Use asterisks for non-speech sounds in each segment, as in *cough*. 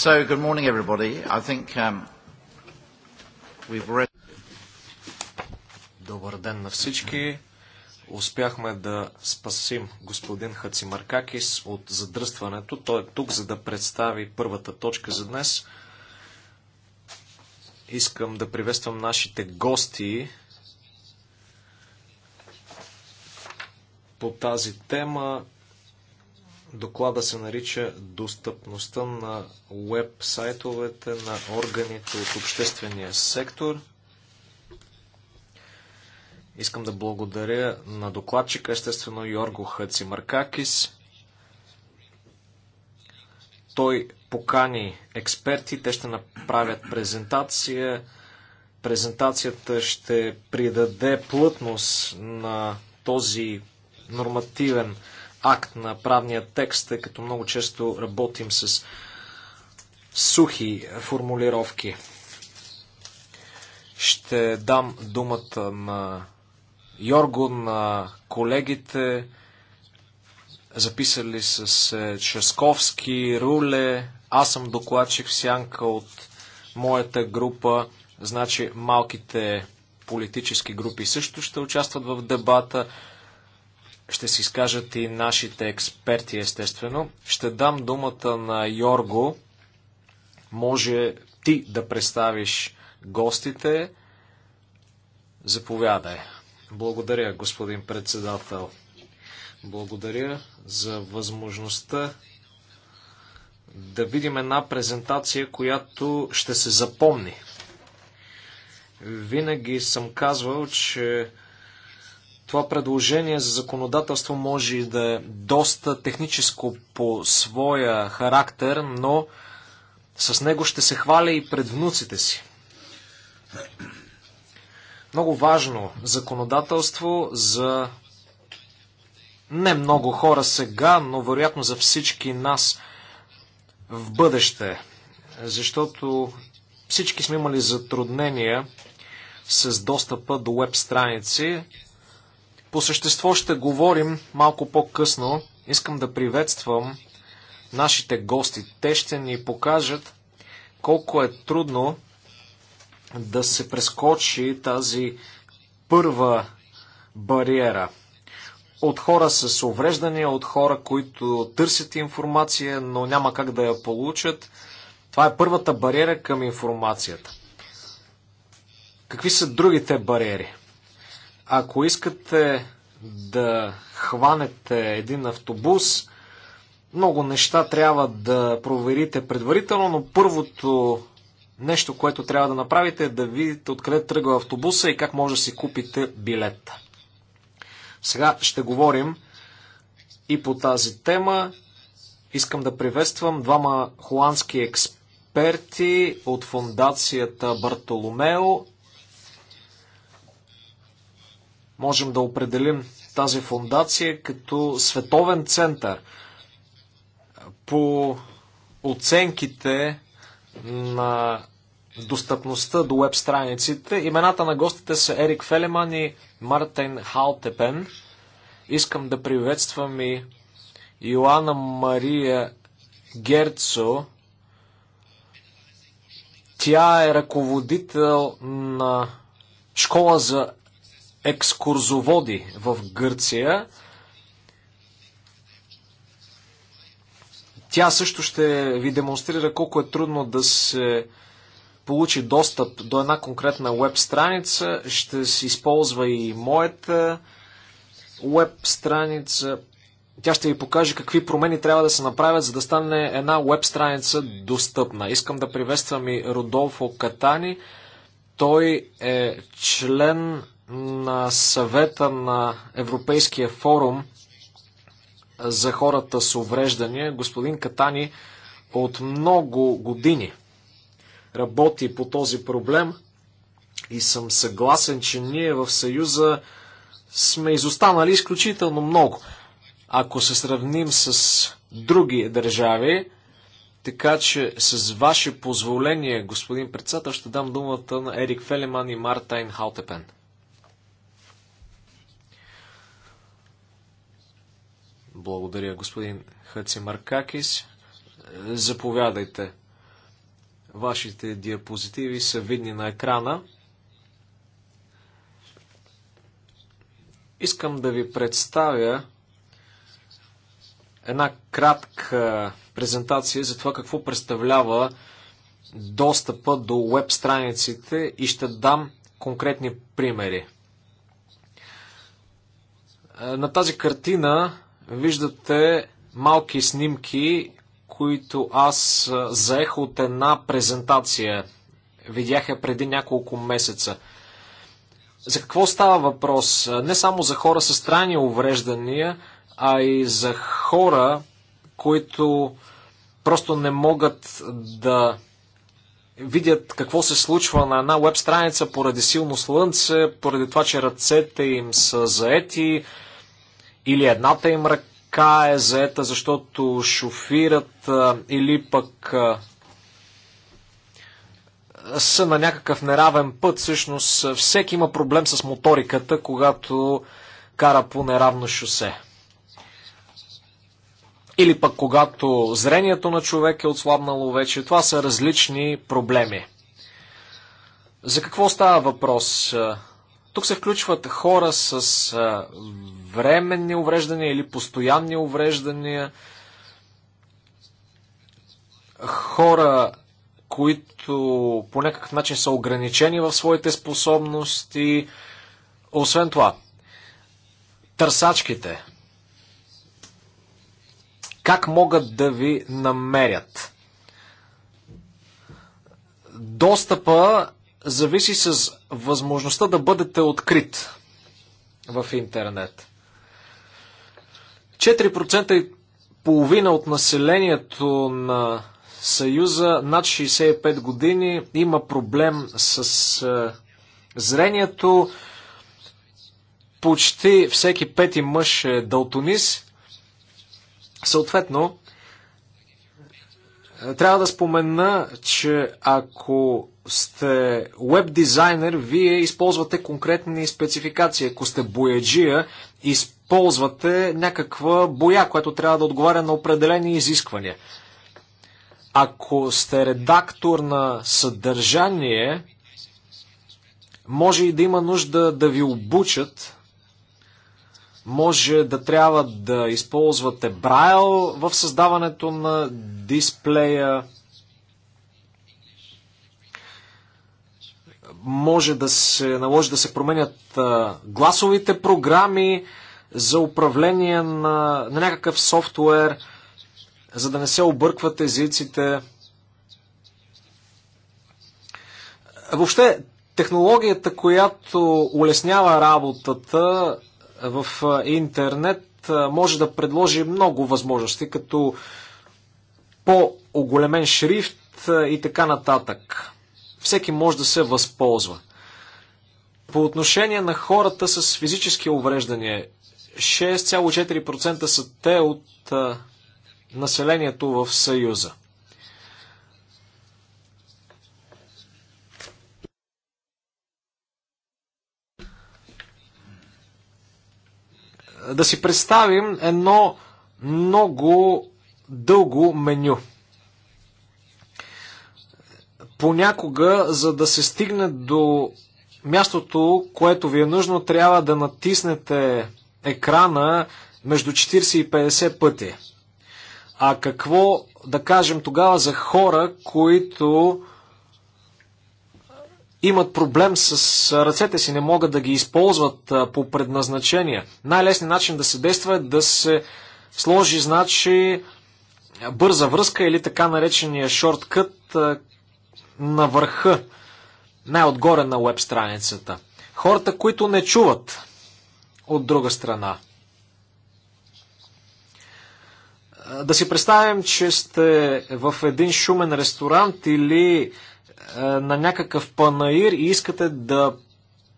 So, good morning, everybody. I think um, we've read... Добър ден на всички. Успяхме да спасим господин Хацимаркакис от задръстването. Той е тук, за да представи първата точка за днес. Искам да приветствам нашите гости по тази тема. Доклада се нарича Достъпността на веб-сайтовете на органите от обществения сектор. Искам да благодаря на докладчика, естествено Йорго Хацимаркакис. Той покани експерти, те ще направят презентация. Презентацията ще придаде плътност на този нормативен акт на правния текст, тъй като много често работим с сухи формулировки. Ще дам думата на Йорго, на колегите, записали с Часковски, Руле, аз съм докладчик в сянка от моята група, значи малките политически групи също ще участват в дебата. Ще си изкажат и нашите експерти, естествено. Ще дам думата на Йорго. Може ти да представиш гостите. Заповядай. Благодаря, господин председател. Благодаря за възможността да видим една презентация, която ще се запомни. Винаги съм казвал, че това предложение за законодателство може да е доста техническо по своя характер, но с него ще се хваля и пред внуците си. Много важно законодателство за не много хора сега, но вероятно за всички нас в бъдеще. Защото всички сме имали затруднения с достъпа до веб страници. По същество ще говорим малко по-късно. Искам да приветствам нашите гости. Те ще ни покажат колко е трудно да се прескочи тази първа бариера. От хора с увреждания, от хора, които търсят информация, но няма как да я получат. Това е първата бариера към информацията. Какви са другите бариери? Ако искате да хванете един автобус, много неща трябва да проверите предварително, но първото нещо, което трябва да направите е да видите откъде тръгва автобуса и как може да си купите билет. Сега ще говорим и по тази тема. Искам да приветствам двама холандски експерти от фундацията Бартоломео Можем да определим тази фундация като световен център по оценките на достъпността до веб страниците. Имената на гостите са Ерик Фелеман и Мартин Халтепен. Искам да приветствам и Йоанна Мария Герцо. Тя е ръководител на школа за екскурзоводи в Гърция. Тя също ще ви демонстрира колко е трудно да се получи достъп до една конкретна веб страница. Ще се използва и моята веб страница. Тя ще ви покаже какви промени трябва да се направят, за да стане една веб страница достъпна. Искам да приветствам и Рудолфо Катани. Той е член на съвета на Европейския форум за хората с увреждания, господин Катани от много години работи по този проблем и съм съгласен, че ние в Съюза сме изостанали изключително много. Ако се сравним с други държави, така че с ваше позволение, господин председател, ще дам думата на Ерик Фелеман и Мартайн Халтепен. Благодаря, господин Хацимаркакис. Заповядайте. Вашите диапозитиви са видни на екрана. Искам да ви представя една кратка презентация за това какво представлява достъпа до веб страниците и ще дам конкретни примери. Е, на тази картина Виждате малки снимки, които аз заех от една презентация. Видях я преди няколко месеца. За какво става въпрос? Не само за хора с трайни увреждания, а и за хора, които просто не могат да видят какво се случва на една веб страница поради силно слънце, поради това, че ръцете им са заети, или едната им ръка е заета, защото шофират или пък са на някакъв неравен път. Всъщност всеки има проблем с моториката, когато кара по неравно шосе. Или пък когато зрението на човек е отслабнало вече. Това са различни проблеми. За какво става въпрос? Тук се включват хора с а, временни увреждания или постоянни увреждания, хора, които по някакъв начин са ограничени в своите способности. Освен това, търсачките. Как могат да ви намерят? Достъпа зависи с възможността да бъдете открит в интернет. 4% и половина от населението на Съюза над 65 години има проблем с е, зрението. Почти всеки пети мъж е далтонис. Съответно, е, трябва да спомена, че ако сте веб дизайнер, вие използвате конкретни спецификации. Ако сте бояджия, използвате някаква боя, която трябва да отговаря на определени изисквания. Ако сте редактор на съдържание, може и да има нужда да ви обучат, може да трябва да използвате брайл в създаването на дисплея, може да се наложи да се променят гласовите програми за управление на, на някакъв софтуер, за да не се объркват езиците. Въобще, технологията, която улеснява работата в интернет, може да предложи много възможности, като по-оголемен шрифт и така нататък всеки може да се възползва. По отношение на хората с физически увреждания, 6,4% са те от а, населението в Съюза. Да си представим едно много дълго меню – понякога, за да се стигне до мястото, което ви е нужно, трябва да натиснете екрана между 40 и 50 пъти. А какво да кажем тогава за хора, които имат проблем с ръцете си, не могат да ги използват по предназначение. Най-лесният начин да се действа е да се сложи, значи, бърза връзка или така наречения шорткът, на върха, най-отгоре на веб страницата. Хората, които не чуват от друга страна. Да си представим, че сте в един шумен ресторант или на някакъв панаир и искате да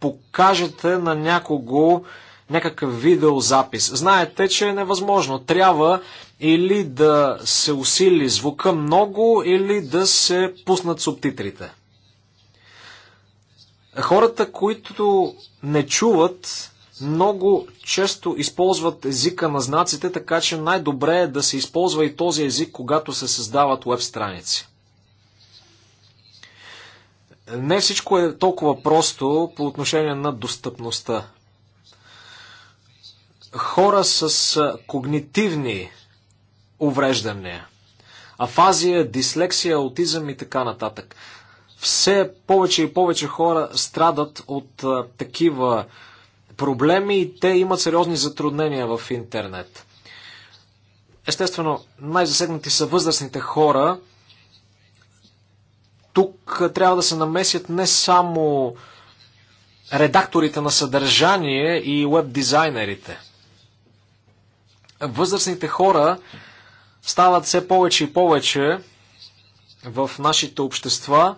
покажете на някого някакъв видеозапис. Знаете, че е невъзможно. Трябва или да се усили звука много, или да се пуснат субтитрите. Хората, които не чуват, много често използват езика на знаците, така че най-добре е да се използва и този език, когато се създават веб страници. Не всичко е толкова просто по отношение на достъпността. Хора с когнитивни увреждания. Афазия, дислексия, аутизъм и така нататък. Все повече и повече хора страдат от а, такива проблеми и те имат сериозни затруднения в интернет. Естествено, най-засегнати са възрастните хора. Тук трябва да се намесят не само редакторите на съдържание и веб дизайнерите. Възрастните хора стават все повече и повече в нашите общества.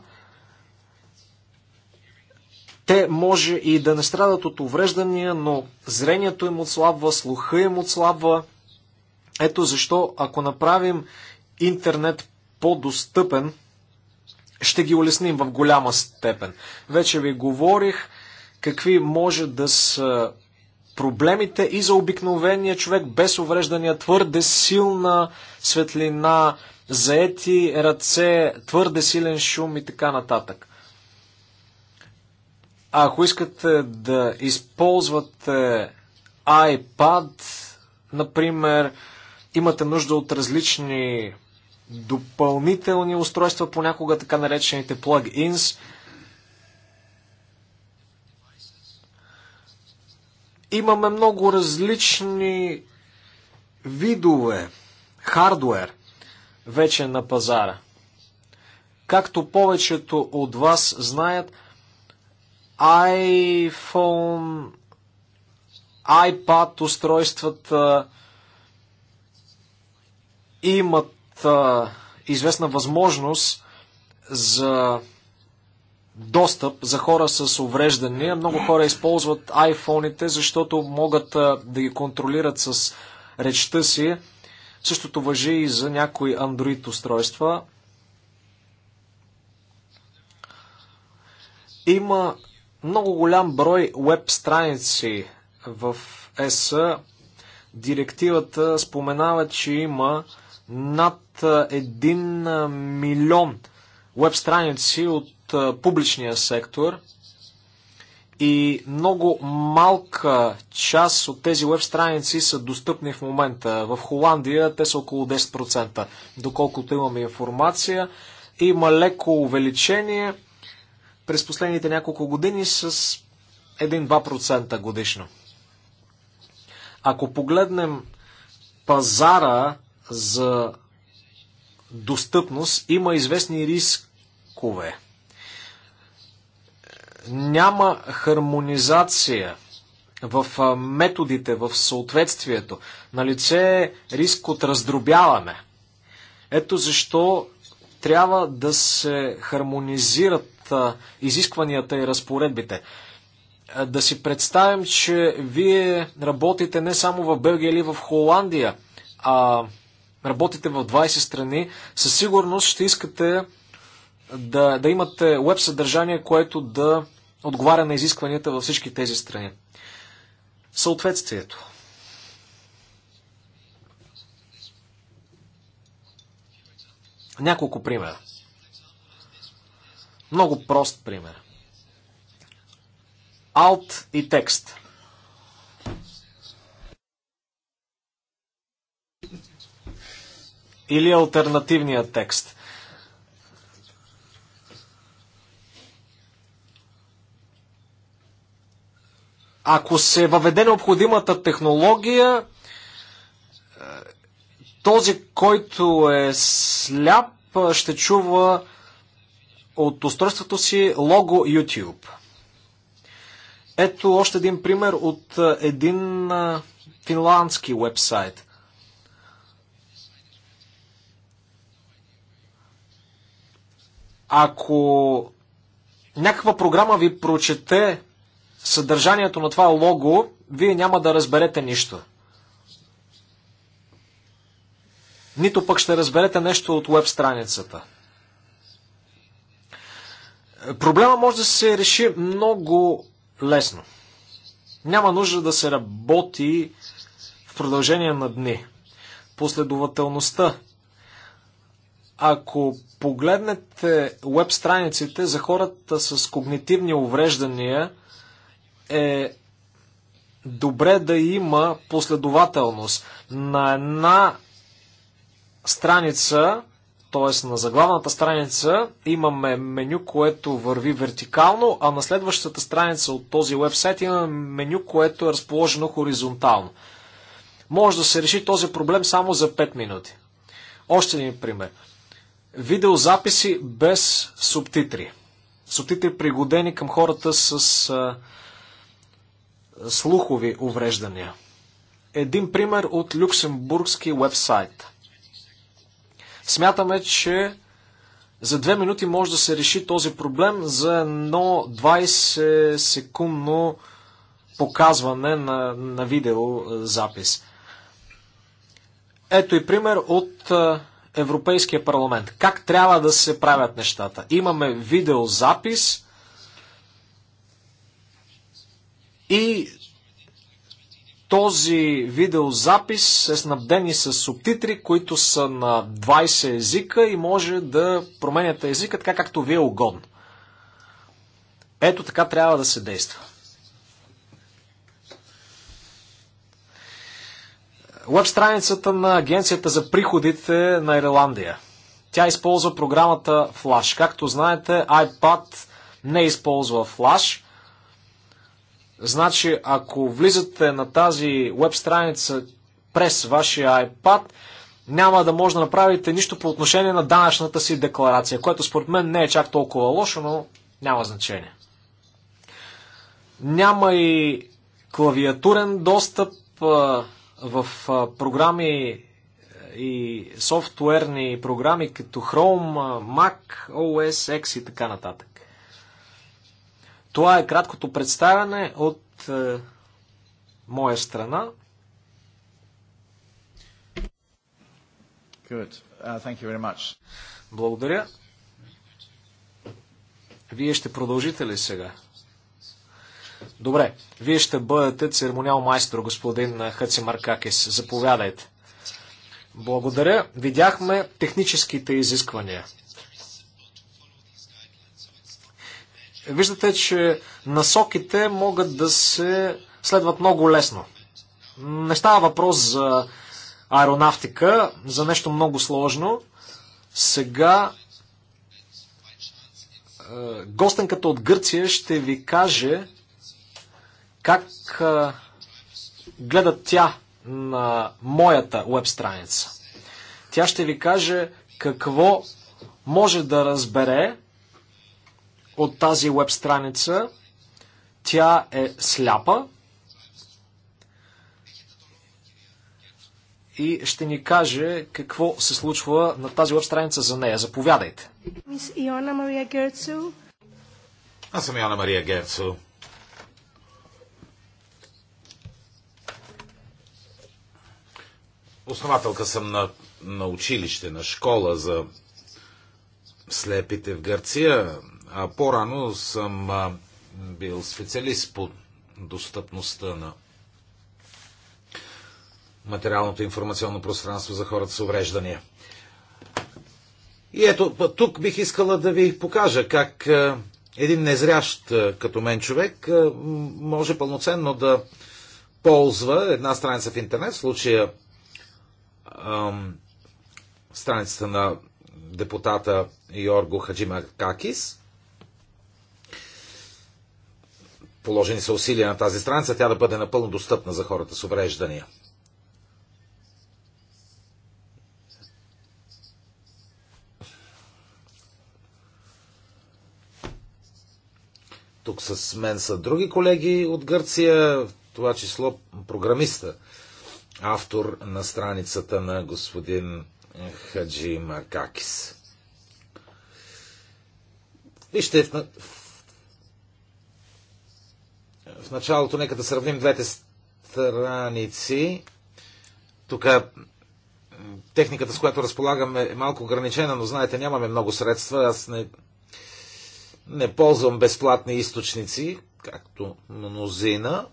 Те може и да не страдат от увреждания, но зрението им отслабва, слуха им отслабва. Ето защо, ако направим интернет по-достъпен, ще ги улесним в голяма степен. Вече ви говорих какви може да са проблемите и за обикновения човек без увреждания, твърде силна светлина, заети ръце, твърде силен шум и така нататък. А ако искате да използвате iPad, например, имате нужда от различни допълнителни устройства, понякога така наречените plug-ins – Имаме много различни видове, хардуер вече на пазара. Както повечето от вас знаят, iPhone, iPad устройствата имат а, известна възможност за достъп за хора с увреждания. Много хора използват айфоните, защото могат да ги контролират с речта си. Същото въжи и за някои Android устройства. Има много голям брой веб страници в ЕС. Директивата споменава, че има над 1 милион веб страници от публичния сектор и много малка част от тези веб страници са достъпни в момента. В Холандия те са около 10%, доколкото имаме информация. Има леко увеличение през последните няколко години с 1-2% годишно. Ако погледнем пазара за достъпност, има известни рискове. Няма хармонизация в методите, в съответствието. На лице е риск от раздробяване. Ето защо трябва да се хармонизират изискванията и разпоредбите. Да си представим, че вие работите не само в Белгия или в Холандия, а работите в 20 страни, със сигурност ще искате да, да имате веб съдържание, което да отговаря на изискванията във всички тези страни. Съответствието. Няколко примера. Много прост пример. Alt и текст. Или альтернативният текст. Ако се въведе необходимата технология, е, този, който е сляп, ще чува от устройството си лого YouTube. Ето още един пример от е, един е, финландски вебсайт. Ако някаква програма ви прочете съдържанието на това лого, вие няма да разберете нищо. Нито пък ще разберете нещо от веб страницата. Проблема може да се реши много лесно. Няма нужда да се работи в продължение на дни. Последователността. Ако погледнете веб страниците за хората с когнитивни увреждания, е добре да има последователност. На една страница, т.е. на заглавната страница, имаме меню, което върви вертикално, а на следващата страница от този вебсайт имаме меню, което е разположено хоризонтално. Може да се реши този проблем само за 5 минути. Още един пример. Видеозаписи без субтитри. Субтитри пригодени към хората с слухови увреждания. Един пример от люксембургски вебсайт. Смятаме, че за две минути може да се реши този проблем за едно 20-секундно показване на, на видеозапис. Ето и пример от Европейския парламент. Как трябва да се правят нещата? Имаме видеозапис, И този видеозапис е снабден и с субтитри, които са на 20 езика и може да променяте езика така както ви е угодно. Ето така трябва да се действа. Веб страницата на Агенцията за приходите на Ирландия. Тя използва програмата Flash. Както знаете, iPad не използва Flash – Значи, ако влизате на тази веб страница през вашия iPad, няма да може да направите нищо по отношение на данъчната си декларация, което според мен не е чак толкова лошо, но няма значение. Няма и клавиатурен достъп в програми и софтуерни програми като Chrome, Mac, OS X и така нататък. Това е краткото представяне от е, моя страна. Good. Uh, thank you very much. Благодаря. Вие ще продължите ли сега? Добре, вие ще бъдете церемониал майстор, господин Хацимаркакис. Заповядайте. Благодаря. Видяхме техническите изисквания. Виждате, че насоките могат да се следват много лесно. Не става въпрос за аеронавтика, за нещо много сложно. Сега е, гостенката от Гърция ще ви каже как е, гледа тя на моята веб страница. Тя ще ви каже какво може да разбере от тази веб страница. Тя е сляпа и ще ни каже какво се случва на тази веб страница за нея. Заповядайте. Аз съм Йоанна Мария Герцо. Основателка съм на, на училище, на школа за слепите в Гърция. По-рано съм бил специалист по достъпността на материалното информационно пространство за хората с увреждания. И ето, тук бих искала да ви покажа как един незрящ като мен човек може пълноценно да ползва една страница в интернет, в случая страницата на депутата Йорго Хаджима Какис, Положени са усилия на тази страница, тя да бъде напълно достъпна за хората с увреждания. Тук с мен са други колеги от Гърция, в това число програмиста, автор на страницата на господин Хаджи Маркакис. Вижте, в в началото нека да сравним двете страници. Тук е, техниката, с която разполагаме, е малко ограничена, но знаете, нямаме много средства. Аз не, не ползвам безплатни източници, както мнозина.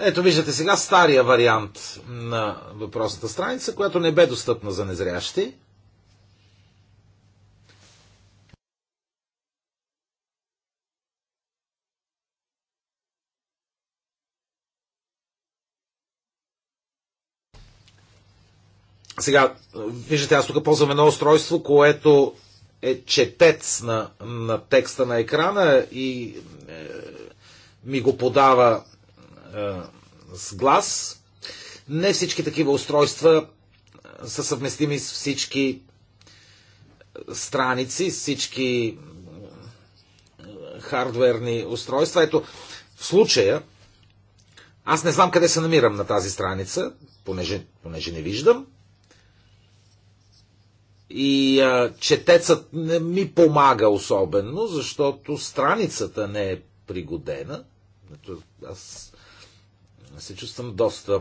Ето виждате сега стария вариант на въпросната страница, която не бе достъпна за незрящи. Сега, виждате, аз тук ползвам едно устройство, което е четец на, на текста на екрана и е, ми го подава е, с глас. Не всички такива устройства е, са съвместими с всички е, страници, с всички е, хардверни устройства. Ето, в случая, аз не знам къде се намирам на тази страница, понеже, понеже не виждам. И а, четецът не ми помага особено, защото страницата не е пригодена. Аз се чувствам доста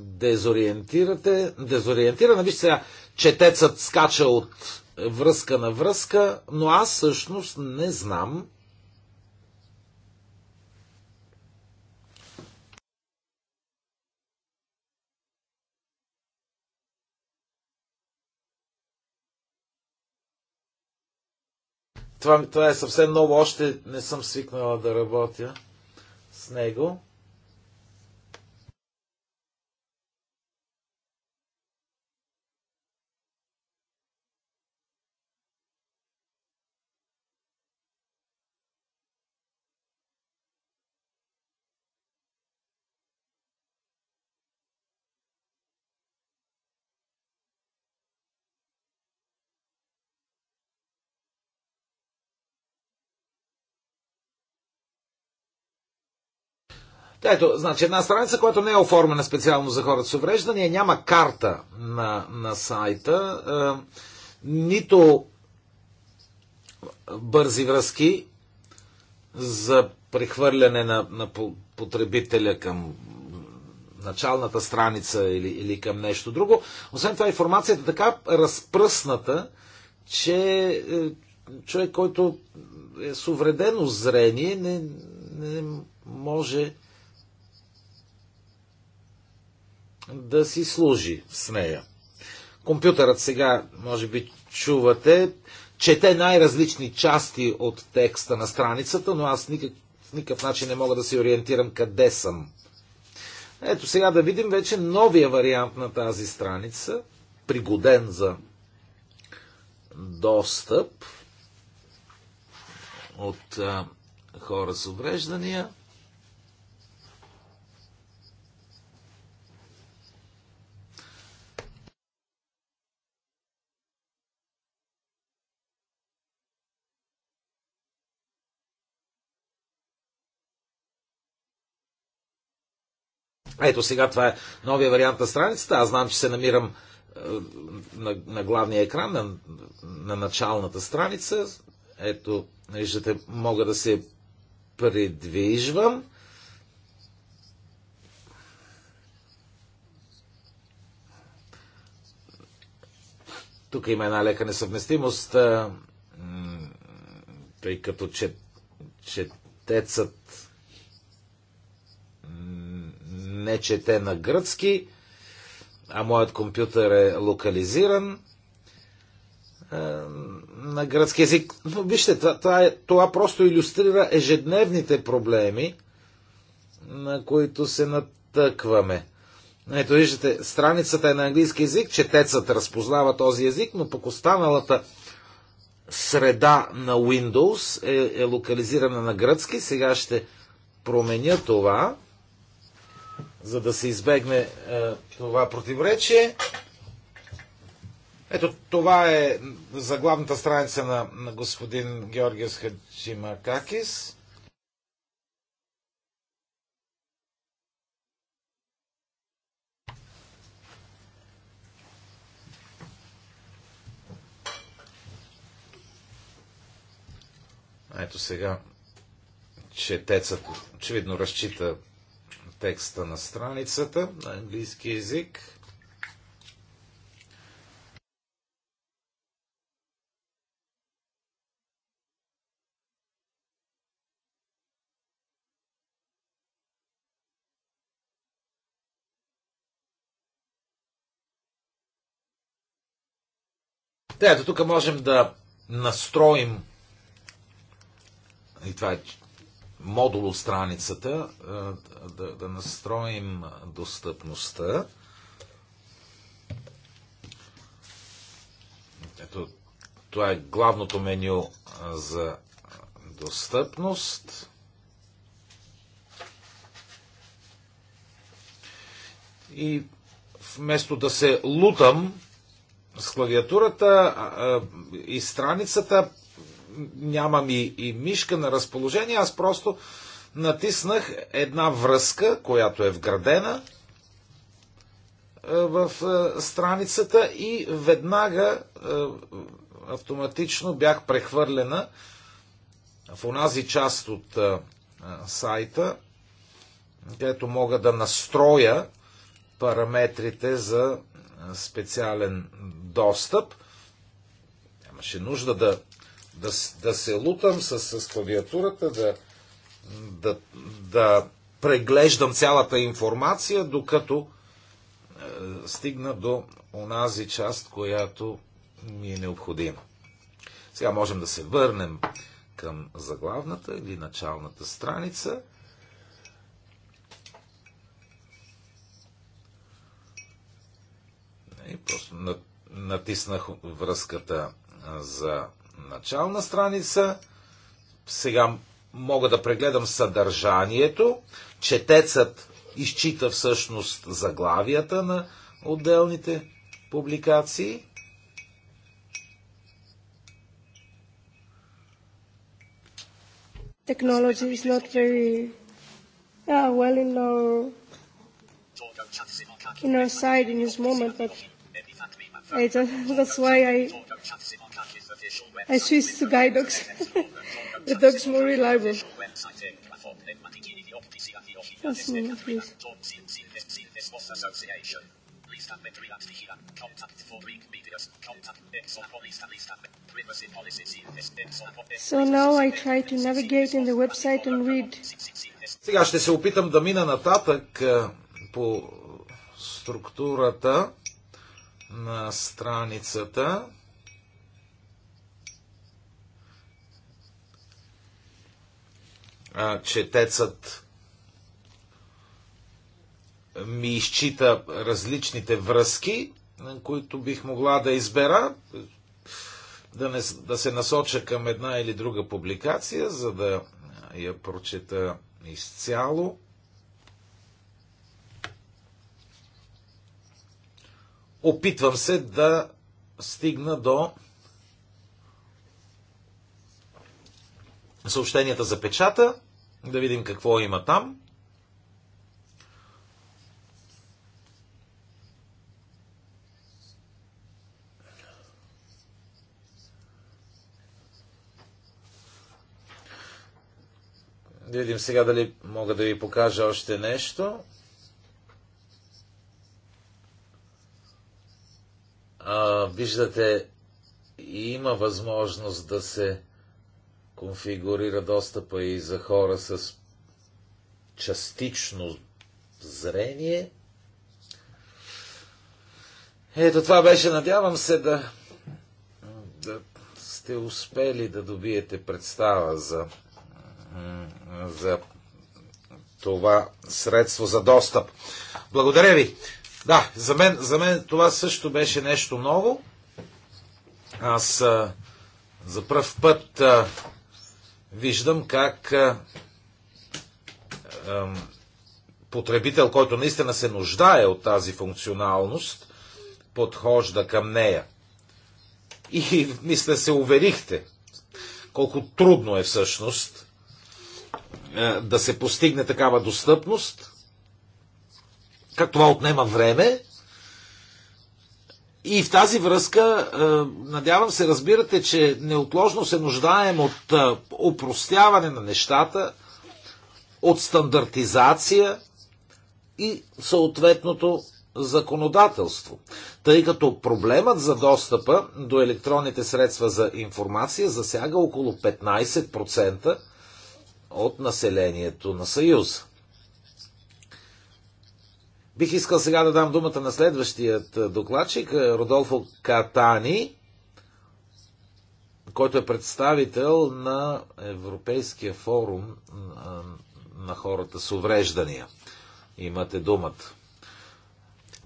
дезориентирате, дезориентирана. Вижте сега, четецът скача от връзка на връзка, но аз всъщност не знам Това, това е съвсем ново, още не съм свикнала да работя с него. Ето, значи една страница, която не е оформена специално за хората с увреждания, няма карта на, на сайта, е, нито бързи връзки за прехвърляне на, на потребителя към началната страница или, или към нещо друго. Освен това, информацията е така разпръсната, че е, човек, който е с увредено зрение, не, не може да си служи с нея. Компютърът сега, може би чувате, чете най-различни части от текста на страницата, но аз никак, в никакъв начин не мога да се ориентирам къде съм. Ето сега да видим вече новия вариант на тази страница, пригоден за достъп от а, хора с увреждания. Ето сега това е новия вариант на страницата. Аз знам, че се намирам е, на, на главния екран, на, на началната страница. Ето, виждате, мога да се придвижвам. Тук има една лека несъвместимост, е, тъй като че, четецът не чете на гръцки, а моят компютър е локализиран е, на гръцки език. Вижте, това, това, е, това просто иллюстрира ежедневните проблеми, на които се натъкваме. Ето виждате, страницата е на английски язик, четецът разпознава този език, но пък останалата среда на Windows е, е локализирана на гръцки. Сега ще променя това за да се избегне е, това противоречие. Ето това е за главната страница на, на господин Хаджима Какис. Ето сега четецът очевидно разчита текста на страницата на английски язик. Та ето тук можем да настроим и това е модул от страницата, е, да, да настроим достъпността. Ето, това е главното меню е, за достъпност. И вместо да се лутам с клавиатурата и страницата, нямам и, и мишка на разположение, аз просто натиснах една връзка, която е вградена е, в е, страницата и веднага е, автоматично бях прехвърлена в онази част от сайта, където мога да настроя параметрите за специален достъп. Нямаше нужда да да, да се лутам с, с клавиатурата, да, да, да преглеждам цялата информация, докато е, стигна до онази част, която ми е необходима. Сега можем да се върнем към заглавната или началната страница. И просто натиснах връзката за начална страница. Сега мога да прегледам съдържанието. Четецът изчита всъщност заглавията на отделните публикации. Technology is not very uh, well in our in our side in this moment, but I don't, *laughs* that's why I I Swiss guide dogs. the dog's more reliable. So now I try to navigate in the website and read. Сега ще се опитам да мина нататък по структурата на страницата. че тецът ми изчита различните връзки, които бих могла да избера, да, не, да се насоча към една или друга публикация, за да я прочета изцяло. Опитвам се да стигна до съобщенията за печата, да видим какво има там. Да видим сега дали мога да ви покажа още нещо. А, виждате, има възможност да се конфигурира достъпа и за хора с частично зрение. Ето това беше, надявам се да, да сте успели да добиете представа за, за това средство за достъп. Благодаря ви! Да, за мен, за мен това също беше нещо ново. Аз а, за първ път а, виждам как а, а, потребител, който наистина се нуждае от тази функционалност, подхожда към нея. И *laughs* мисля, се уверихте колко трудно е всъщност да се постигне такава достъпност, как това отнема време и в тази връзка, е, надявам се, разбирате, че неотложно се нуждаем от опростяване е, на нещата, от стандартизация и съответното законодателство. Тъй като проблемът за достъпа до електронните средства за информация засяга около 15% от населението на Съюза. Бих искал сега да дам думата на следващият докладчик, Родолфо Катани, който е представител на Европейския форум на хората с увреждания. Имате думата.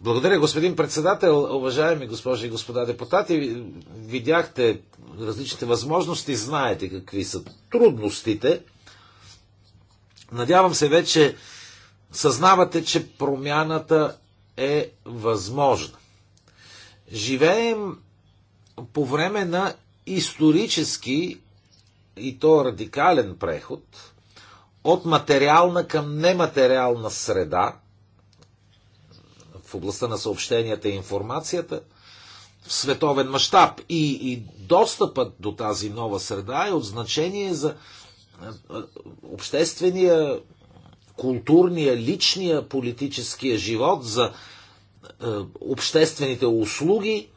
Благодаря, господин председател, уважаеми госпожи и господа депутати. Видяхте различните възможности, знаете какви са трудностите. Надявам се вече Съзнавате, че промяната е възможна. Живеем по време на исторически и то радикален преход от материална към нематериална среда в областта на съобщенията и информацията в световен мащаб. И, и достъпът до тази нова среда е от значение за обществения Културния личния политическия живот, за е, обществените услуги.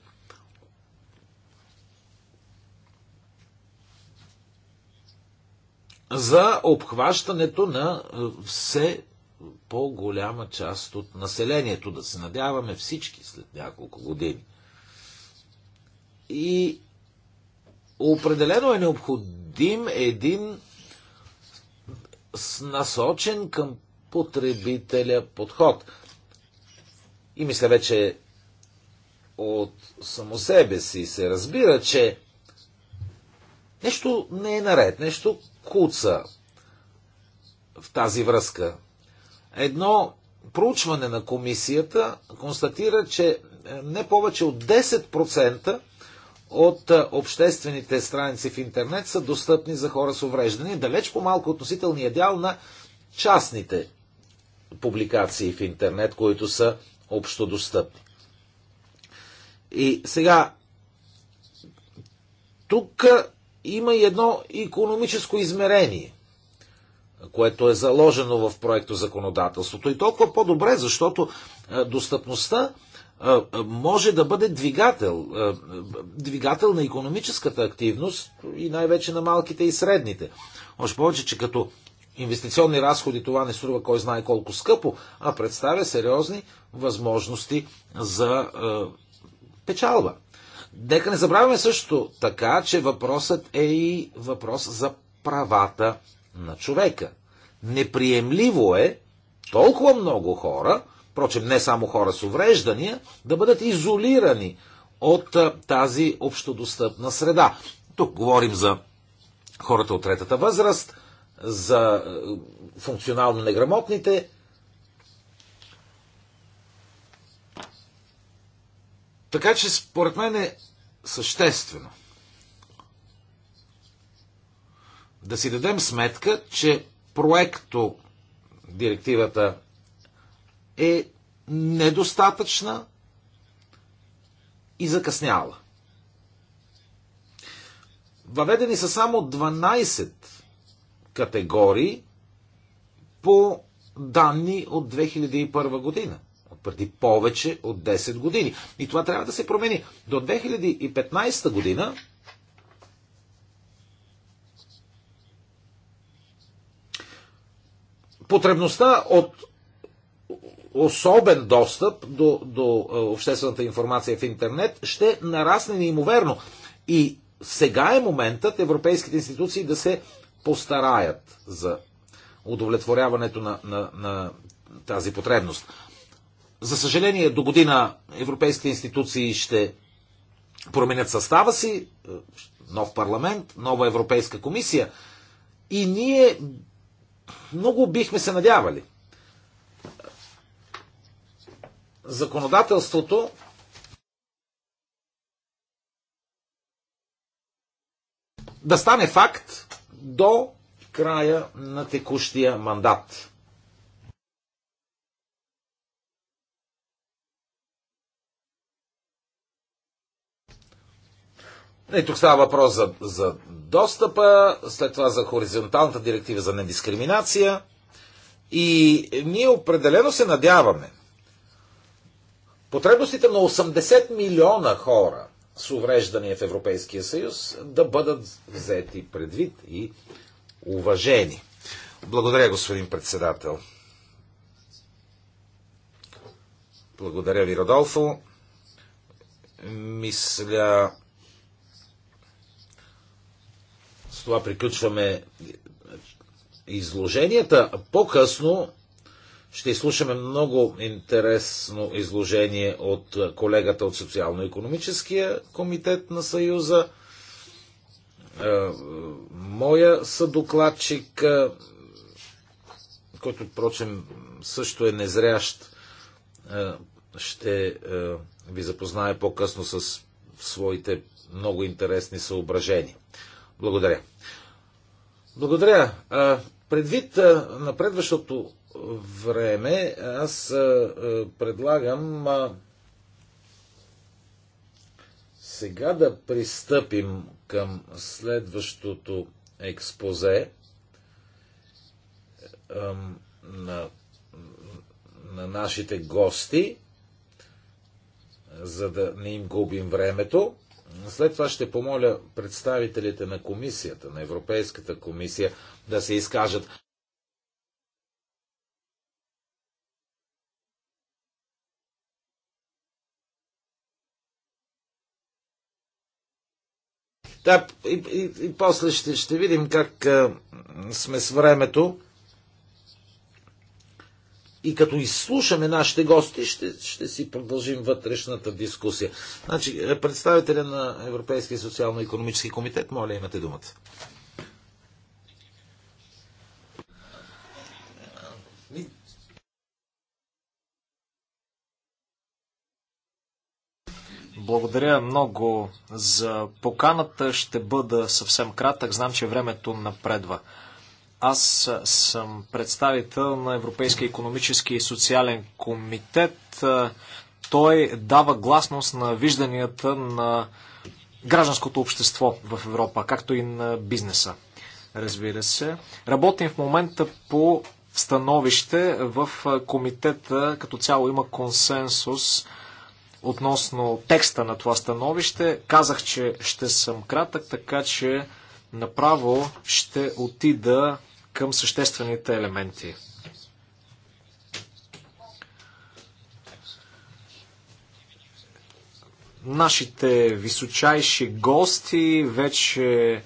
за обхващането на е, все по-голяма част от населението, да се надяваме всички след няколко години. И определено е необходим един с насочен към потребителя подход. И мисля вече от само себе си се разбира, че нещо не е наред, нещо куца в тази връзка. Едно проучване на комисията констатира, че е, не повече от 10% от обществените страници в интернет са достъпни за хора с увреждане, далеч по-малко относителният дял на частните публикации в интернет, които са общо достъпни. И сега, тук има и едно економическо измерение, което е заложено в проекто законодателството. И толкова по-добре, защото достъпността може да бъде двигател, двигател на економическата активност и най-вече на малките и средните. Още повече, че като инвестиционни разходи това не струва кой знае колко скъпо, а представя сериозни възможности за печалба. Дека не забравяме също така, че въпросът е и въпрос за правата на човека. Неприемливо е толкова много хора, впрочем не само хора с увреждания, да бъдат изолирани от тази общодостъпна среда. Тук говорим за хората от третата възраст, за функционално неграмотните. Така че според мен е съществено да си дадем сметка, че проекто директивата е недостатъчна и закъсняла. Въведени са само 12 категории по данни от 2001 година. От преди повече от 10 години. И това трябва да се промени. До 2015 година потребността от особен достъп до, до е, обществената информация в интернет ще нарасне неимоверно. И сега е моментът европейските институции да се постараят за удовлетворяването на, на, на тази потребност. За съжаление, до година европейските институции ще променят състава си, е, нов парламент, нова Европейска комисия. И ние много бихме се надявали законодателството да стане факт до края на текущия мандат. И тук става въпрос за, за достъпа, след това за хоризонталната директива за недискриминация. И ние определено се надяваме, потребностите на 80 милиона хора с увреждания в Европейския съюз да бъдат взети предвид и уважени. Благодаря, господин председател. Благодаря ви, Родолфо. Мисля, с това приключваме изложенията. По-късно ще изслушаме много интересно изложение от колегата от Социално-економическия комитет на Съюза. Е, моя съдокладчик, е, който, впрочем, също е незрящ, е, ще ви запознае по-късно с своите много интересни съображения. Благодаря. Благодаря. Предвид напредващото време. Аз предлагам сега да пристъпим към следващото експозе на, на нашите гости, за да не им губим времето. След това ще помоля представителите на комисията, на Европейската комисия, да се изкажат. Да, е, и, и, и после ще, ще видим как а, е, сме с времето. И като изслушаме нашите гости, ще, ще си продължим вътрешната дискусия. Значи, е, представителя на Европейския социално-економически комитет, моля, имате думата. Благодаря много за поканата. Ще бъда съвсем кратък. Знам, че времето напредва. Аз съм представител на Европейския економически и социален комитет. Той дава гласност на вижданията на гражданското общество в Европа, както и на бизнеса. Разбира се. Работим в момента по становище в комитета. Като цяло има консенсус относно текста на това становище. Казах, че ще съм кратък, така че направо ще отида към съществените елементи. Нашите височайши гости вече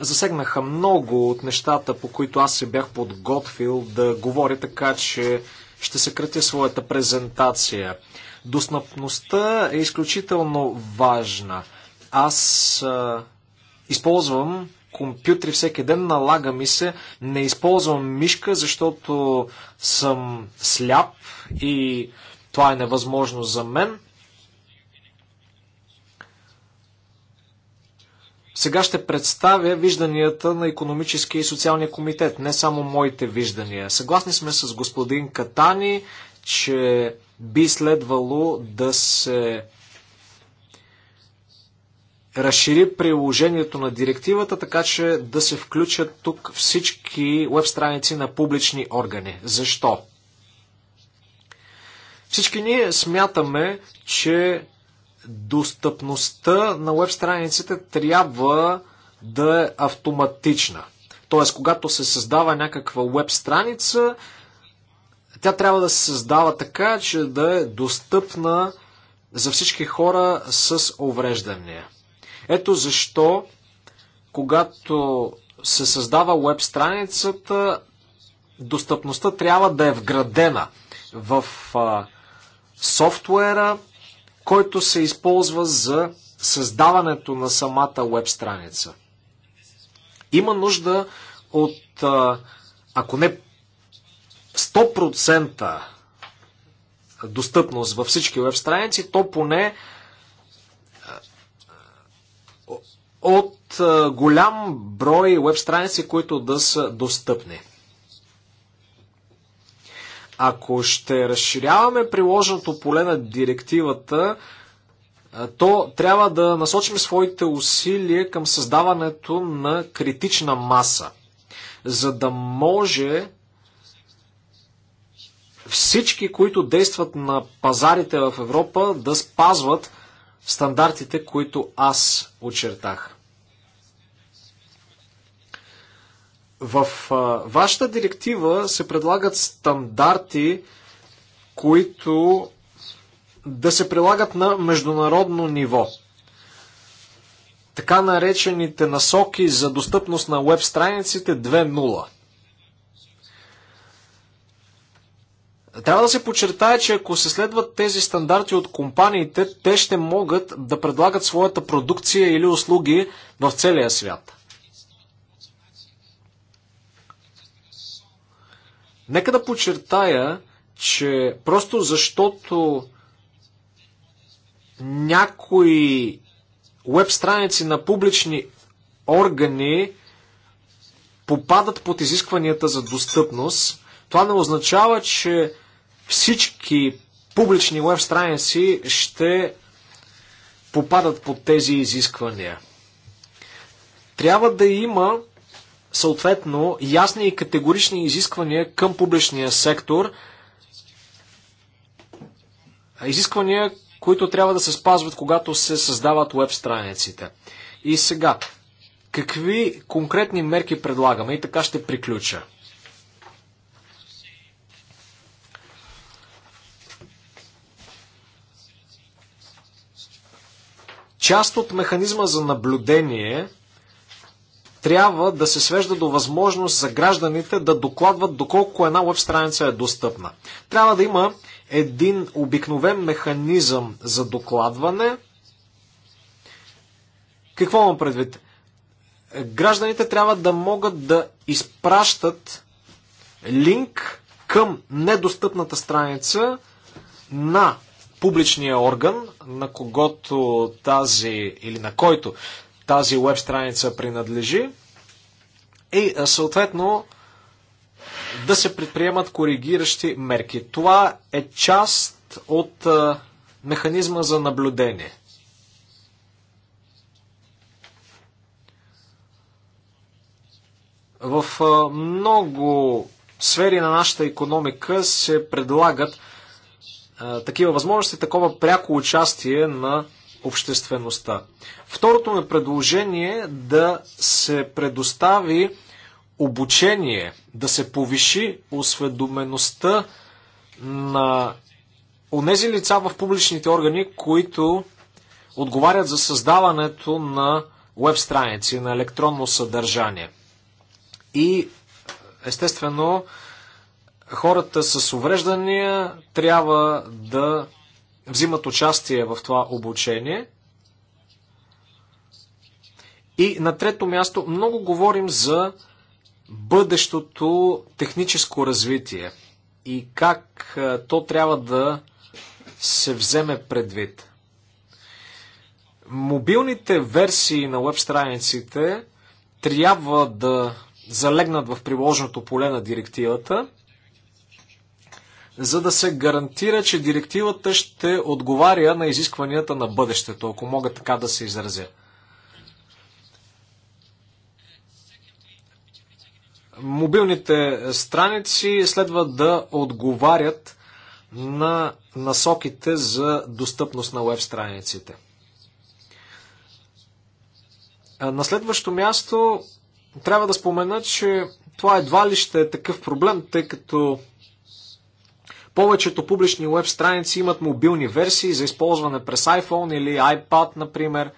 засегнаха много от нещата, по които аз се бях подготвил да говоря, така че ще съкратя своята презентация. Достъпността е изключително важна. Аз а, използвам компютри всеки ден, налага ми се, не използвам мишка, защото съм сляп и това е невъзможно за мен. Сега ще представя вижданията на економическия и социалния комитет, не само моите виждания. Съгласни сме с господин Катани, че би следвало да се разшири приложението на директивата, така че да се включат тук всички веб страници на публични органи. Защо? Всички ние смятаме, че достъпността на веб страниците трябва да е автоматична. Т.е. когато се създава някаква веб страница, тя трябва да се създава така, че да е достъпна за всички хора с увреждания. Ето защо, когато се създава веб страницата, достъпността трябва да е вградена в а, софтуера, който се използва за създаването на самата веб страница. Има нужда от, а, ако не 100% достъпност във всички веб страници, то поне е, от е, голям брой веб страници, които да са достъпни. Ако ще разширяваме приложеното поле на директивата, е, то трябва да насочим своите усилия към създаването на критична маса, за да може всички, които действат на пазарите в Европа, да спазват стандартите, които аз очертах. В вашата директива се предлагат стандарти, които да се прилагат на международно ниво. Така наречените насоки за достъпност на веб страниците Трябва да се подчертая, че ако се следват тези стандарти от компаниите, те ще могат да предлагат своята продукция или услуги в целия свят. Нека да подчертая, че просто защото някои веб страници на публични органи попадат под изискванията за достъпност, това не означава, че всички публични веб страници ще попадат под тези изисквания. Трябва да има съответно ясни и категорични изисквания към публичния сектор, изисквания, които трябва да се спазват, когато се създават веб страниците. И сега, какви конкретни мерки предлагаме? И така ще приключа. Част от механизма за наблюдение трябва да се свежда до възможност за гражданите да докладват доколко една веб страница е достъпна. Трябва да има един обикновен механизъм за докладване. Какво имам предвид? Гражданите трябва да могат да изпращат линк към недостъпната страница на публичния орган, на когото тази или на който тази веб страница принадлежи и съответно да се предприемат коригиращи мерки. Това е част от механизма за наблюдение. В много сфери на нашата економика се предлагат такива възможности, такова пряко участие на обществеността. Второто ми предложение е да се предостави обучение, да се повиши осведомеността на онези лица в публичните органи, които отговарят за създаването на веб страници, на електронно съдържание. И естествено, хората с увреждания трябва да взимат участие в това обучение. И на трето място много говорим за бъдещото техническо развитие и как то трябва да се вземе предвид. Мобилните версии на веб страниците трябва да залегнат в приложеното поле на директивата – за да се гарантира, че директивата ще отговаря на изискванията на бъдещето, ако мога така да се изразя. Мобилните страници следва да отговарят на насоките за достъпност на веб страниците. На следващо място трябва да спомена, че това едва ли ще е такъв проблем, тъй като повечето публични веб страници имат мобилни версии за използване през iPhone или iPad, например.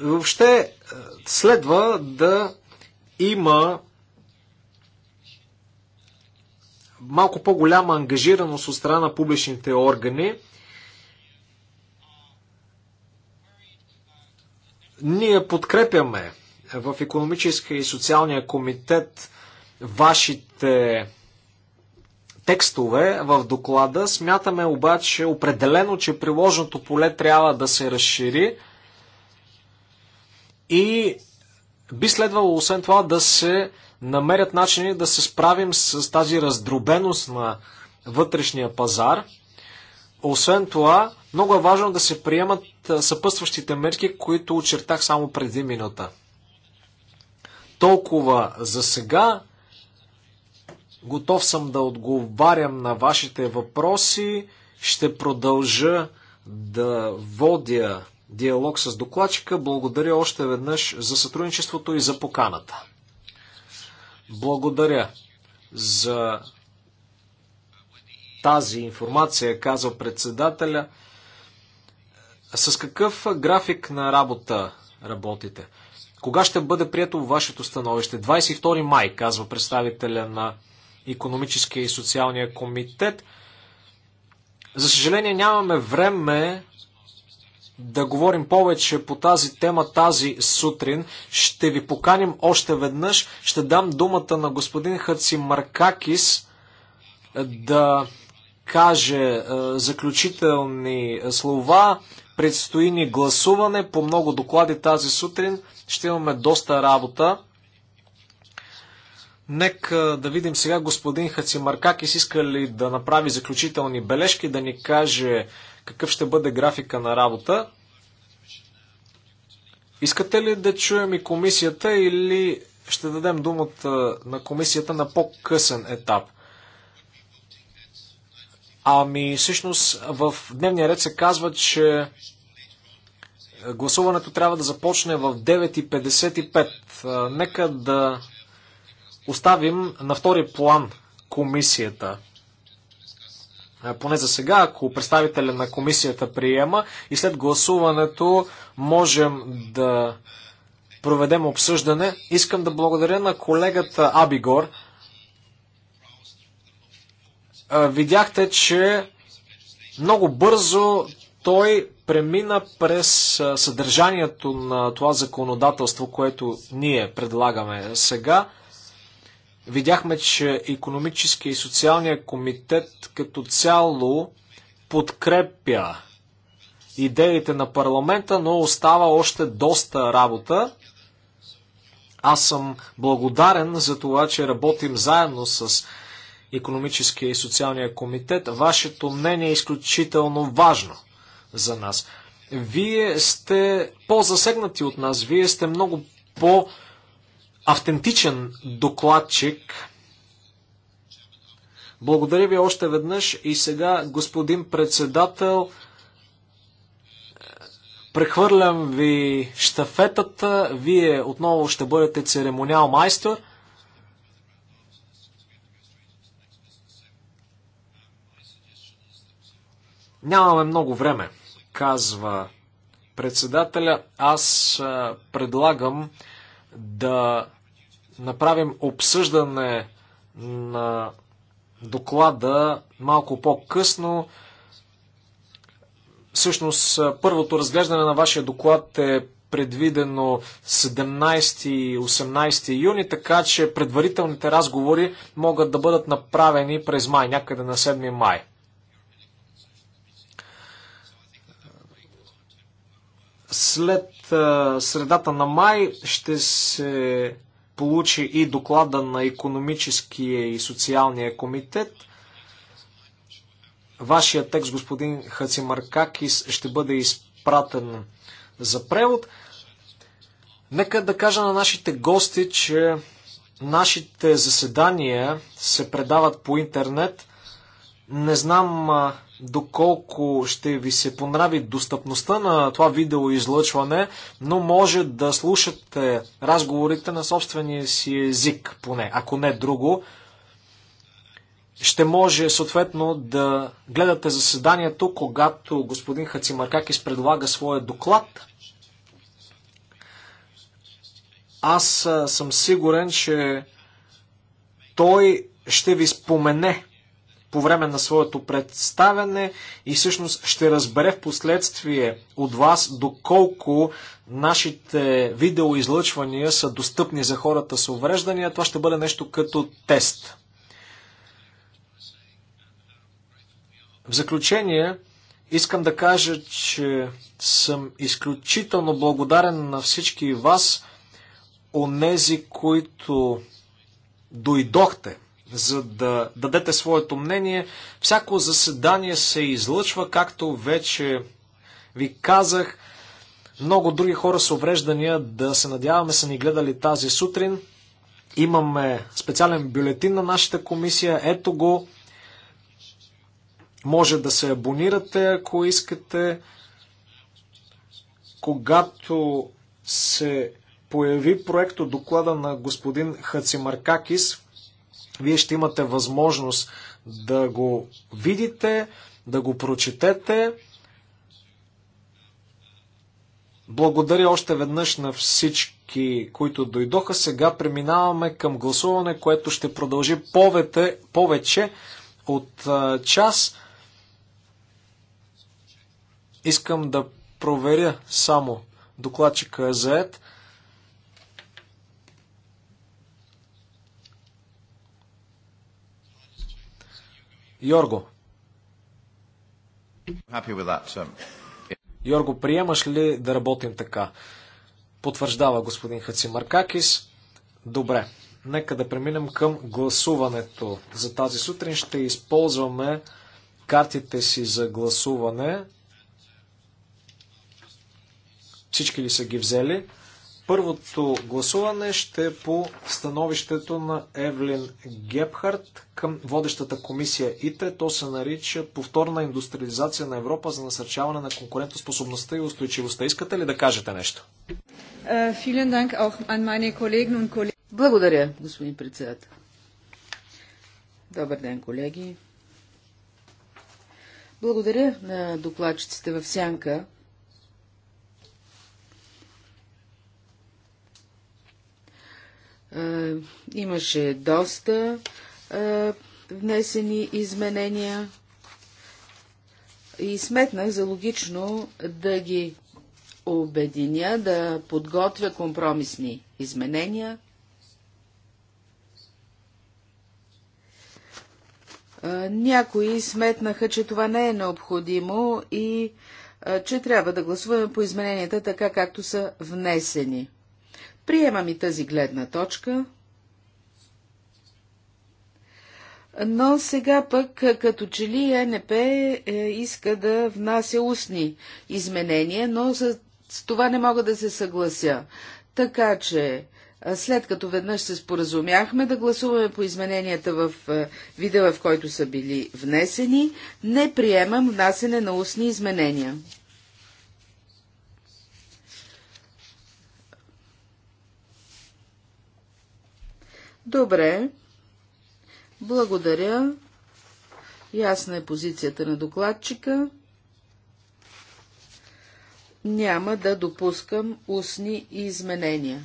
Въобще е, следва да има малко по-голяма ангажираност от страна на публичните органи Ние подкрепяме в економическия и социалния комитет вашите текстове в доклада. Смятаме обаче определено, че приложното поле трябва да се разшири и би следвало освен това да се намерят начини да се справим с тази раздробеност на вътрешния пазар – освен това, много е важно да се приемат съпътстващите мерки, които очертах само преди минута. Толкова за сега. Готов съм да отговарям на вашите въпроси. Ще продължа да водя диалог с докладчика. Благодаря още веднъж за сътрудничеството и за поканата. Благодаря за тази информация, казва председателя. С какъв график на работа работите? Кога ще бъде прието вашето становище? 22 май, казва представителя на економическия и социалния комитет. За съжаление нямаме време да говорим повече по тази тема тази сутрин. Ще ви поканим още веднъж. Ще дам думата на господин Хаци Маркакис е, да каже е, заключителни слова. Предстои ни гласуване по много доклади тази сутрин. Ще имаме доста работа. Нека да видим сега господин Хацимаркакис иска ли да направи заключителни бележки, да ни каже какъв ще бъде графика на работа. Искате ли да чуем и комисията или ще дадем думата на комисията на по-късен етап? Ами, всъщност, в дневния ред се казва, че гласуването трябва да започне в 9.55. Нека да оставим на втори план комисията. Поне за сега, ако представителя на комисията приема и след гласуването можем да проведем обсъждане. Искам да благодаря на колегата Абигор, видяхте, че много бързо той премина през съдържанието на това законодателство, което ние предлагаме сега. Видяхме, че економическия и социалния комитет като цяло подкрепя идеите на парламента, но остава още доста работа. Аз съм благодарен за това, че работим заедно с економическия и социалния комитет. Вашето мнение е изключително важно за нас. Вие сте по-засегнати от нас, вие сте много по-автентичен докладчик. Благодаря ви още веднъж и сега, господин председател, прехвърлям ви штафетата. Вие отново ще бъдете церемониал майстор. Нямаме много време, казва председателя. Аз предлагам да направим обсъждане на доклада малко по-късно. Всъщност, първото разглеждане на вашия доклад е предвидено 17 и 18 юни, така че предварителните разговори могат да бъдат направени през май, някъде на 7 май. След средата на май ще се получи и доклада на економическия и социалния комитет. Вашия текст, господин Хацимаркакис, ще бъде изпратен за превод. Нека да кажа на нашите гости, че нашите заседания се предават по интернет. Не знам доколко ще ви се понрави достъпността на това видео излъчване, но може да слушате разговорите на собствения си език, поне, ако не друго. Ще може съответно да гледате заседанието, когато господин Хацимаркакис предлага своя доклад. Аз съм сигурен, че той ще ви спомене по време на своето представяне и всъщност ще разбере в последствие от вас доколко нашите видеоизлъчвания са достъпни за хората с увреждания. Това ще бъде нещо като тест. В заключение, искам да кажа, че съм изключително благодарен на всички вас, онези, които дойдохте за да дадете своето мнение. Всяко заседание се излъчва, както вече ви казах. Много други хора с увреждания, да се надяваме, са ни гледали тази сутрин. Имаме специален бюлетин на нашата комисия. Ето го. Може да се абонирате, ако искате. Когато се появи проекто доклада на господин Хацимаркакис, вие ще имате възможност да го видите, да го прочетете. Благодаря още веднъж на всички, които дойдоха. Сега преминаваме към гласуване, което ще продължи повете, повече от а, час. Искам да проверя само докладчика е заед. Йорго. Um, Йорго, приемаш ли да работим така? Потвърждава господин Хацимаркакис. Добре, нека да преминем към гласуването. За тази сутрин ще използваме картите си за гласуване. Всички ли са ги взели? Първото гласуване ще е по становището на Евлин Гепхарт към водещата комисия ИТЕ. То се нарича Повторна индустриализация на Европа за насърчаване на конкурентоспособността и устойчивостта. Искате ли да кажете нещо? Е, Благодаря, господин председател. Добър ден, колеги. Благодаря на докладчиците в Сянка Е, имаше доста е, внесени изменения и сметнах за логично да ги обединя, да подготвя компромисни изменения. Е, някои сметнаха, че това не е необходимо и че трябва да гласуваме по измененията така, както са внесени. Приемам и тази гледна точка. Но сега пък, като че ли НП е, иска да внася устни изменения, но с, с това не мога да се съглася. Така че, след като веднъж се споразумяхме да гласуваме по измененията в вида, в който са били внесени, не приемам внасене на устни изменения. Добре. Благодаря. Ясна е позицията на докладчика. Няма да допускам устни изменения,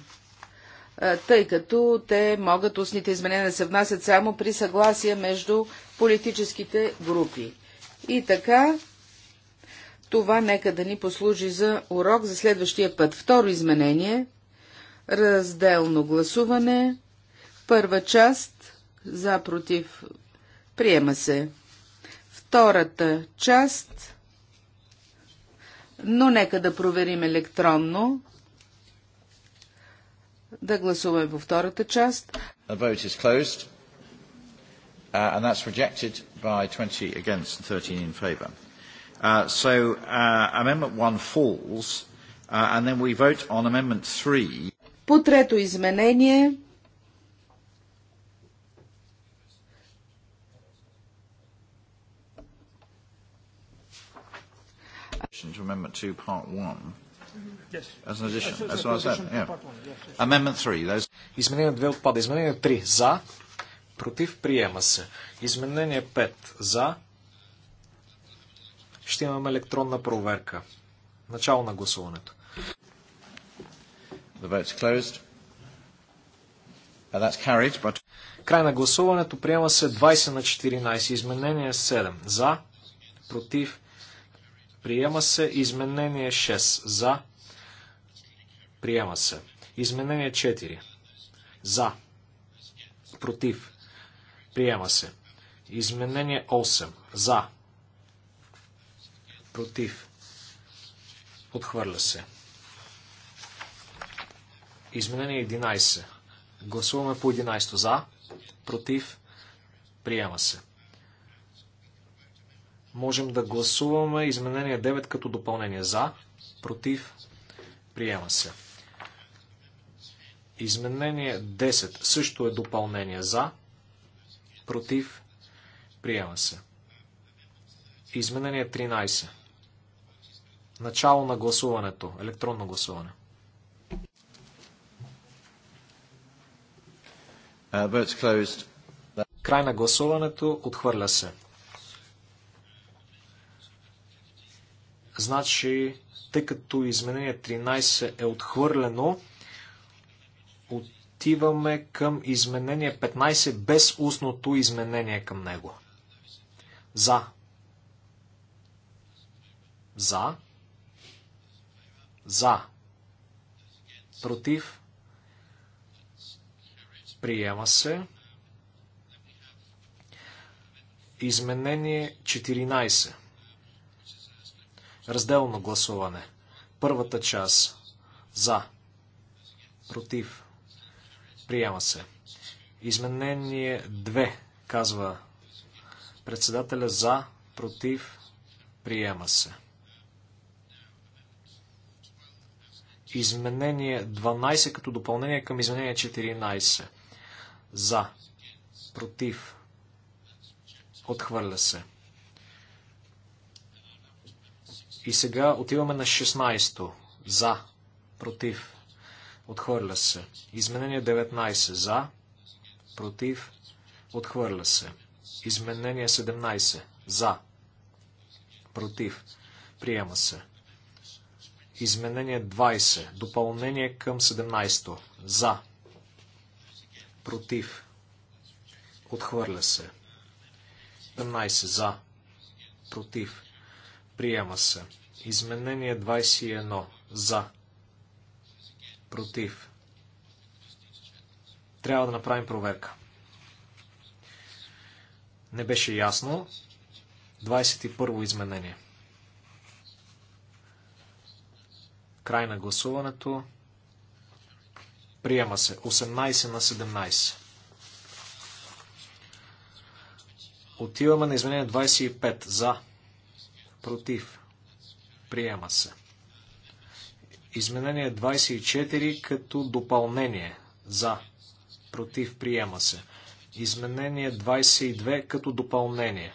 тъй като те могат устните изменения да се внасят само при съгласие между политическите групи. И така, това нека да ни послужи за урок за следващия път. Второ изменение – разделно гласуване Първа част за против приема се. Втората част, но нека да проверим електронно. Да гласуваме по втората част. The vote is closed. Uh, and that's rejected by 20 against and 13 in favour. Uh, so uh, Amendment 1 falls, uh, and then we vote on Amendment 3. По трето изменение question to Amendment 2, Part 1. Mm-hmm. Yes. As an addition, as what I said. Yeah. Amendment 3. Those... Изменение 2 отпада. Изменение 3. За. Против. Приема се. Изменение 5. За. Ще имаме електронна проверка. Начало на гласуването. The vote's closed. And That's carried, but... Край на гласуването приема се 20 на 14. Изменение 7. За. Против. Приема се изменение 6. За. Приема се. Изменение 4. За. Против. Приема се. Изменение 8. За. Против. Отхвърля се. Изменение 11. Гласуваме по 11. За. Против. Приема се. Можем да гласуваме изменение 9 като допълнение. За, против, приема се. Изменение 10 също е допълнение. За, против, приема се. Изменение 13. Начало на гласуването. Електронно гласуване. Uh, Край на гласуването. Отхвърля се. Значи, тъй като изменение 13 е отхвърлено, отиваме към изменение 15 без устното изменение към него. За. За. За. Против. Приема се. Изменение 14. Разделно гласуване. Първата част. За. Против. Приема се. Изменение 2, казва председателя за, против, приема се. Изменение 12 като допълнение към изменение 14. За, против, отхвърля се. И сега отиваме на 16-то. За. Против. Отхвърля се. Изменение 19. За. Против. Отхвърля се. Изменение 17. За. Против. Приема се. Изменение 20. Допълнение към 17. За. Против. Отхвърля се. 17. За. Против. Приема се. Изменение 21. За. Против. Трябва да направим проверка. Не беше ясно. 21 изменение. Край на гласуването. Приема се. 18 на 17. Отиваме на изменение 25. За. Против. Приема се. Изменение 24 като допълнение. За. Против. Приема се. Изменение 22 като допълнение.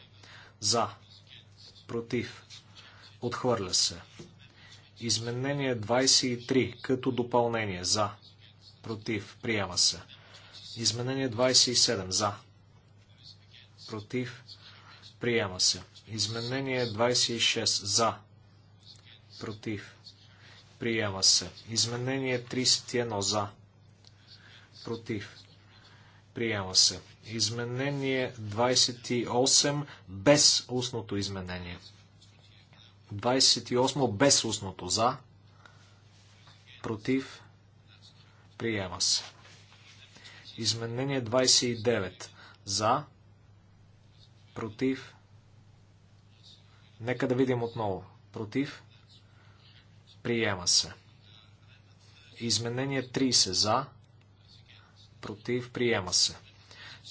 За. Против. Отхвърля се. Изменение 23 като допълнение. За. Против. Приема се. Изменение 27. За. Против. Приема се. Изменение 26 за. Против. Приема се. Изменение 31 за. Против. Приема се. Изменение 28 без устното изменение. 28 без устното за. Против. Приема се. Изменение 29 за. Против. Нека да видим отново. Против? Приема се. Изменение 30 за. Против? Приема се.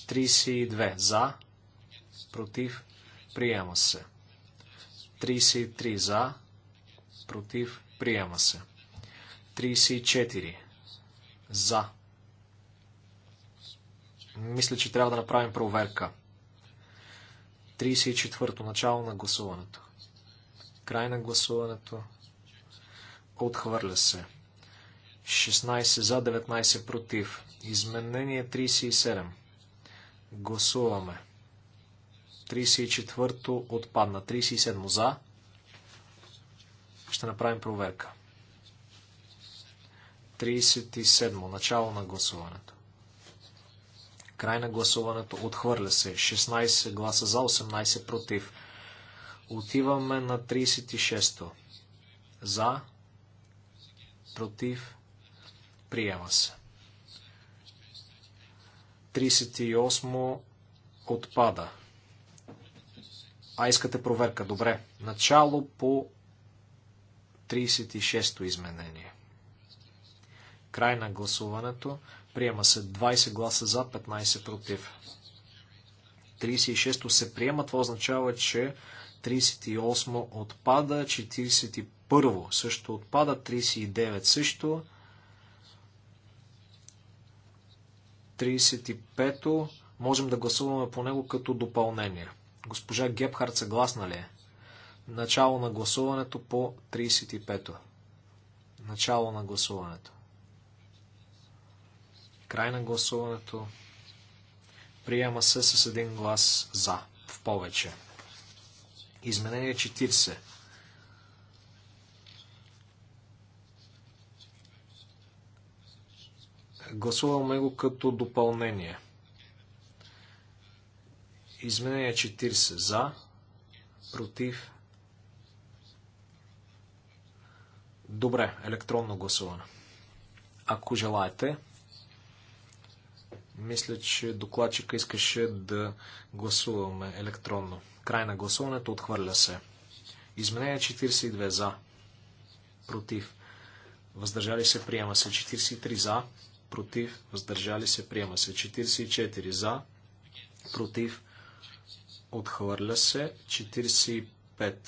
32 за. Против? Приема се. 33 за. Против? Приема се. 34 за. Мисля, че трябва да направим проверка. 34-то начало на гласуването. Край на гласуването. Отхвърля се. 16 за, 19 против. Изменение 37. Гласуваме. 34-то отпадна. 37 за. Ще направим проверка. 37. Начало на гласуването. Край на гласуването. Отхвърля се. 16 гласа за, 18 против. Отиваме на 36-то. За, против, приема се. 38 отпада. А искате проверка. Добре. Начало по 36-то изменение. Край на гласуването. Приема се 20 гласа за, 15 против. 36 се приема, това означава, че 38 отпада, 41 също отпада, 39 също. 35 то можем да гласуваме по него като допълнение. Госпожа Гепхард съгласна ли е? Начало на гласуването по 35-то. Начало на гласуването. Край на гласуването. Приема се с един глас за. В повече. Изменение 40. Гласуваме го като допълнение. Изменение 40. За. Против. Добре, електронно гласуване. Ако желаете, мисля, че докладчика искаше да гласуваме електронно. Край на гласуването отхвърля се. Изменение 42 за. Против. Въздържали се приема се 43 за. Против. Въздържали се приема се 44 за. Против. Отхвърля се 45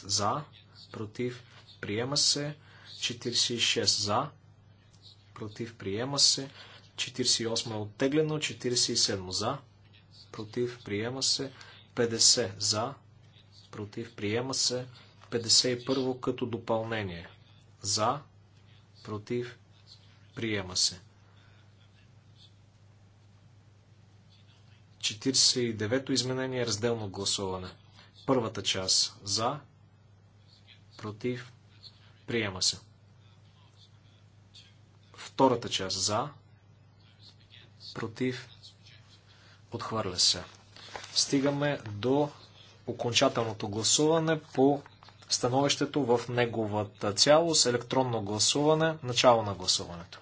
за. Против. Приема се 46 за. Против. Приема се 48 е оттеглено, 47 за, против, приема се, 50 за, против, приема се, 51 като допълнение, за, против, приема се. 49-то изменение е разделно гласуване. Първата част за, против, приема се. Втората част за, против, отхвърля се. Стигаме до окончателното гласуване по становището в неговата цялост, електронно гласуване, начало на гласуването.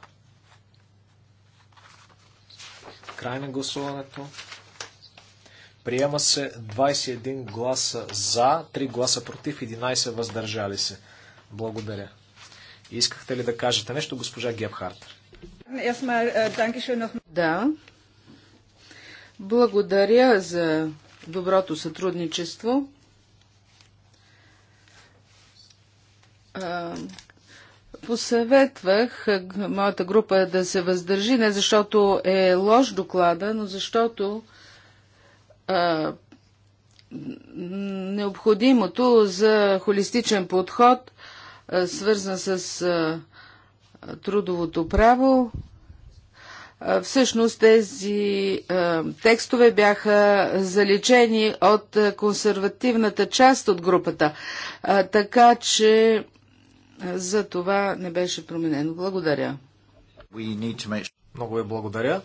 Край на гласуването. Приема се 21 гласа за, 3 гласа против, 11 въздържали се. Благодаря. Искахте ли да кажете нещо, госпожа Гебхартер? Äh, да. Благодаря за доброто сътрудничество. Посъветвах моята група да се въздържи, не защото е лош доклада, но защото а, необходимото за холистичен подход, а, свързан с а, трудовото право. Всъщност тези текстове бяха заличени от консервативната част от групата, така че за това не беше променено. Благодаря. Много ви благодаря.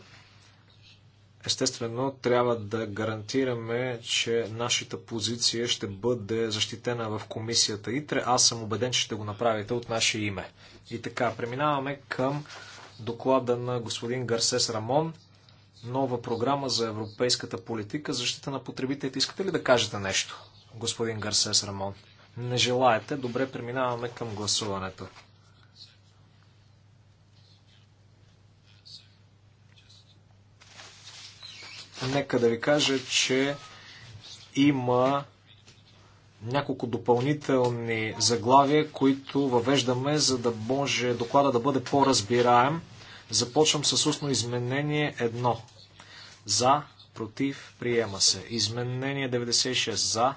Естествено, трябва да гарантираме, че нашата позиция ще бъде защитена в комисията ИТРЕ. Аз съм убеден, че ще го направите от наше име. И така, преминаваме към доклада на господин Гарсес Рамон. Нова програма за европейската политика, защита на потребителите. Искате ли да кажете нещо, господин Гарсес Рамон? Не желаете. Добре, преминаваме към гласуването. нека да ви кажа, че има няколко допълнителни заглавия, които въвеждаме, за да може доклада да бъде по-разбираем. Започвам с устно изменение 1. За, против, приема се. Изменение 96. За,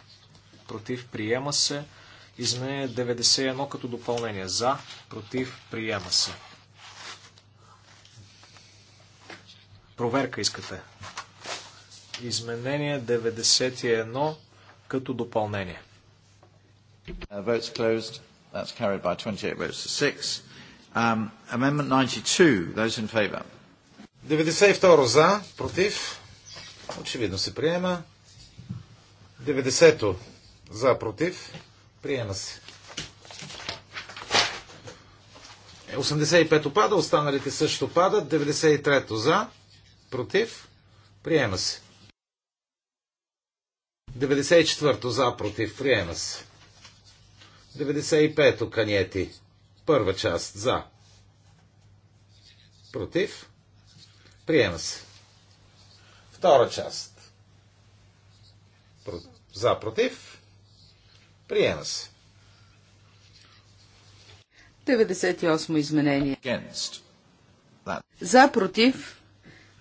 против, приема се. Изменение 91 като допълнение. За, против, приема се. Проверка искате. Изменение 91 като допълнение. Uh, votes closed. That's carried by 28 votes to 6. Um, amendment 92. Those in favor. 92 за, против. Очевидно се приема. 90-то за, против. Приема се. 85-то е, пада, останалите също падат. 93-то за, против. Приема се. 94-то за, против, приема се. 95-то канети. Първа част за. Против. Приема се. Втора част. Про... За, против. Приема се. 98 изменение. За, против.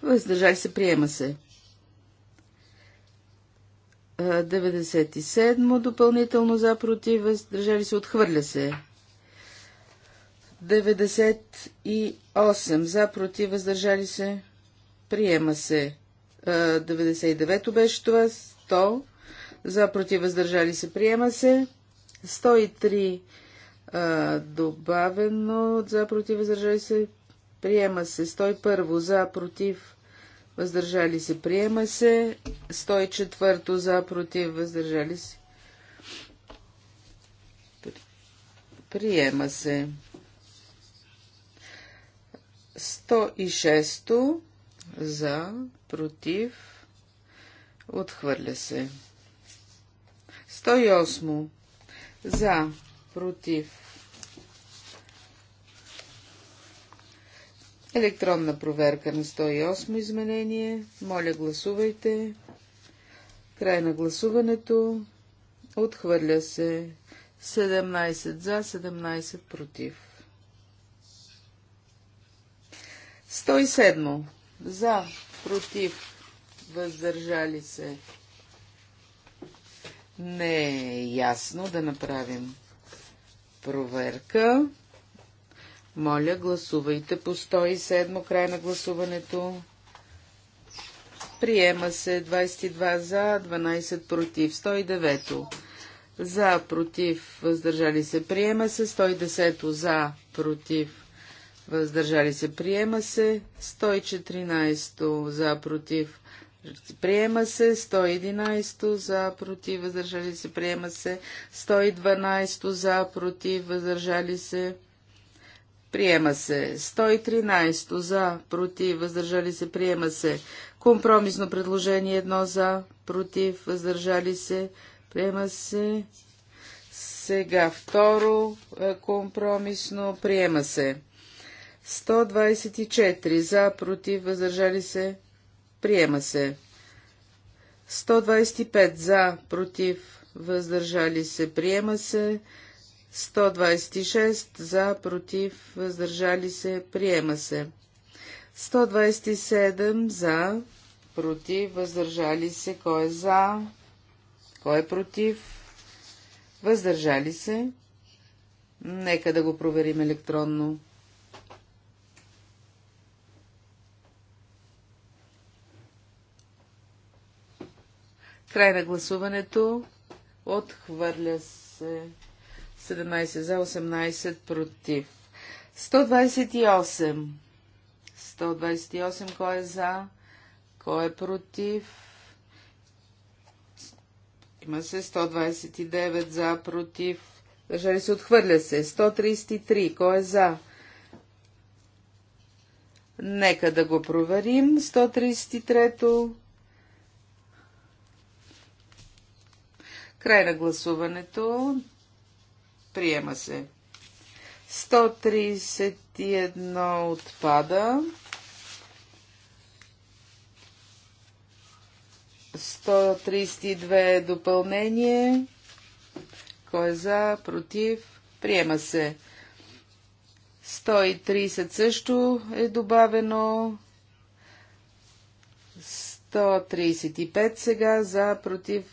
Въздържай се, приема се. 97 допълнително за против, въздържали се, отхвърля се. 98 за против, въздържали се, приема се. 99-то беше това, 100 за против, въздържали се, приема се. 103 добавено за против, въздържали се, приема се. 101 за против, въздържали се, приема се. 104 за, против, въздържали се. Приема се. 106 за, против, отхвърля се. 108 за, против, Електронна проверка на 108 изменение. Моля, гласувайте. Край на гласуването. Отхвърля се 17 за, 17 против. 107 за, против, въздържали се. Не е ясно да направим проверка. Моля, гласувайте по 107 край на гласуването. Приема се 22 за, 12 против, 109 за, против, въздържали се, приема се, 110 за, против, въздържали се, приема се, 114 за, против, приема се, 111 за, против, въздържали се, приема се, 112 за, против, въздържали се, приема се. Приема се 113 за, против, въздържали се, приема се. Компромисно предложение 1 за, против, въздържали се, приема се. Сега второ е, компромисно, приема се. 124 за, против, въздържали се, приема се. 125 за, против, въздържали се, приема се. 126 за, против, въздържали се, приема се. 127 за, против, въздържали се, кой е за, кой е против, въздържали се. Нека да го проверим електронно. Край на гласуването. Отхвърля се. 17 за, 18 против. 128. 128, кой е за, кой е против. Има се 129 за, против. Държали се, отхвърля се. 133, кой е за? Нека да го проверим. 133-то. Край на гласуването. Приема се. 131 отпада. 132 е допълнение. Кой е за? Против? Приема се. 130 също е добавено. 135 сега за, против,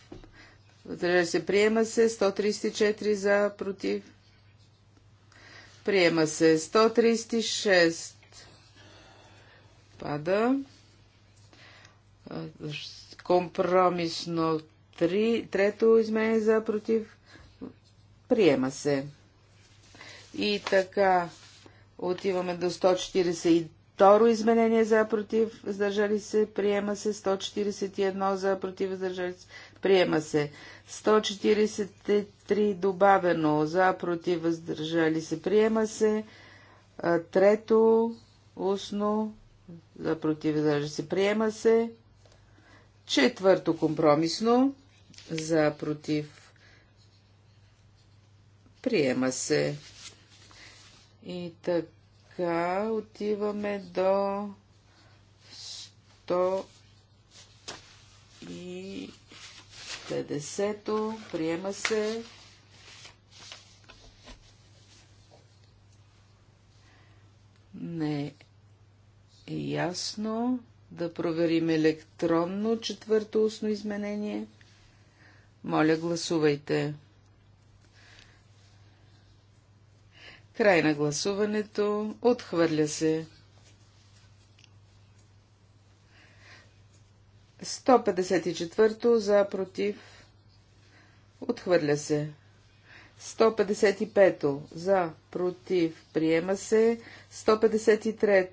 Въздържали се, приема се. 134 за, против. Приема се. 136. Пада. Компромисно Три. Трето изменение за, против. Приема се. И така, отиваме до 142 изменение за против, въздържали се, приема се 141 за против, въздържали се, Приема се 143 добавено за, против, въздържали се. Приема се трето устно за, против, въздържали се. Приема се четвърто компромисно за, против. Приема се. И така отиваме до 100 и 50-то. Приема се. Не е ясно. Да проверим електронно четвърто устно изменение. Моля, гласувайте. Край на гласуването. Отхвърля се. 154 за против. Отхвърля се. 155 за против. Приема се. 153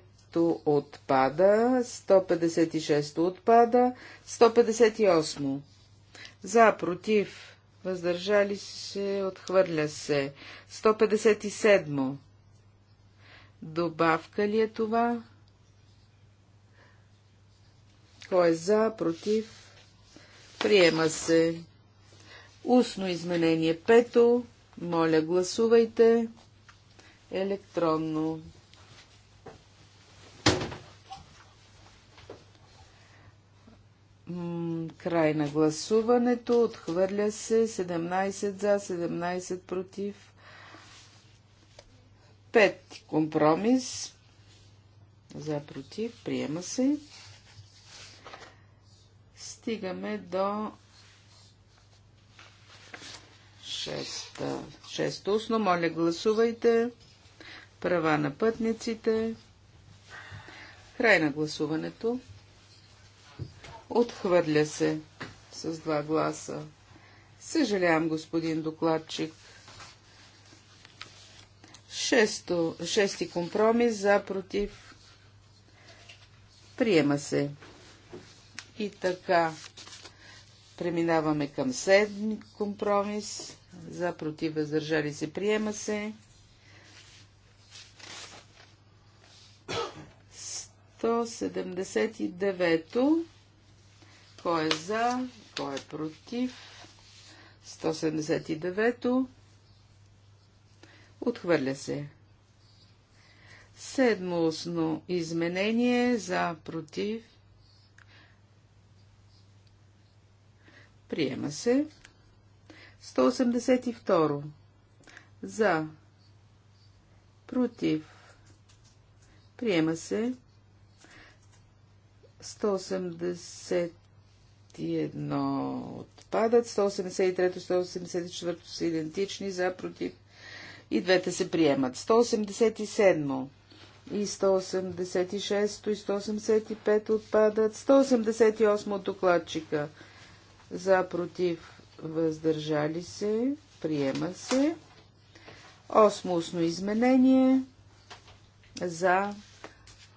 отпада. 156 отпада. 158 за против. Въздържали се. Отхвърля се. 157 Добавка ли е това? Кой е за, против? Приема се. Устно изменение пето. Моля, гласувайте електронно. Край на гласуването. Отхвърля се 17 за, 17 против. 5 компромис. За против. Приема се стигаме до шеста. Шесто устно, моля гласувайте. Права на пътниците. Край на гласуването. Отхвърля се с два гласа. Съжалявам, господин докладчик. Шесто, шести компромис за против. Приема се. И така, преминаваме към седми компромис. За против въздържали се приема се. 179-то. Кой е за? Кой е против? 179-то. Отхвърля се. Седмо изменение за против Приема се. 182. За. Против. Приема се. 181 отпадат. 183, 184 са идентични. За. Против. И двете се приемат. 187 и 186 и 185 отпадат. 188 от докладчика за против въздържали се, приема се. Осмо устно изменение за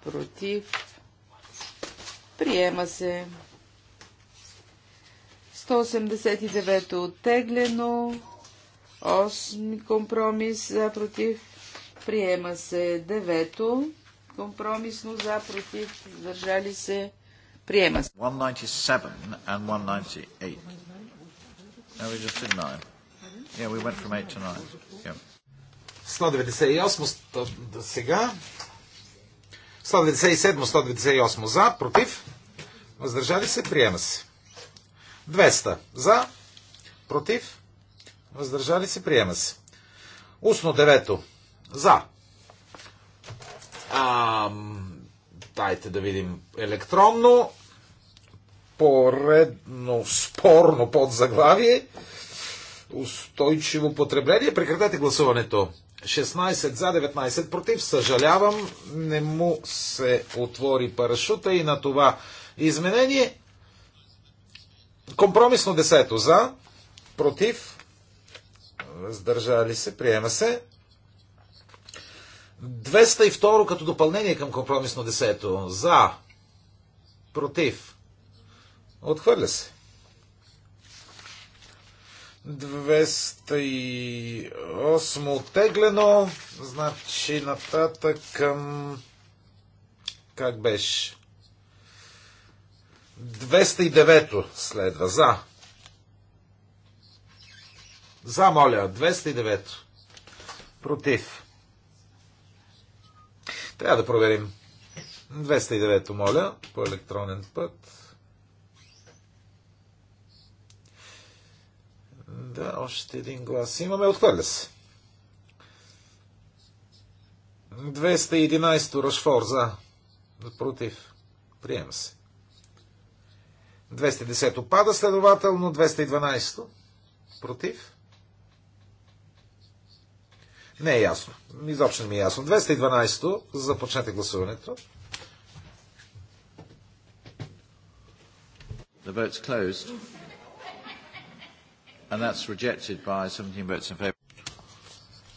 против приема се. 189 оттеглено. 8 компромис за против приема се. девето. компромисно за против въздържали се. Приема се. 197 and 198. No, we just did 9. Yeah, we went from 8 to 9. Yeah. 198 сега. 197-198 за, против. Въздържали се, приема се. 200 за, против. Въздържали се, приема се. Устно 9 за. Ам... Дайте да видим електронно. Поредно спорно под заглавие. Устойчиво потребление. Прекратете гласуването. 16 за 19 против. Съжалявам, не му се отвори парашута и на това изменение. Компромисно 10 за, против, въздържали се, приема се. 202 като допълнение към компромисно десето. За. Против. Отхвърля се. 208 оттеглено. Значи нататък към... Как беше? 209 следва. За. За, моля. 209. Против. Трябва да проверим. 209 моля, по електронен път. Да, още един глас имаме. Отхвърля се. 211 Рашфор за. Против. Приема се. 210 пада, следователно 212 против. Не е ясно. Изобщо не ми е ясно. 212-то, започнете гласуването. The vote's closed. And that's rejected by 17 votes in favor.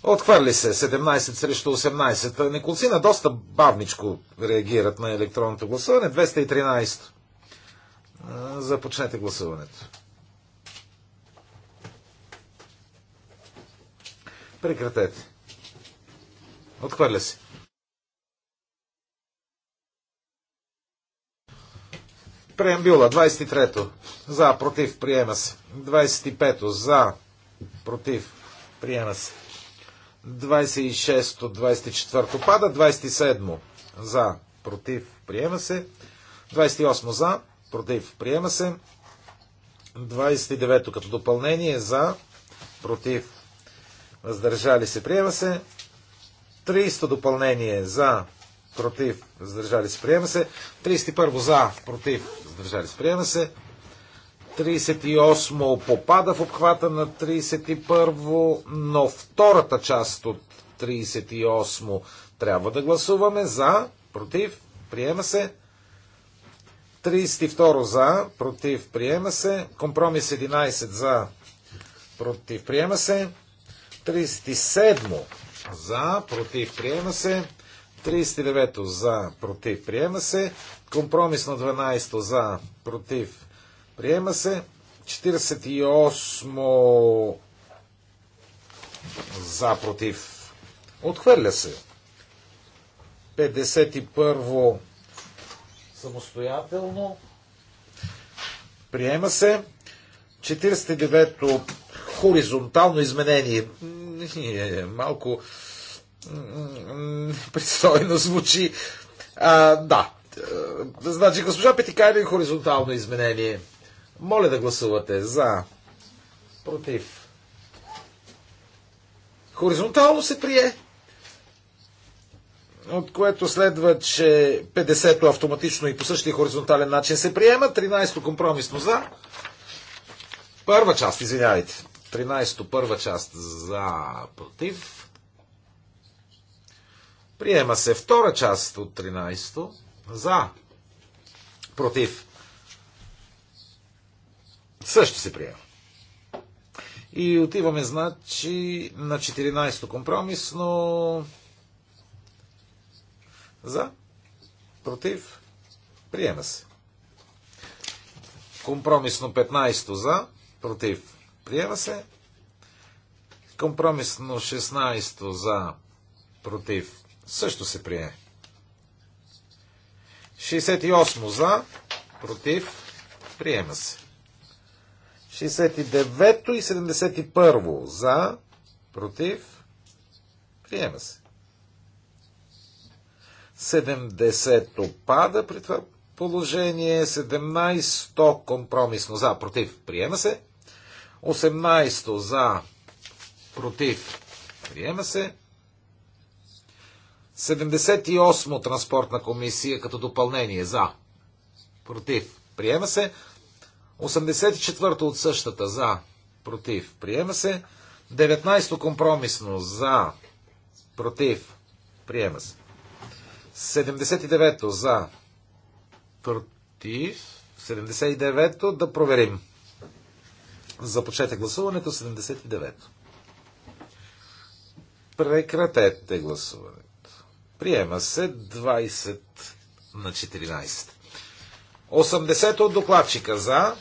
Отхвърли се 17 срещу 18. Николцина доста бавничко реагират на електронното гласуване. 213. Започнете гласуването. Прекратете. Отхвърля се. Преамбюла 23-то. За, против, приема се. 25-то. За, против, приема се. 26-то, 24-то пада. 27-то. За, против, приема се. 28-то. За, против, приема се. 29-то като допълнение. За, против, въздържали се, приема се. 300 допълнение за, против, въздържали се, приема се. 31 за, против, въздържали се, приема се. 38 попада в обхвата на 31, но втората част от 38 трябва да гласуваме за, против, приема се. 32 за, против, приема се. Компромис 11 за, против, приема се. 37 за, против, приема се. 39 за, против, приема се. Компромис на 12 за, против, приема се. 48 за, против, отхвърля се. 51 самостоятелно. Приема се. 49-то хоризонтално изменение малко пристойно звучи. А, да. Е, значи, госпожа Петикайна и хоризонтално изменение. Моля да гласувате за. Против. Хоризонтално се прие. От което следва, че 50-то автоматично и по същия хоризонтален начин се приема. 13-то компромисно за. Първа част, извинявайте. 13 първа част за против. Приема се втора част от 13 за против. Също се приема. И отиваме, значи, на 14-то компромисно. За. Против. Приема се. Компромисно 15-то за. Против. Приема се. Компромисно 16 за против. Също се прие. 68 за против. Приема се. 69 и 71 за против. Приема се. 70-то пада при това положение, 17-то компромисно за, против, приема се. 18 за, против, приема се. 78 транспортна комисия като допълнение за, против, приема се. 84 от същата за, против, приема се. 19 компромисно за, против, приема се. 79 за, против, 79 да проверим. Започнете гласуването 79. Прекратете гласуването. Приема се 20 на 14. 80 от докладчика за.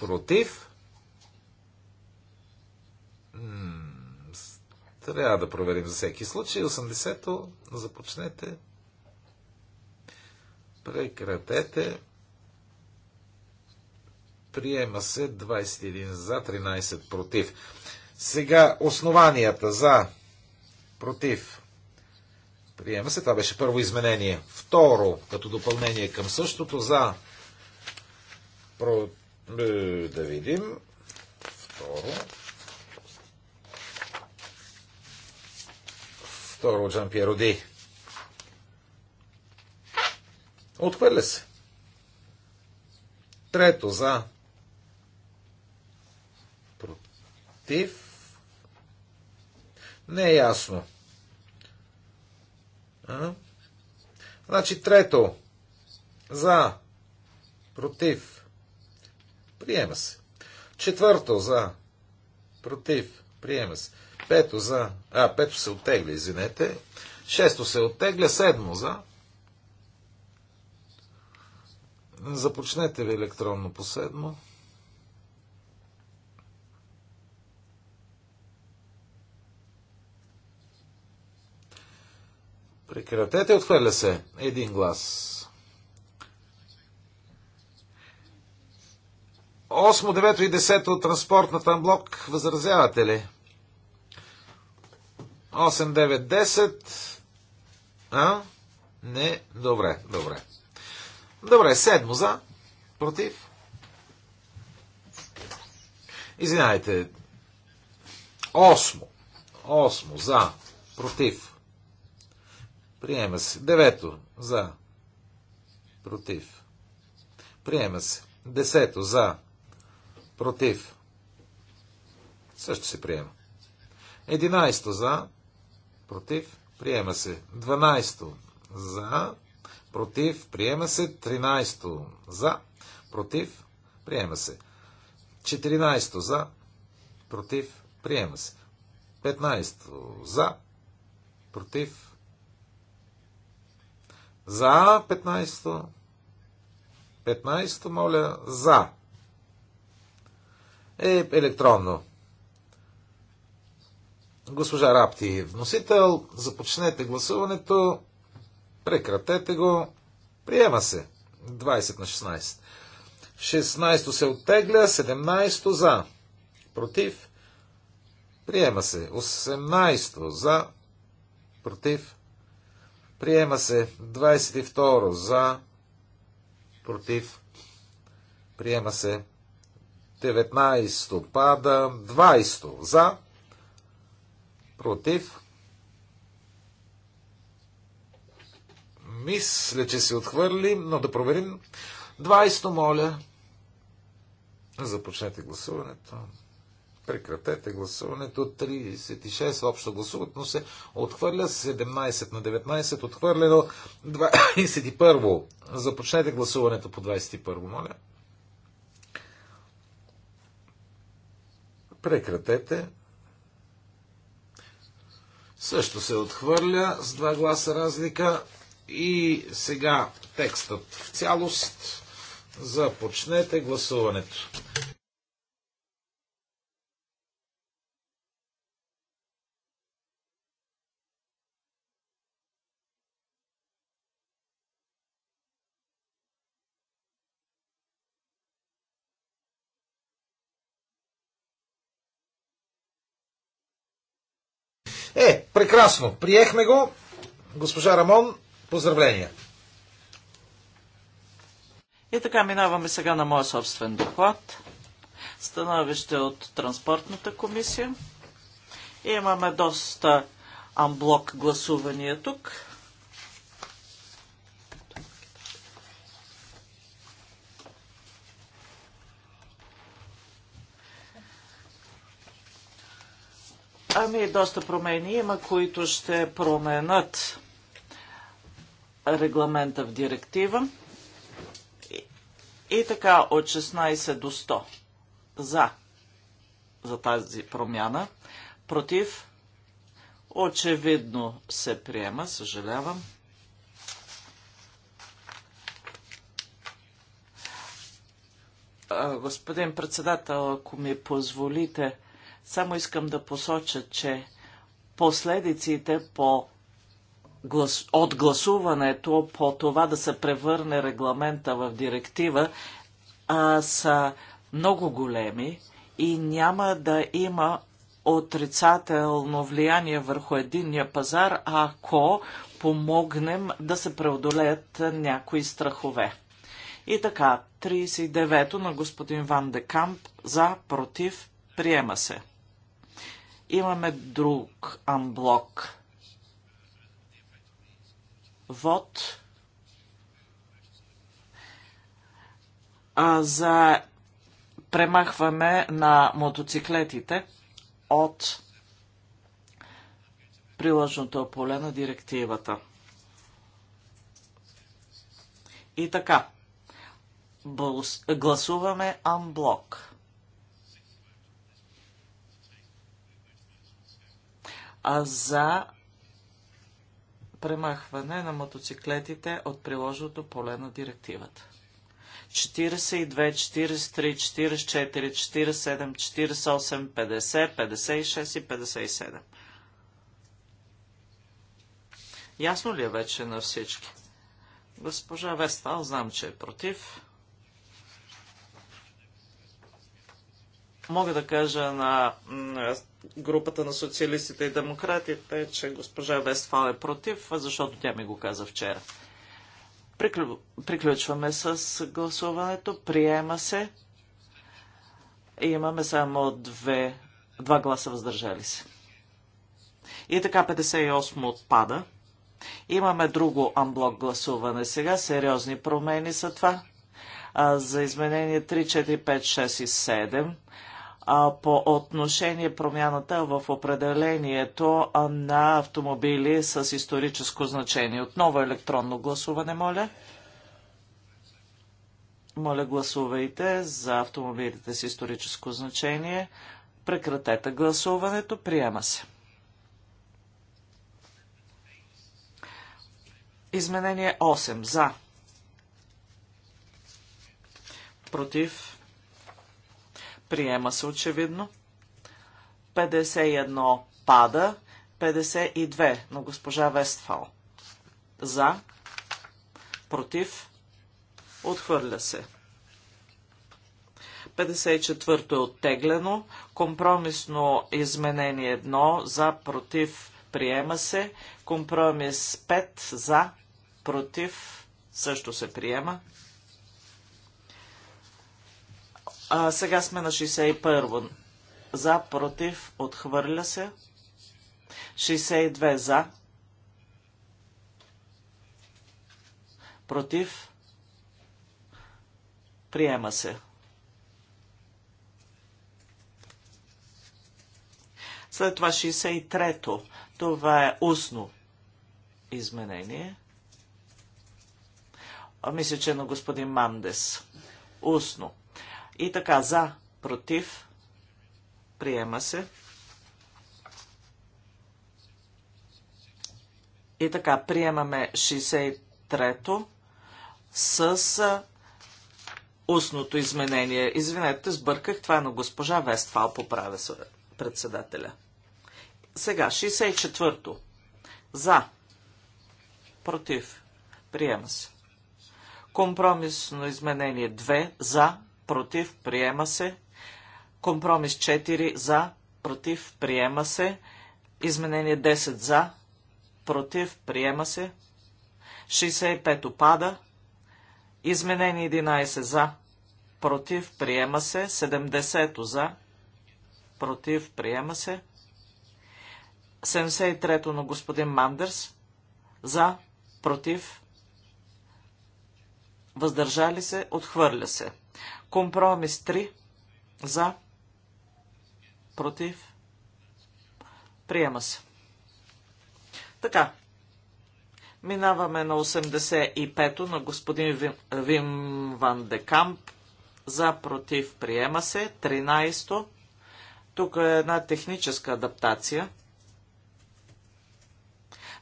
Против. Трябва да проверим за всеки случай. 80-то започнете. Прекратете. Приема се 21 за, 13 против. Сега основанията за, против. Приема се. Това беше първо изменение. Второ, като допълнение към същото, за, про, е, да видим. Второ. Второ, Джан Пьеро Роди. Отхвърля се. Трето за. Против. Не е ясно. А? Значи трето. За. Против. Приема се. Четвърто за. Против. Приема се. Пето за. А, пето се оттегля, извинете. Шесто се оттегля. Седмо за. Започнете ви електронно по седмо. Прекратете, отхвърля се. Един глас. Осмо, девето и десето от транспортната блок. Възразявате ли? 8, 9, 10. А? Не, добре, добре. Добре, седмо за. Против. Извинявайте. Осмо. Осмо за. Против. Приема се. Девето за. Против. Приема се. Десето за. Против. Също се приема. Единайсто за. Против. Приема се. Дванайсто за против, приема се. 13 за, против, приема се. 14 за, против, приема се. 15 за, против, за 15 15 моля, за. Е електронно. Госпожа Рапти, е вносител, започнете гласуването. Прекратете го. Приема се. 20 на 16. 16 се оттегля, 17 за. Против. Приема се. 18 за. Против. Приема се. 22 за. Против. Приема се. 19 пада. 20 за. Против. Мисля, че се отхвърли, но да проверим. 20, моля. Започнете гласуването. Прекратете гласуването. 36 общо гласуват, но се отхвърля. 17 на 19 отхвърлено. 21. Започнете гласуването по 21, моля. Прекратете. Също се отхвърля с два гласа разлика. И сега текстът в цялост. Започнете гласуването. Е, прекрасно. Приехме го. Госпожа Рамон, Поздравления! И така минаваме сега на моя собствен доклад. Становище от Транспортната комисия. И имаме доста амблок гласувания тук. Ами доста промени има, които ще променят регламента в директива. И, и така от 16 до 100 за, за тази промяна. Против очевидно се приема, съжалявам. Господин председател, ако ми позволите, само искам да посоча, че последиците по глас, от гласуването по това да се превърне регламента в директива а, са много големи и няма да има отрицателно влияние върху единния пазар, ако помогнем да се преодолеят някои страхове. И така, 39-то на господин Ван де Камп за, против, приема се. Имаме друг амблок вод за премахване на мотоциклетите от приложното поле на директивата. И така, гласуваме анблок. за премахване на мотоциклетите от приложното поле на директивата. 42, 43, 44, 47, 48, 50, 56 и 57. Ясно ли е вече на всички? Госпожа Вестал, знам, че е против. Мога да кажа на групата на социалистите и демократите че госпожа Вестфал е против, защото тя ми го каза вчера. Приключваме с гласуването. Приема се. И имаме само две, два гласа въздържали се. И така 58 отпада. Имаме друго амблок гласуване сега. Сериозни промени са това. А, за изменение 3, 4, 5, 6 и 7 а, по отношение промяната в определението на автомобили с историческо значение. Отново електронно гласуване, моля. Моля, гласувайте за автомобилите с историческо значение. Прекратете гласуването. Приема се. Изменение 8. За. Против. Приема се очевидно. 51 пада. 52 на госпожа Вестфал. За. Против. Отхвърля се. 54 е оттеглено. Компромисно изменение 1 за против приема се. Компромис 5 за против също се приема. А, сега сме на 61. За, против, отхвърля се. 62 за. Против. Приема се. След това 63-то. Това е устно изменение. А мисля, че е на господин Мандес. Устно. И така, за, против, приема се. И така, приемаме 63-то с устното изменение. Извинете, сбърках, това е на госпожа Вестфал, поправя се председателя. Сега, 64-то. За. Против. Приема се. Компромисно изменение 2. За против, приема се. Компромис 4 за, против, приема се. Изменение 10 за, против, приема се. 65 опада. Изменение 11 за, против, приема се. 70 за, против, приема се. 73-то на господин Мандърс. За, против, въздържали се, отхвърля се. Компромис 3 за, против, приема се. Така, минаваме на 85-то на господин Вим, Вим Ван Декамп. За, против, приема се. 13-то. Тук е една техническа адаптация.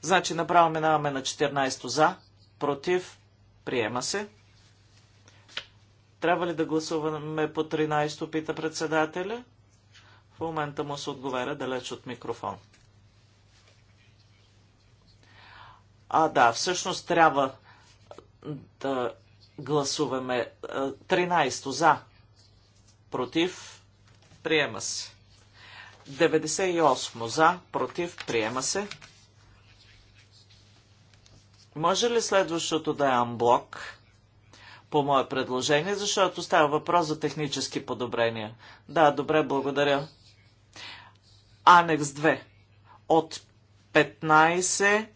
Значи направо минаваме на 14-то за, против, приема се. Трябва ли да гласуваме по 13-то, пита председателя? В момента му се отговаря далеч от микрофон. А, да, всъщност трябва да гласуваме 13-то е, за, против, приема се. 98 за, против, приема се. Може ли следващото да е амблок? по мое предложение, защото става въпрос за технически подобрения. Да, добре, благодаря. Анекс 2. От 15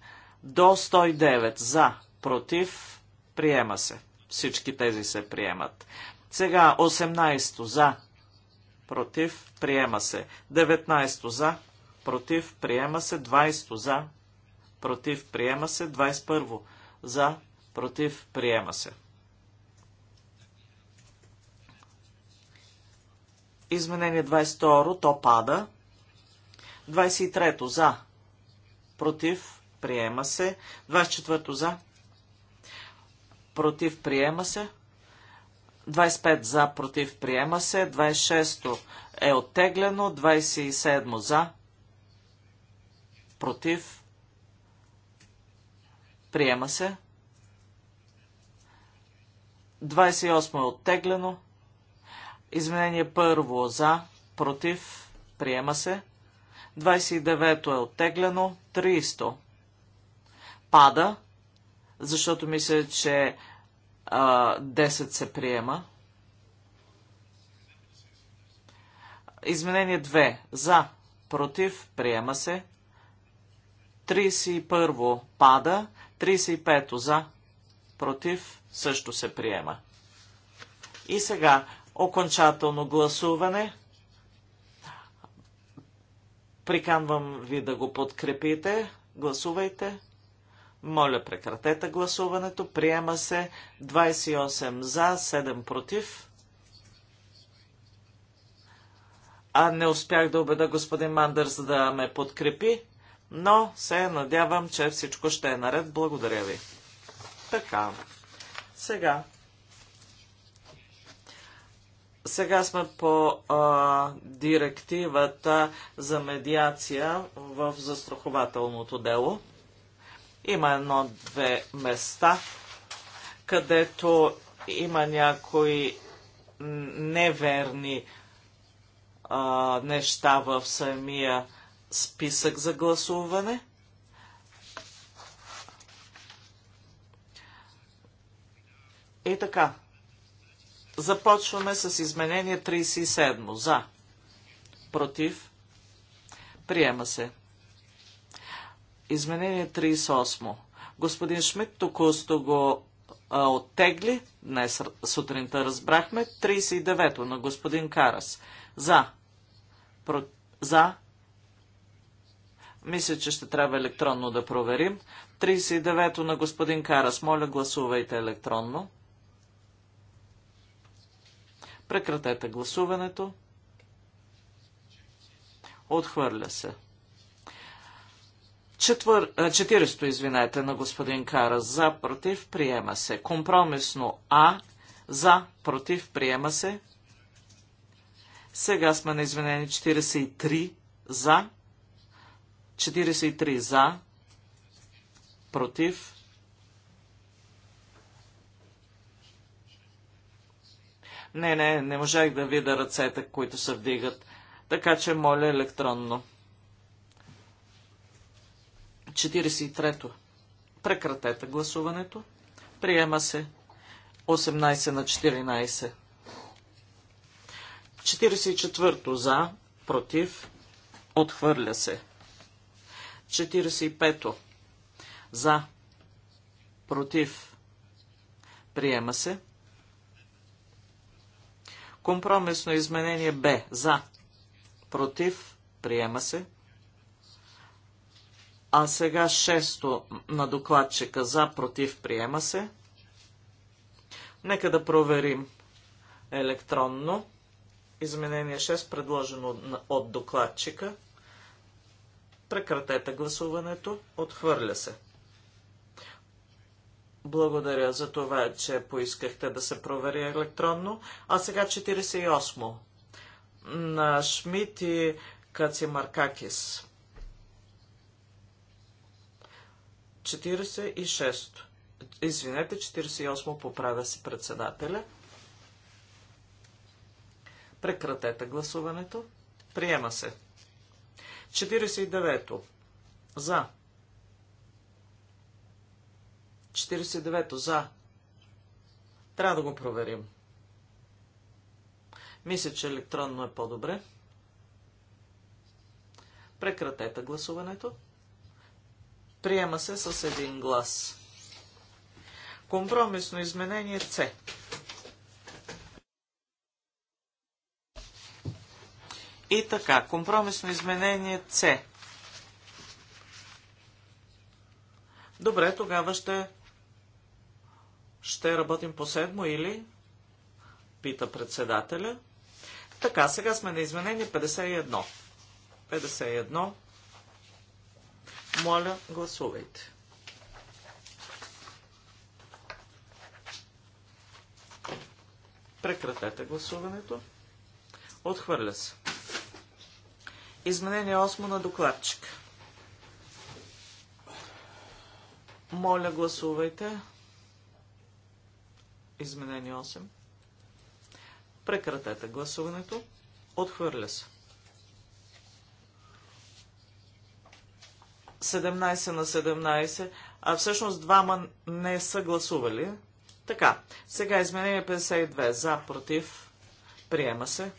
до 109. За, против, приема се. Всички тези се приемат. Сега 18 за, против, приема се. 19 за, против, приема се. 20 за, против, приема се. 21 за, против, приема се. Изменение 22, то пада. 23 за. Против, приема се. 24 за. Против, приема се. 25 за, против, приема се. 26 е оттеглено. 27 за. Против, приема се. 28 е оттеглено. Изменение първо за, против, приема се. 29-то е оттеглено. 30 пада, защото мисля, че а, 10 се приема. Изменение 2. За, против, приема се. 31 пада, 35 за, против, също се приема. И сега окончателно гласуване. Приканвам ви да го подкрепите. Гласувайте. Моля, прекратете гласуването. Приема се 28 за, 7 против. А не успях да убеда господин Мандърс да ме подкрепи, но се надявам, че всичко ще е наред. Благодаря ви. Така. Сега сега сме по а, директивата за медиация в застрахователното дело. Има едно-две места, където има някои неверни а, неща в самия списък за гласуване. И така, Започваме с изменение 37. За. Против. Приема се. Изменение 38. Господин Шмидт току-що го а, оттегли. Днес сутринта разбрахме. 39-то на господин Карас. За. Про... За. Мисля, че ще трябва електронно да проверим. 39-то на господин Карас. Моля, гласувайте електронно. Прекратете гласуването. Отхвърля се. Четвър... 40-то, извинете, на господин Кара. За, против, приема се. Компромисно А. За, против, приема се. Сега сме на извинение 43 за. 43 за. Против. Не, не, не можах да видя ръцете, които се вдигат. Така че моля електронно. 43-то. Прекратете гласуването. Приема се 18 на 14. 44-то за, против, отхвърля се. 45-то за, против, приема се. 46 Компромисно изменение Б. За. Против. Приема се. А сега шесто на докладчика за, против, приема се. Нека да проверим електронно. Изменение 6, предложено от докладчика. Прекратете гласуването. Отхвърля се. Благодаря за това, че поискахте да се провери електронно. А сега 48 на Шмидт и Кацимаркакис. 46. Извинете, 48 поправя си председателя. Прекратете гласуването. Приема се. 49. За. 49 за. Трябва да го проверим. Мисля, че електронно е по-добре. Прекратете гласуването. Приема се с един глас. Компромисно изменение С. И така, компромисно изменение С. Добре, тогава ще ще работим по седмо или? Пита председателя. Така, сега сме на изменение 51. 51. Моля, гласувайте. Прекратете гласуването. Отхвърля се. Изменение 8 на докладчик. Моля, гласувайте. Изменение 8. Прекратете гласуването. Отхвърля се. 17 на 17, а всъщност двама не са гласували. Така, сега изменение 52 за, против, приема се.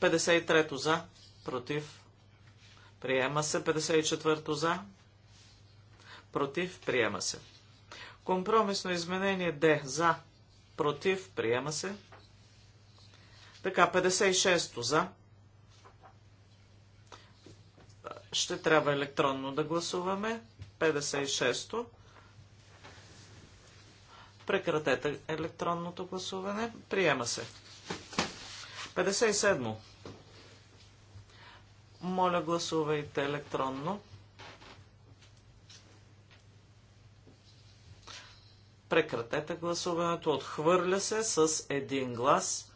53 за, против, приема се. 54 за, против, приема се. Компромисно изменение Д за, Против. Приема се. Така, 56-то за. Ще трябва електронно да гласуваме. 56-то. Прекратете електронното гласуване. Приема се. 57. Моля, гласувайте електронно. Прекратете гласуването. Отхвърля се с един глас.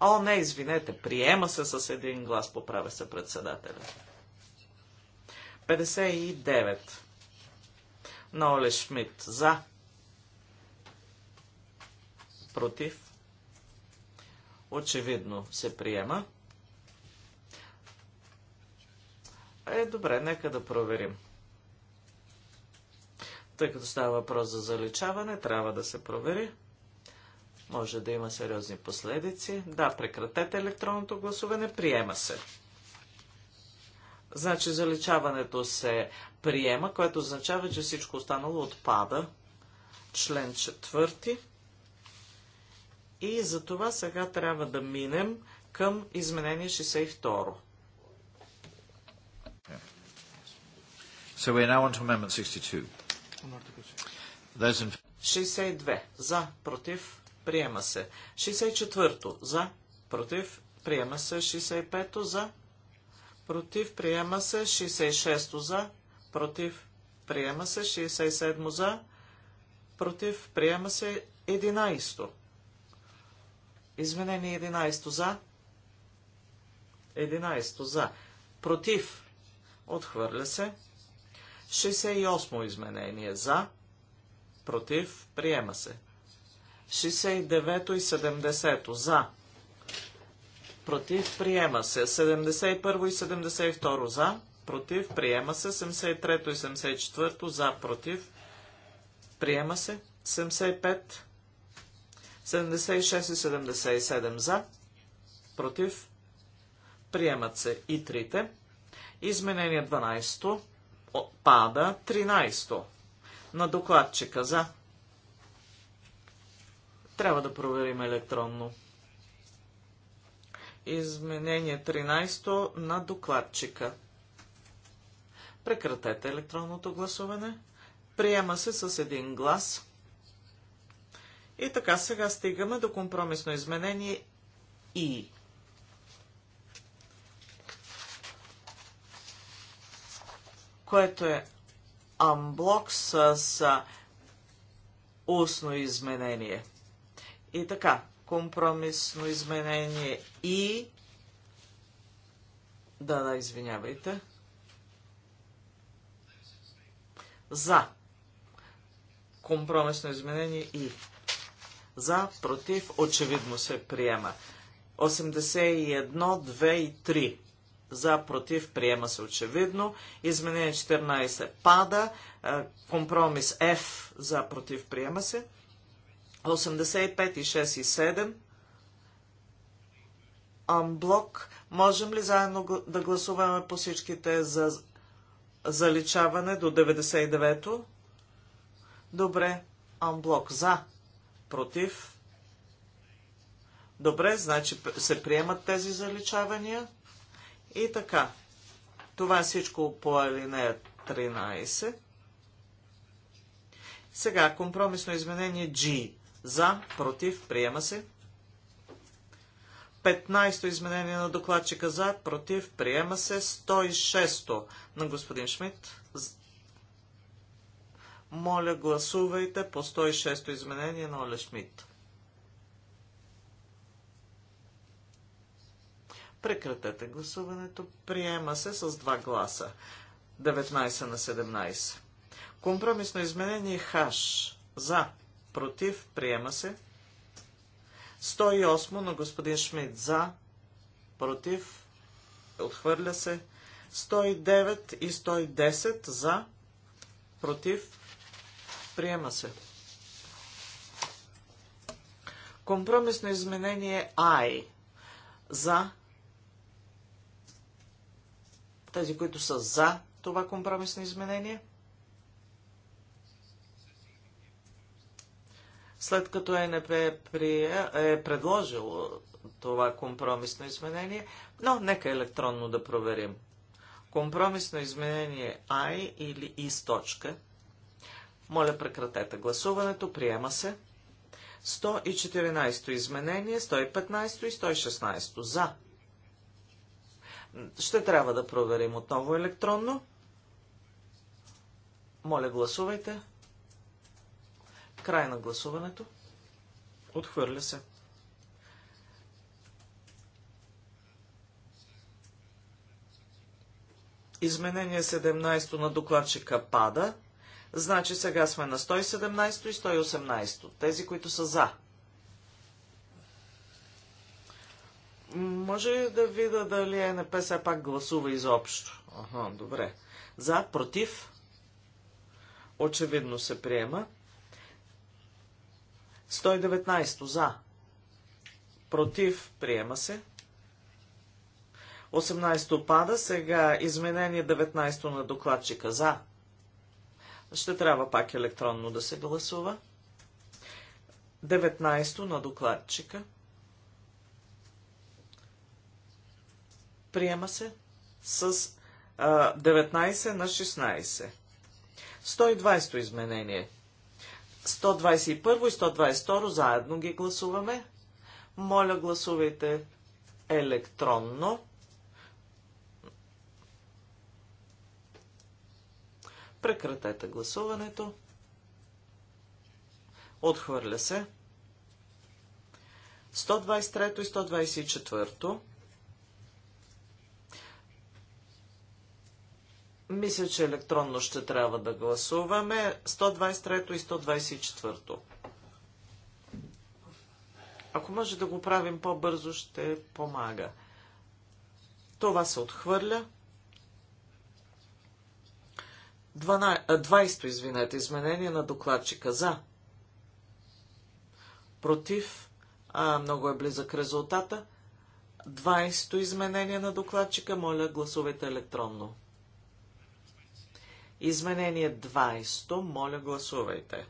О, не, извинете, приема се с един глас, поправя се председателя. 59. Ноле Шмидт. За. Против. Очевидно се приема. Е, добре, нека да проверим. 59. Тъй като става въпрос за заличаване, трябва да се провери. Може да има сериозни последици. Да, прекратете електронното гласуване, приема се. Значи заличаването се приема, което означава, че всичко останало отпада. Член четвърти. И за това сега трябва да минем към изменение 62. So we're now on to Amendment 62. 62. За. Против. Приема се. 64. За. Против. Приема се. 65. За. Против. Приема се. 66. За. Против. Приема се. 67. За. Против. Приема се. 11. Изменение 11. За. 11. За. Против. Отхвърля се. 68 изменение за, против, приема се. 69 и 70 за, против, приема се. 71 и 72 за, против, приема се. 73 и 74 за, против, приема се. 75, 76 и 77 за, против, приемат се и трите. Изменение 12 пада 13-то на докладчика за. Трябва да проверим електронно. Изменение 13 на докладчика. Прекратете електронното гласуване. Приема се с един глас. И така сега стигаме до компромисно изменение И. което е амблок с устно изменение. И така, компромисно изменение и... Да, да, извинявайте. За. Компромисно изменение и. За, против, очевидно се приема. 81, 2 и 3 за против приема се очевидно. Изменение 14 пада. Е, компромис F за против приема се. 85 и 6 и 7. Амблок. Можем ли заедно да гласуваме по всичките за заличаване до 99-то? Добре. Амблок за. Против. Добре, значи се приемат тези заличавания. И така. Това е всичко по алинея 13. Сега компромисно изменение G. За, против, приема се. 15-то изменение на докладчика за, против, приема се. 106-то на господин Шмидт. Моля, гласувайте по 106-то изменение на Оле Шмидт. Прекратете гласуването. Приема се с 2 гласа. 19 на 17. Компромисно изменение ХАШ. За. Против. Приема се. 108 на господин Шмидт. За. Против. Отхвърля се. 109 и 110 за. Против. Приема се. Компромисно изменение ай. За. Тези, които са за това компромисно изменение. След като ЕНП е предложило това компромисно изменение, но нека електронно да проверим. Компромисно изменение I или I с точка. Моля, прекратете гласуването. Приема се. 114 изменение, 115 и 116 за. Ще трябва да проверим отново електронно. Моля, гласувайте. Край на гласуването. Отхвърля се. Изменение 17 на докладчика пада. Значи сега сме на 117 и 118. Тези, които са за. Може ли да видя дали НП все пак гласува изобщо? Ага, добре. За, против? Очевидно се приема. 119 за. Против приема се. 18 пада, сега изменение 19 на докладчика за. Ще трябва пак електронно да се гласува. 19 на докладчика. Приема се с а, 19 на 16. 120 изменение. 121 и 122 заедно ги гласуваме. Моля, гласувайте електронно. Прекратете гласуването. Отхвърля се. 123 и 124. Мисля, че електронно ще трябва да гласуваме 123 и 124. Ако може да го правим по-бързо, ще помага. Това се отхвърля. 20-то, извинете, изменение на докладчика за. Против. А, много е близък резултата. 20-то изменение на докладчика. Моля, гласувайте електронно. Изменение 20. Моля, гласувайте.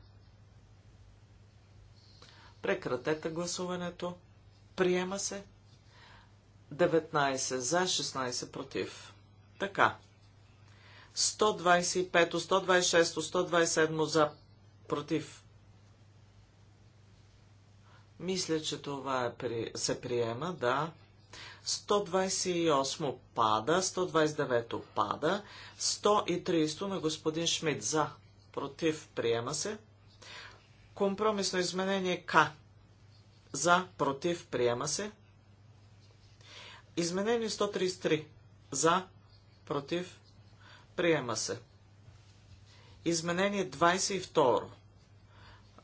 Прекратете гласуването. Приема се. 19 за, 16 против. Така. 125, 126, 127 за, против. Мисля, че това е при... се приема, да. 128 пада, 129 пада, 130 на господин Шмидт за, против, приема се. Компромисно изменение К. За, против, приема се. Изменение 133. За, против, приема се. Изменение 22.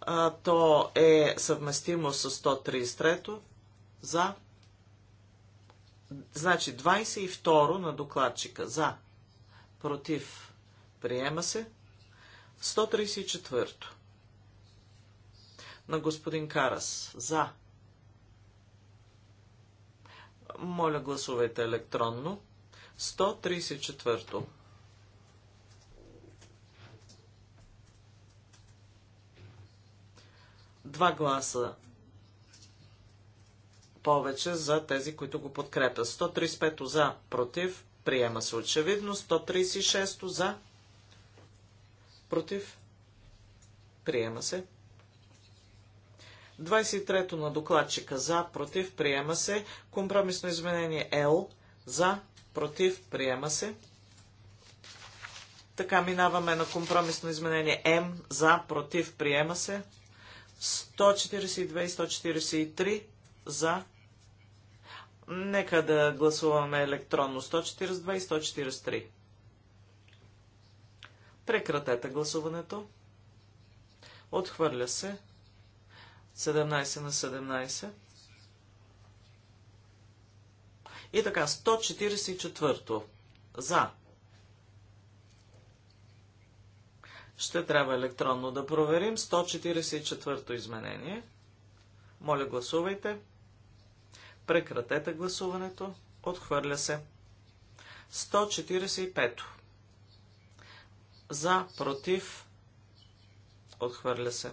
А, то е съвместимо с 133. За, Значи 22 на докладчика. За. Против. Приема се. 134. На господин Карас. За. Моля гласувайте електронно. 134. Два гласа повече за тези, които го подкрепят. 135 за, против, приема се очевидно. 136 за, против, приема се. 23-то на докладчика за, против, приема се. Компромисно изменение L за, против, приема се. Така минаваме на компромисно изменение М за, против, приема се. 142 и 143 за, Нека да гласуваме електронно 142 и 143. Прекратете гласуването. Отхвърля се. 17 на 17. И така, 144. За. Ще трябва електронно да проверим 144 изменение. Моля, гласувайте. Гласувайте. Прекратете гласуването. Отхвърля се. 145. За, против. Отхвърля се.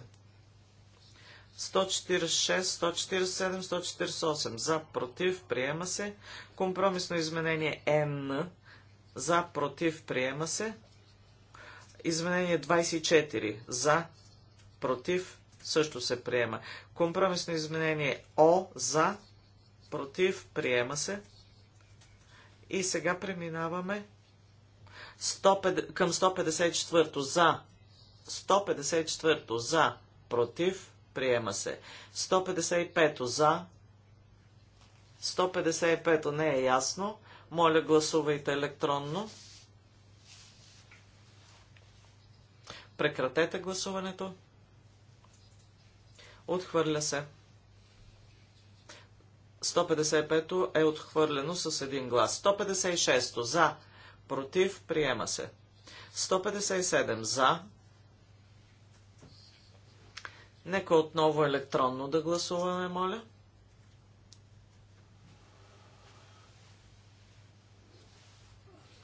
146, 147, 148. За, против. Приема се. Компромисно изменение Н. За, против. Приема се. Изменение 24. За, против. Също се приема. Компромисно изменение О. За, против, приема се. И сега преминаваме 100, към 154 за. 154 за, против, приема се. 155 за. 155 не е ясно. Моля, гласувайте електронно. Прекратете гласуването. Отхвърля се. 155 е отхвърлено с един глас. 156 за, против, приема се. 157 за. Нека отново електронно да гласуваме, моля.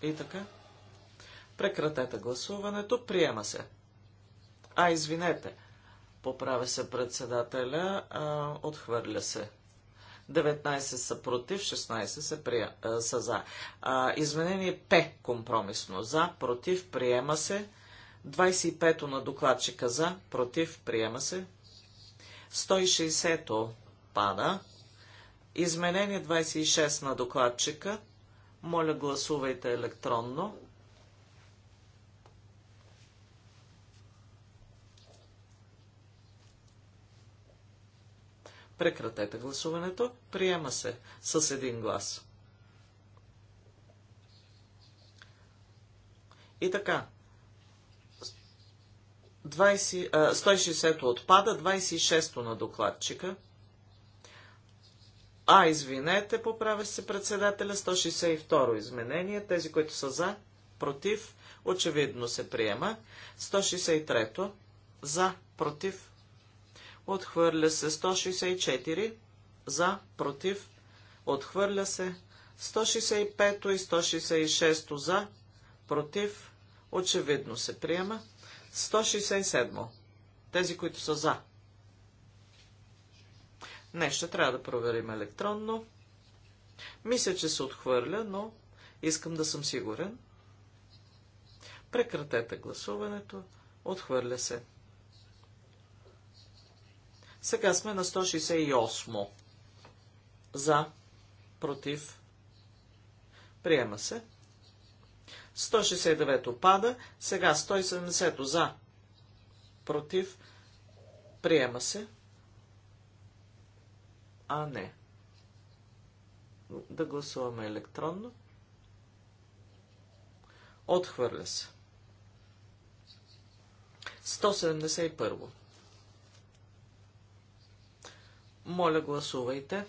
И така. Прекратете гласуването, приема се. А, извинете, поправя се председателя, а, отхвърля се. 19 са против, 16 са, прия, а, са за. А, изменение П компромисно за, против, приема се. 25-то на докладчика за, против, приема се. 160-то пада. Изменение 26 на докладчика. Моля, гласувайте електронно. Прекратете гласуването. Приема се с един глас. И така. 160 отпада, 26 на докладчика. А, извинете, поправя се председателя, 162 изменение. Тези, които са за, против, очевидно се приема. 163 за, против, Отхвърля се 164 за, против. Отхвърля се 165 и 166 за, против. Очевидно се приема. 167. Тези, които са за. Не, ще трябва да проверим електронно. Мисля, че се отхвърля, но искам да съм сигурен. Прекратете гласуването. Отхвърля се. Сега сме на 168. За, против, приема се. 169 пада, сега 170 за, против, приема се. А не. Да гласуваме електронно. Отхвърля се. 171. Моля, гласувайте.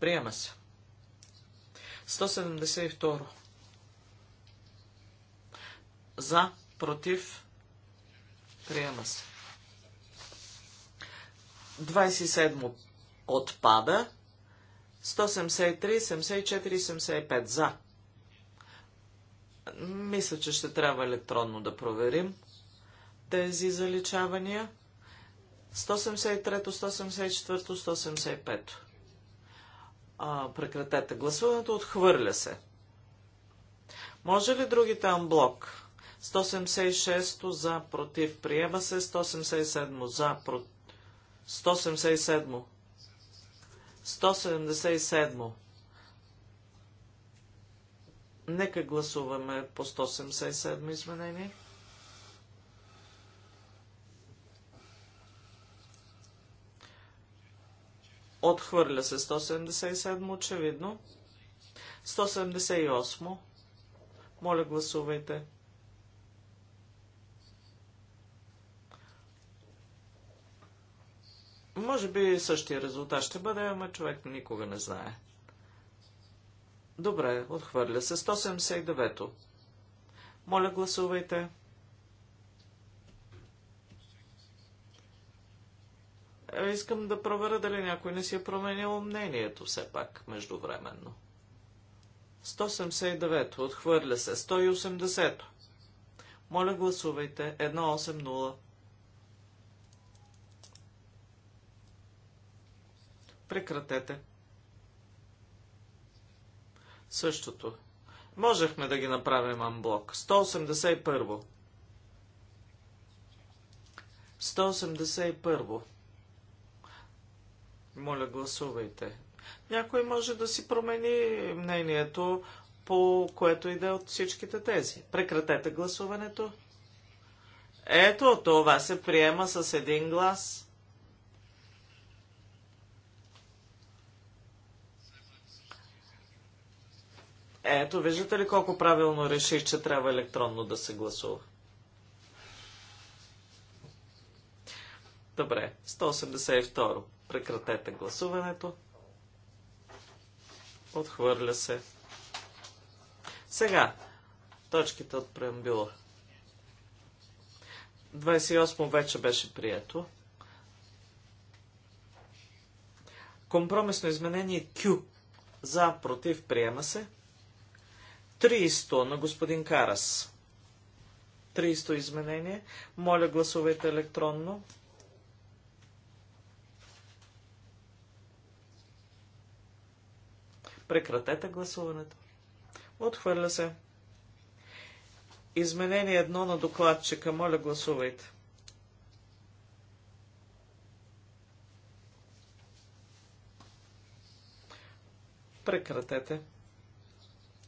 Приема се. 172. За, против, приема се. 27 отпада. 173, 74, 75 за. Мисля, че ще трябва електронно да проверим тези заличавания. 173, 174, 175. прекратете гласуването. Отхвърля се. Може ли другите блок? 176 за против. Приема се. 177 за против. 177. 177. Нека гласуваме по 177 изменение. Отхвърля се 177, очевидно. 178. Моля, гласувайте. Може би същия резултат ще бъде, ама човек никога не знае. Добре, отхвърля се. 179-то. Моля, гласувайте. Е, искам да проверя дали някой не си е променил мнението все пак междувременно. 179. то Отхвърля се. 180. Моля, гласувайте. 180. Прекратете. Същото. Можехме да ги направим анблок. 181. 181. Моля, гласувайте. Някой може да си промени мнението, по което иде от всичките тези. Прекратете гласуването. Ето, това се приема с един глас. Ето, виждате ли колко правилно реших, че трябва електронно да се гласува. Добре, 182. Прекратете гласуването. Отхвърля се. Сега, точките от преамбюла. 28 вече беше прието. Компромисно изменение Q. За, против, приема се. 300 на господин Карас. 300 изменение. Моля, гласувайте електронно. Прекратете гласуването. Отхвърля се. Изменение едно на докладчика. Моля, гласувайте. Прекратете.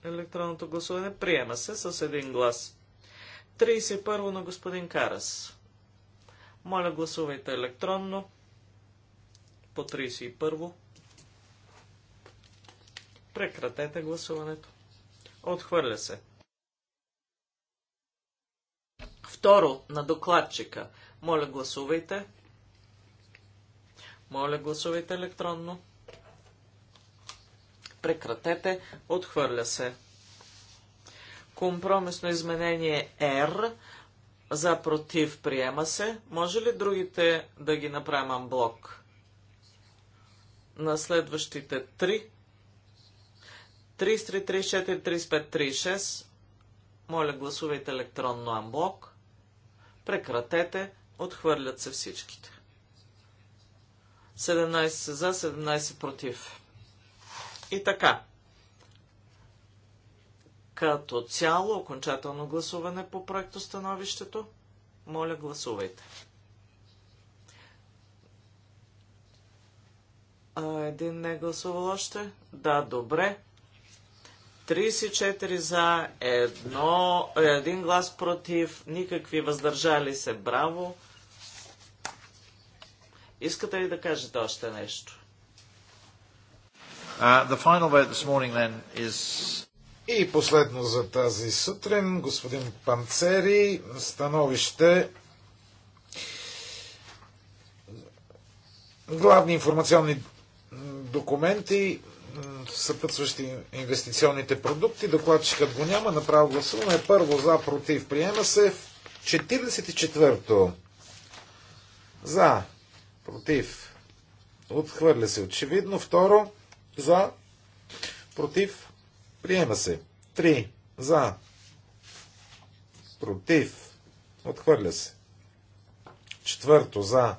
Електронното гласуване приема се с един глас. 31 на господин Карас. Моля, гласувайте електронно по 31. Прекратете гласуването. Отхвърля се. Второ, на докладчика. Моля, гласувайте. Моля, гласувайте електронно прекратете, отхвърля се. Компромисно изменение R за против приема се. Може ли другите да ги направим блок? На следващите 3. 33, 34, 35, Моля, гласувайте електронно амблок. Прекратете. Отхвърлят се всичките. 17 за, 17 против. И така. Като цяло, окончателно гласуване по становището, Моля, гласувайте. А, един не е гласувал още? Да, добре. 34 за, едно, един глас против, никакви въздържали се. Браво! Искате ли да кажете още нещо? Uh, the final vote this morning then is и последно за тази сутрин, господин Панцери, становище главни информационни документи, съпътстващи инвестиционните продукти, докладчикът го няма, направо гласуваме първо за, против, приема се в 44-то. За, против, отхвърля се очевидно, второ, за, против, приема се. 3 за, против, отхвърля се. Четвърто за,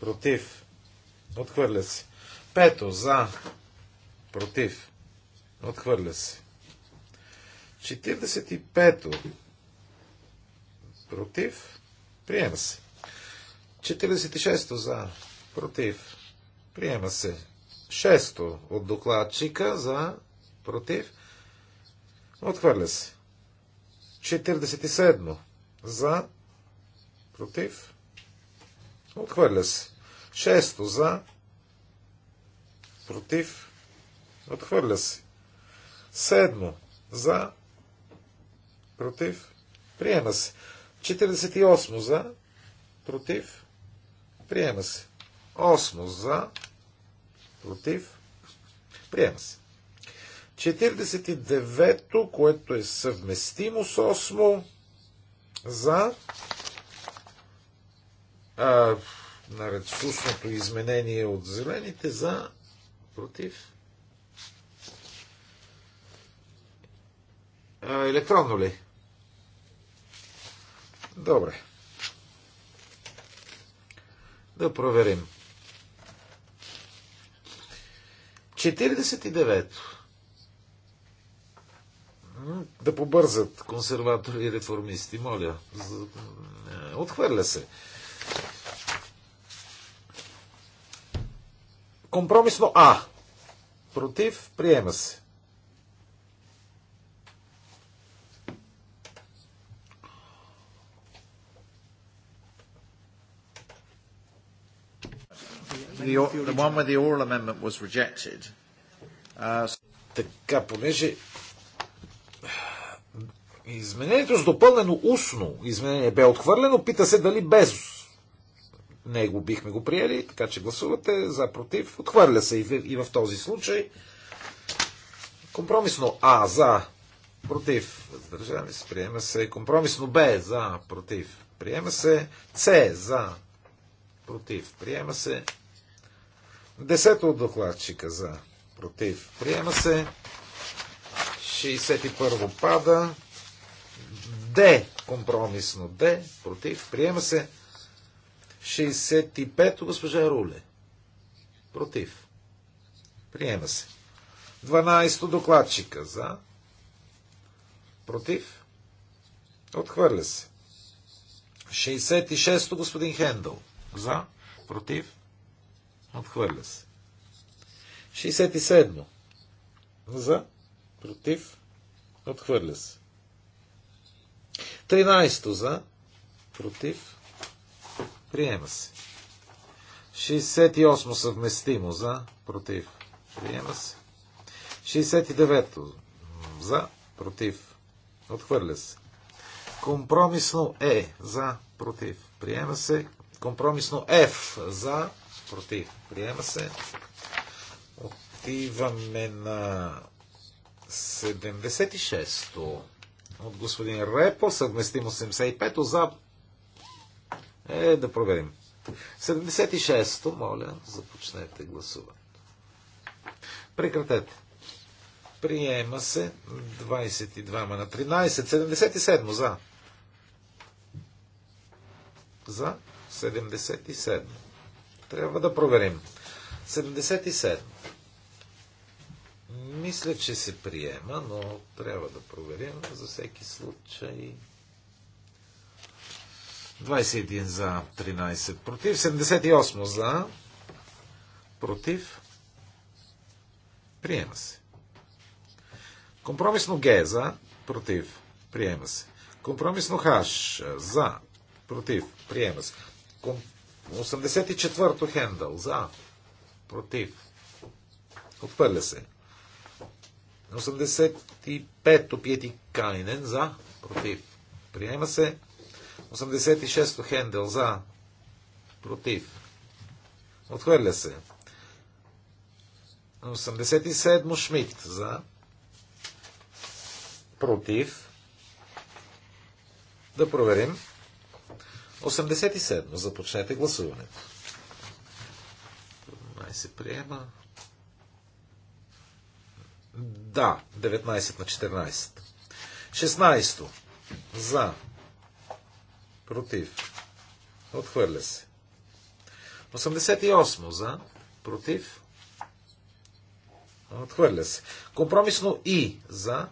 против, отхвърля се. Пето за, против, отхвърля се. 45-то против, приема се. 46-то за, против, приема се. Шесто от докладчика за против. Отхвърля се. 47 за против. Отхвърля се. Шесто за против. Отхвърля се. Седмо за против. Приема се. 48 за против. Приема се. 8 за Против. Приема се. 49-то, което е съвместимо с 8 за а, наред изменение от зелените за против а, електронно ли? Добре. Да проверим. 49-то. Да побързат консерватори и реформисти, моля. Е, отхвърля се. Компромисно А. Против, приема се. the, the one where the oral amendment was rejected. Uh... Така, понеже изменението с допълнено устно изменение бе отхвърлено, пита се дали без него бихме го приели, така че гласувате за против. Отхвърля се и в, и в този случай. Компромисно А за против. въздържаме се, приема се. Компромисно Б за против. Приема се. С за против. Приема се. Десето от докладчика за против. Приема се. 61 пада. Д. Компромисно Д. Против. Приема се. 65 госпожа Руле. Против. Приема се. 12 докладчика за. Против. Отхвърля се. 66 господин Хендъл. За. Против. Отхвърля се. 67. За. Против. Отхвърля се. 13. За. Против. Приема се. 68. Съвместимо. За. Против. Приема се. 69. За. Против. Отхвърля се. Компромисно Е. За. Против. Приема се. Компромисно Ф. За против, приема се. Отиваме на 76-то от господин Репо, съвместимо 75-то за... Е, да проверим. 76-то, моля, започнете гласуване. Прекратете. Приема се 22 на 13. 77 за. За 77. Трябва да проверим. 77. Мисля, че се приема, но трябва да проверим за всеки случай. 21 за, 13 против, 78 за, против, приема се. Компромисно Г за, против, приема се. Компромисно Х за, против, приема се. Компромисно 84-то Хендъл. За. Против. Отхвърля се. 85-то Пиети Кайнен. За. Против. Приема се. 86-то Хендъл. За. Против. Отхвърля се. 87-то Шмидт. За. Против. Да проверим. 87. Започнете гласуването. Май се приема. Да, 19 на 14. 16. За. Против. Отхвърля се. 88. За. Против. Отхвърля се. Компромисно и. За.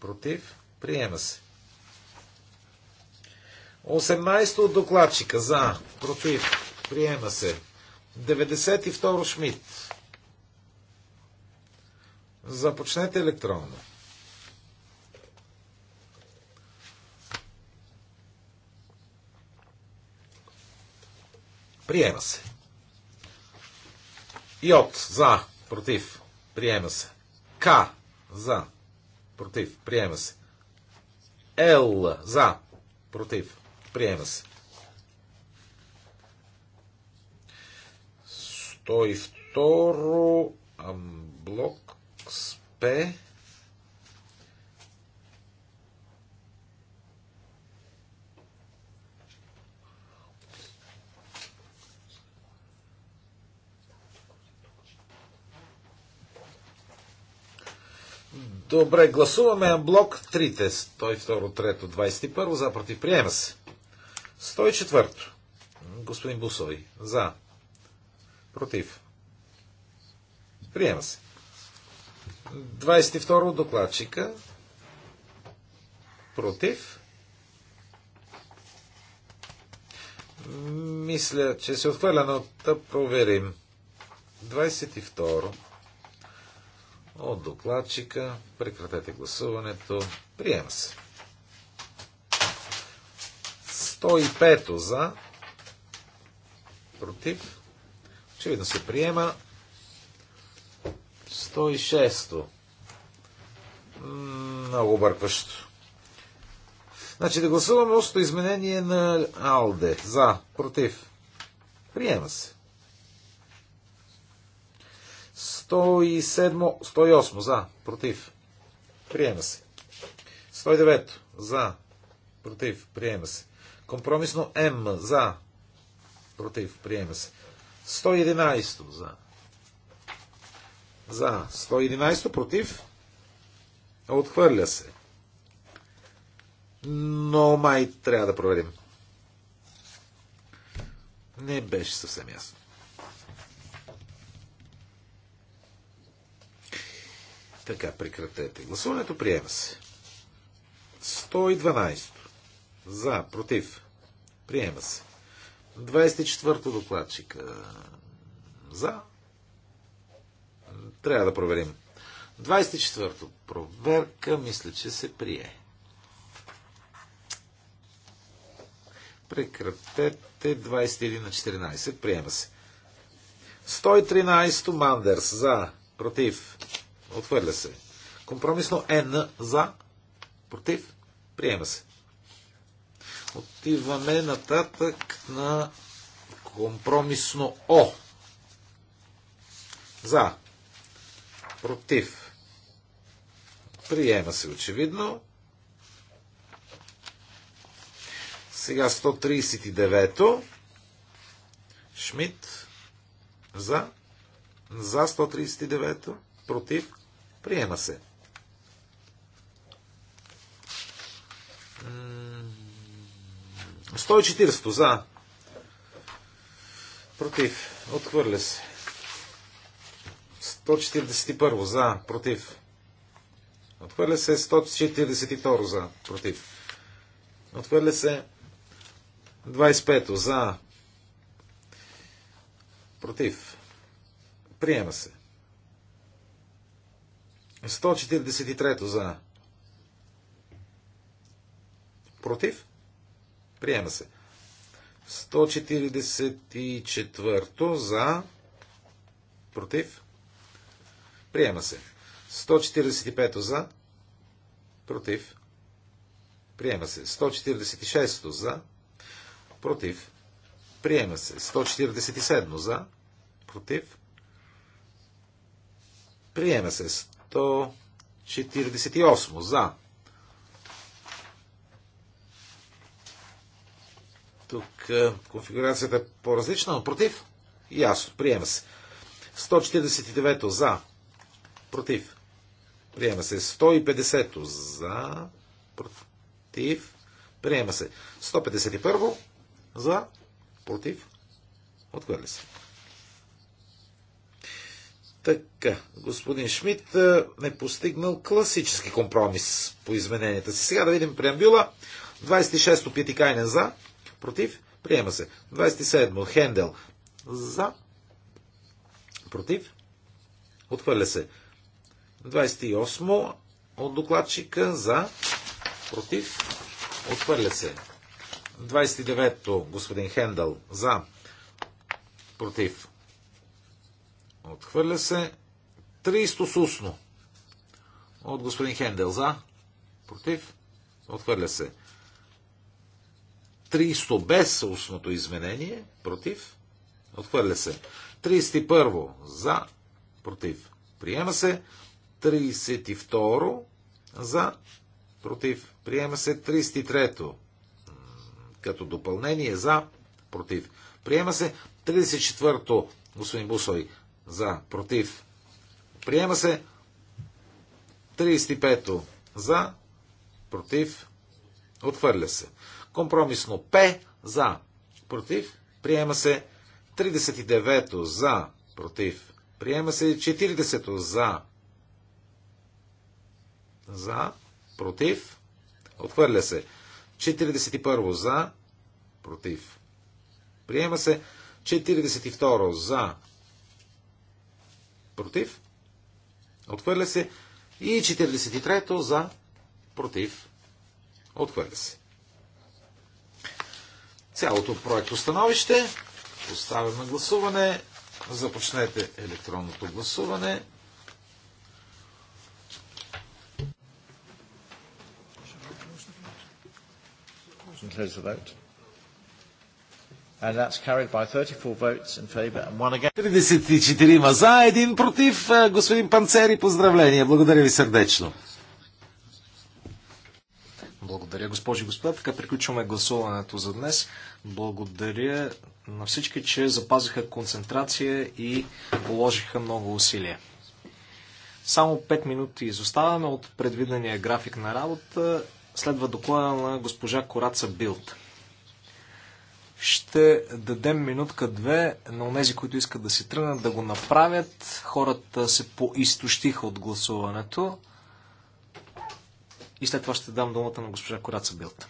Против. Приема се. 18 от докладчика за, против, приема се. 92 Шмидт. Започнете електронно. Приема се. Йот за, против, приема се. К за, против, приема се. Л за, против, Приема се. 102 амблок с П. Добре, гласуваме блок 3, 102, 3, 21, за против, приема се. 104. Господин Бусови. За. Против. Приема се. 22 докладчика. Против. Мисля, че се отхвърля, но да проверим. 22 от докладчика. Прекратете гласуването. Приема се. 105 за, против, очевидно се приема. 106 много объркващо. Значи да гласуваме още изменение на Алде. За, против. Приема се. 107, 108 за, против. Приема се. 109 за, против. Приема се. Компромисно М за. Против. Приема се. 111 за. За. 111 против. Отхвърля се. Но май трябва да проверим. Не беше съвсем ясно. Така, прекратете гласуването. Приема се. 112. За, против. Приема се. 24-то докладчика. За. Трябва да проверим. 24-то проверка, мисля, че се прие. Прекратете 21 на 14. Приема се. 113-то Мандерс. За. Против. Отвърля се. Компромисно Н. за. Против. Приема се. Отиваме нататък на компромисно О. За. Против. Приема се очевидно. Сега 139-то. Шмидт. За. За 139-то. Против. Приема се. 140 за. Против. Отхвърля се. 141 за. Против. Отхвърля се 142 за. Против. Отхвърля се 25 за. Против. Приема се. 143 за. Против. Приема се. 144 за. Против. Приема се. 145 за. Против. Приема се. 146 за. Против. Приема се. 147 за. Против. Приема се. 148 за. Тук е, конфигурацията е по-различна, но против? Ясно, приема се. 149 за. Против. Приема се. 150 за. Против. Приема се. 151 за. Против. Отхвърля се. Така, господин Шмидт е постигнал класически компромис по измененията си. Сега да видим преамбюла. 26-то Пятикайнен за, Против. Приема се. 27. Хендел. За. Против. Отхвърля се. 28. От докладчика. За. Против. Отхвърля се. 29-то, господин Хендъл, за, против, отхвърля се. 30-то сусно от господин Хендъл, за, против, отхвърля се. 300 без устното изменение. Против. Отхвърля се. 31 за. Против. Приема се. 32 за. Против. Приема се. 33 като допълнение за. Против. Приема се. 34 то господин Бусой за. Против. Приема се. 35 за. Против. Отхвърля се. Компромисно П за, против, приема се 39-то за, против, приема се 40-то за, за, против, отхвърля се 41 то за, против, приема се 42 то за, против, отхвърля се и 43-то за, против, отхвърля се. Цялото проекто становище поставям на гласуване. Започнете електронното гласуване. and that's carried by 34 votes in favor and one against. 34 за, един против. Господин Панцери, поздравления. Благодаря ви сърдечно. Благодаря, госпожи и господа. Така приключваме гласуването за днес. Благодаря на всички, че запазиха концентрация и положиха много усилия. Само 5 минути изоставаме от предвидения график на работа. Следва доклада на госпожа Кораца Билт. Ще дадем минутка-две на тези, които искат да си тръгнат, да го направят. Хората се поизтощиха от гласуването. И след това ще дам думата на госпожа Кораца Билта.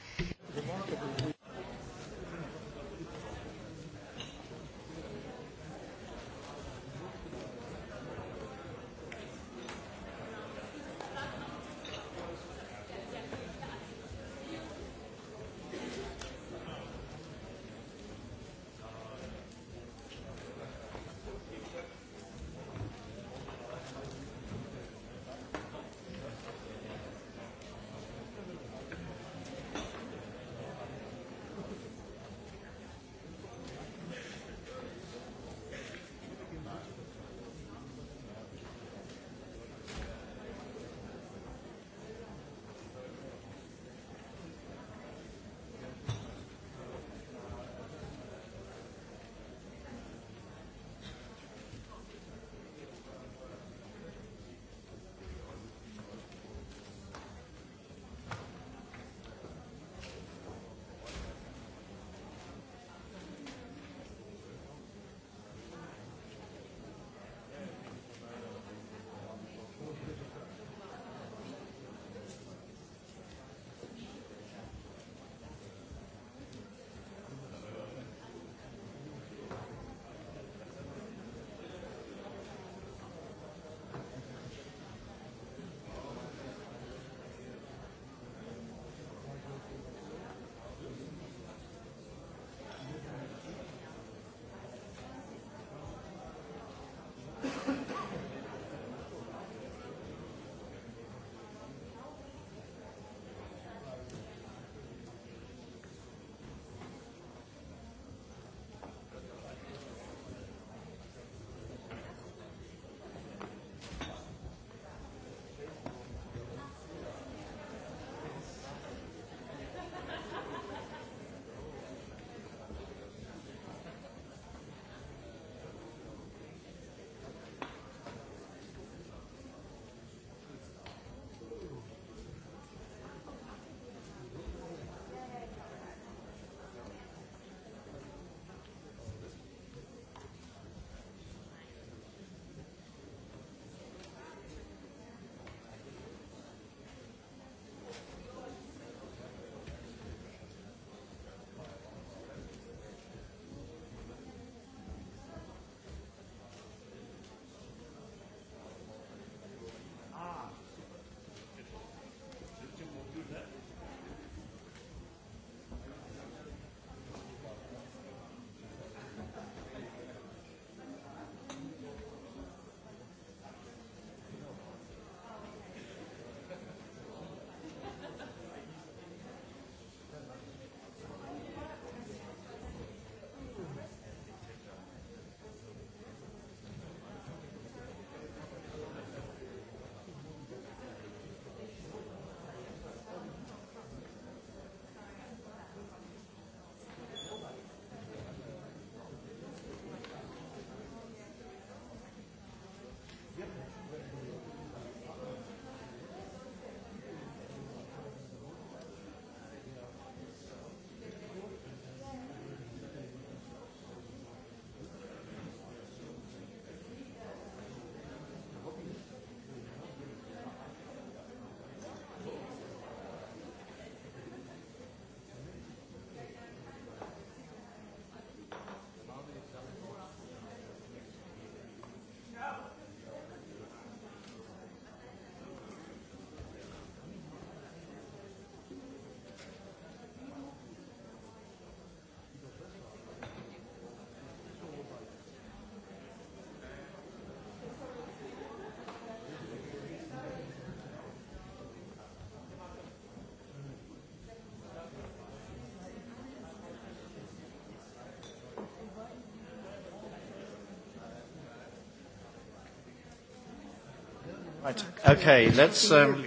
Okay, let's... Um...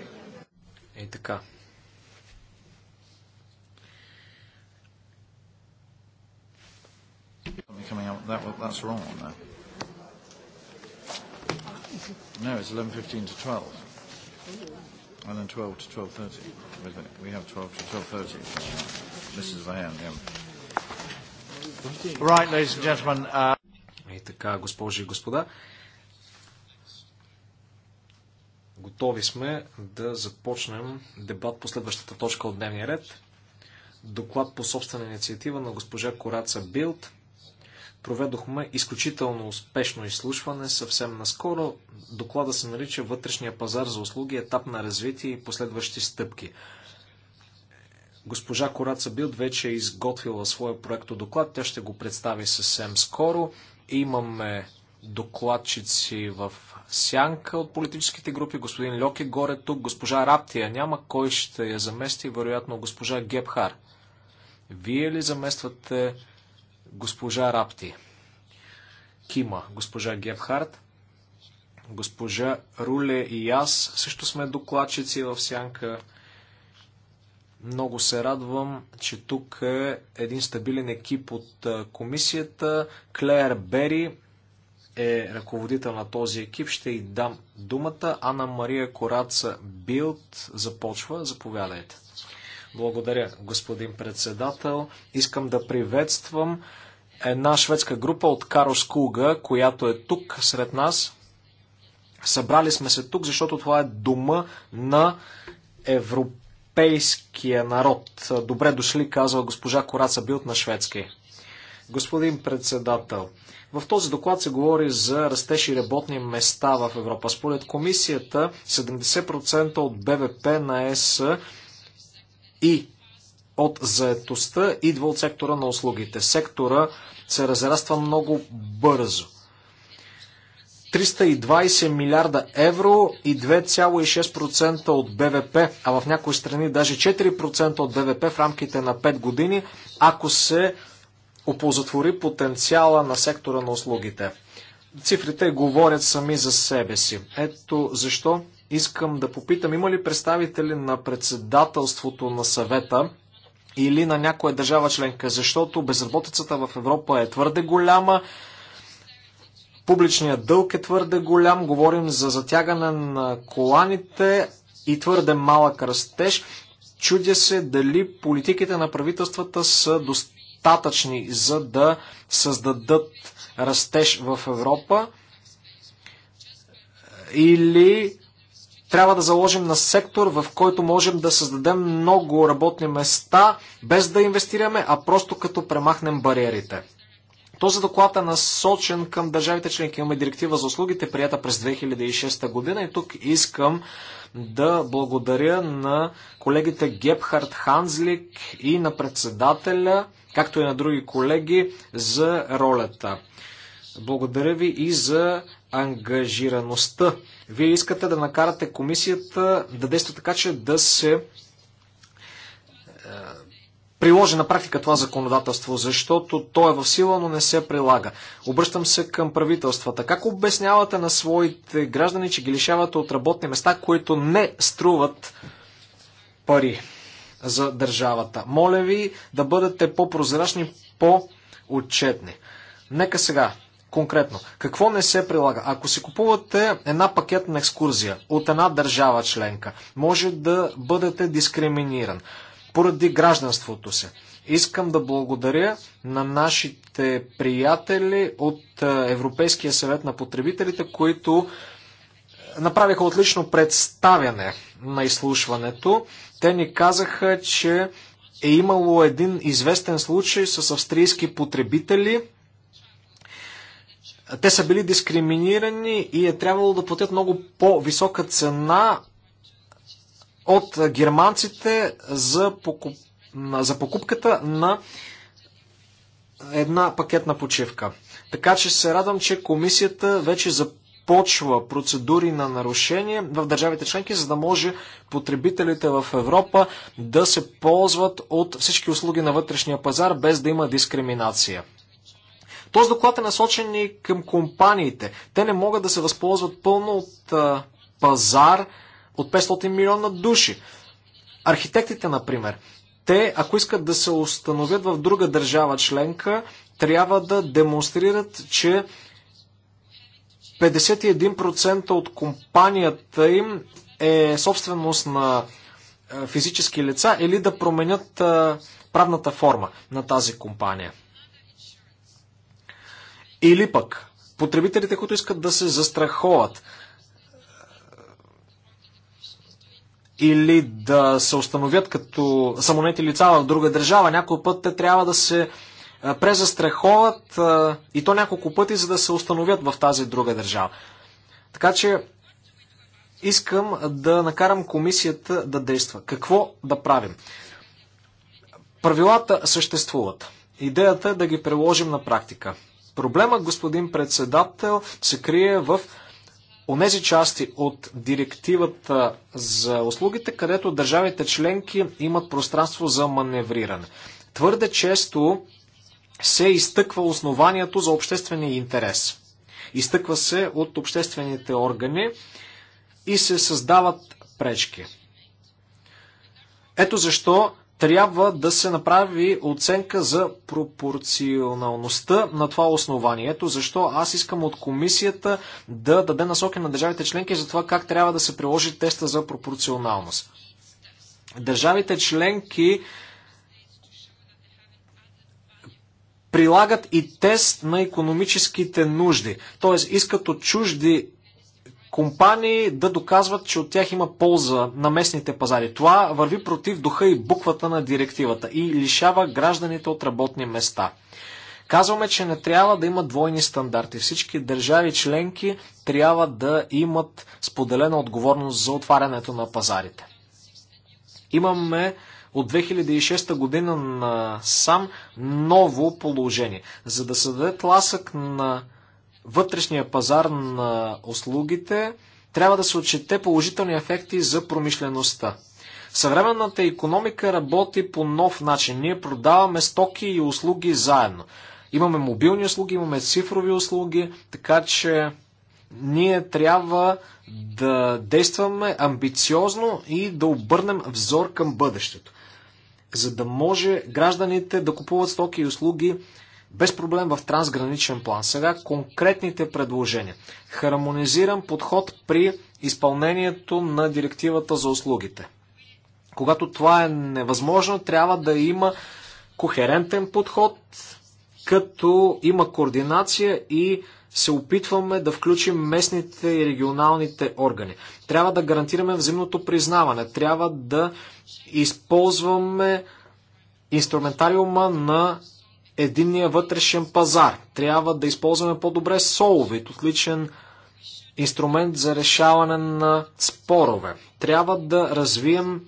И така. Coming up, that, that's wrong on that. No, it's 11.15 to 12. And then 12 to 12.30. We have 12 to 12.30. Mrs. Vayan, yeah. Right, ladies and gentlemen. Uh... И така, госпожи и господа. Готови сме да започнем дебат по следващата точка от дневния ред. Доклад по собствена инициатива на госпожа Кораца Билд. Проведохме изключително успешно изслушване съвсем наскоро. Доклада се нарича Вътрешния пазар за услуги, етап на развитие и последващи стъпки. Госпожа Кораца Билд вече е изготвила своя проекто доклад. Тя ще го представи съвсем скоро. Имаме докладчици в сянка от политическите групи. Господин Льоки горе тук, госпожа Раптия няма кой ще я замести, вероятно госпожа Гебхар. Вие ли замествате госпожа Рапти? Кима, госпожа Гебхарт. Госпожа Руле и аз също сме докладчици в сянка. Много се радвам, че тук е един стабилен екип от комисията. Клеер Бери, е ръководител на този екип. Ще й дам думата. Анна Мария Кораца Билд започва. Заповядайте. Благодаря, господин председател. Искам да приветствам една шведска група от Карос Куга, която е тук сред нас. Събрали сме се тук, защото това е дома на европейския народ. Добре дошли, казва госпожа Кораца Билт на шведски. Господин председател, в този доклад се говори за растеж и работни места в Европа. Според комисията 70% от БВП на ЕС и от заетостта идва от сектора на услугите. Сектора се разраства много бързо. 320 милиарда евро и 2,6% от БВП, а в някои страни даже 4% от БВП в рамките на 5 години, ако се оползотвори потенциала на сектора на услугите. Цифрите говорят сами за себе си. Ето защо искам да попитам, има ли представители на председателството на съвета или на някоя държава членка, защото безработицата в Европа е твърде голяма, публичният дълг е твърде голям, говорим за затягане на коланите и твърде малък растеж. Чудя се дали политиките на правителствата са достатъчно достатъчни за да създадат растеж в Европа или трябва да заложим на сектор, в който можем да създадем много работни места, без да инвестираме, а просто като премахнем бариерите. Този доклад е насочен към държавите членки. Имаме директива за услугите, прията през 2006 година и тук искам да благодаря на колегите Гепхард Ханзлик и на председателя както и на други колеги, за ролята. Благодаря ви и за ангажираността. Вие искате да накарате комисията да действа така, че да се е, приложи на практика това законодателство, защото то е в сила, но не се прилага. Обръщам се към правителствата. Как обяснявате на своите граждани, че ги лишавате от работни места, които не струват пари? за държавата. Моля ви да бъдете по-прозрачни, по-отчетни. Нека сега, конкретно, какво не се прилага? Ако си купувате една пакетна екскурзия от една държава членка, може да бъдете дискриминиран поради гражданството си. Искам да благодаря на нашите приятели от е, Европейския съвет на потребителите, които направиха отлично представяне на изслушването. Те ни казаха, че е имало един известен случай с австрийски потребители. Те са били дискриминирани и е трябвало да платят много по-висока цена от германците за, покуп... за покупката на една пакетна почивка. Така че се радвам, че комисията вече за започва процедури на нарушение в държавите членки, за да може потребителите в Европа да се ползват от всички услуги на вътрешния пазар, без да има дискриминация. Този доклад е насочен и към компаниите. Те не могат да се възползват пълно от а, пазар от 500 милиона души. Архитектите, например, те, ако искат да се установят в друга държава членка, трябва да демонстрират, че 51% от компанията им е собственост на е, физически лица или да променят е, правната форма на тази компания. Или пък потребителите, които искат да се застраховат е, или да се установят като самонети лица в друга държава, някой път те трябва да се презастраховат и то няколко пъти, за да се установят в тази друга държава. Така че искам да накарам комисията да действа. Какво да правим? Правилата съществуват. Идеята е да ги приложим на практика. Проблема, господин председател, се крие в онези части от директивата за услугите, където държавите членки имат пространство за маневриране. Твърде често се изтъква основанието за обществения интерес. Изтъква се от обществените органи и се създават пречки. Ето защо трябва да се направи оценка за пропорционалността на това основание. Ето защо аз искам от комисията да даде насоки на държавите членки за това как трябва да се приложи теста за пропорционалност. Държавите членки прилагат и тест на економическите нужди. Т.е. искат от чужди компании да доказват, че от тях има полза на местните пазари. Това върви против духа и буквата на директивата и лишава гражданите от работни места. Казваме, че не трябва да има двойни стандарти. Всички държави членки трябва да имат споделена отговорност за отварянето на пазарите. Имаме от 2006 година на сам ново положение. За да се даде тласък на вътрешния пазар на услугите, трябва да се отчете положителни ефекти за промишлеността. Съвременната економика работи по нов начин. Ние продаваме стоки и услуги заедно. Имаме мобилни услуги, имаме цифрови услуги, така че ние трябва да действаме амбициозно и да обърнем взор към бъдещето за да може гражданите да купуват стоки и услуги без проблем в трансграничен план. Сега конкретните предложения. Хармонизиран подход при изпълнението на директивата за услугите. Когато това е невъзможно, трябва да има кохерентен подход, като има координация и се опитваме да включим местните и регионалните органи. Трябва да гарантираме взаимното признаване, трябва да използваме инструментариума на единния вътрешен пазар. Трябва да използваме по-добре соловит, отличен инструмент за решаване на спорове. Трябва да развием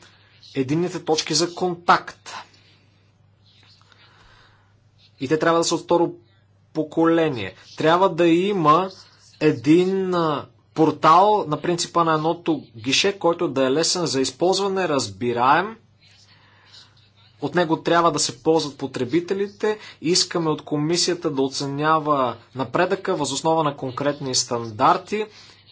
единните точки за контакт. И те трябва да са от второ поколение. Трябва да има един портал на принципа на едното гише, който да е лесен за използване, разбираем. От него трябва да се ползват потребителите. Искаме от комисията да оценява напредъка възоснова на конкретни стандарти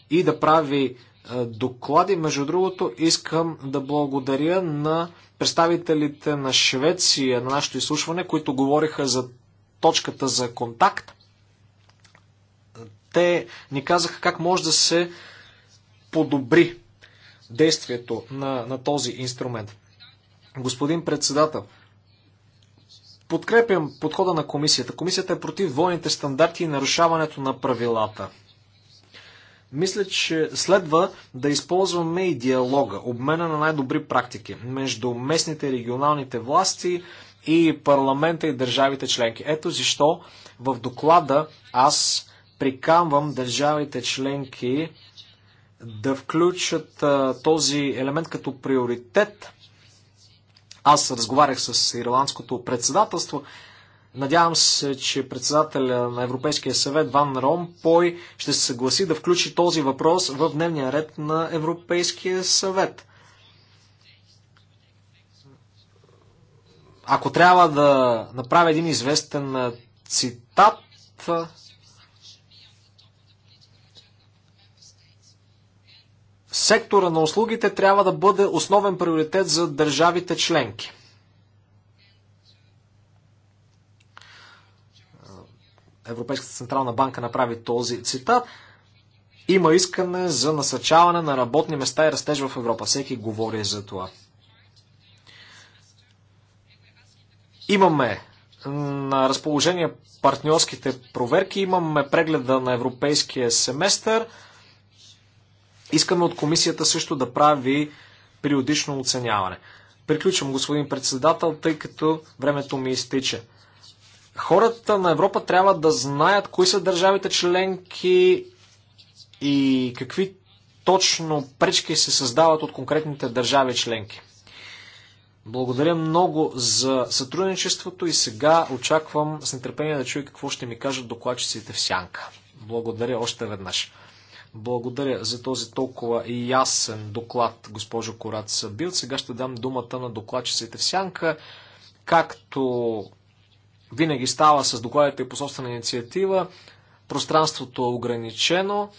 и да прави доклади. Между другото, искам да благодаря на представителите на Швеция на нашето изслушване, които говориха за точката за контакт. Те ни казаха как може да се подобри действието на, на този инструмент. Господин председател, подкрепям подхода на комисията. Комисията е против военните стандарти и нарушаването на правилата. Мисля, че следва да използваме и диалога, обмена на най-добри практики между местните и регионалните власти, и парламента и държавите членки. Ето защо в доклада аз прикамвам държавите членки да включат а, този елемент като приоритет. Аз разговарях с ирландското председателство. Надявам се, че председателя на Европейския съвет Ван Ромпой ще се съгласи да включи този въпрос в дневния ред на Европейския съвет. Ако трябва да направя един известен цитат, сектора на услугите трябва да бъде основен приоритет за държавите членки. Европейската централна банка направи този цитат. Има искане за насъчаване на работни места и растеж в Европа. Всеки говори за това. Имаме на разположение партньорските проверки, имаме прегледа на европейския семестър. Искаме от комисията също да прави периодично оценяване. Приключвам, господин председател, тъй като времето ми изтича. Хората на Европа трябва да знаят кои са държавите членки и какви точно пречки се създават от конкретните държави членки. Благодаря много за сътрудничеството и сега очаквам с нетърпение да чуя какво ще ми кажат докладчиците в сянка. Благодаря още веднъж. Благодаря за този толкова ясен доклад, госпожо Корац Бил. Сега ще дам думата на докладчиците в сянка. Както винаги става с докладите по собствена инициатива, пространството е ограничено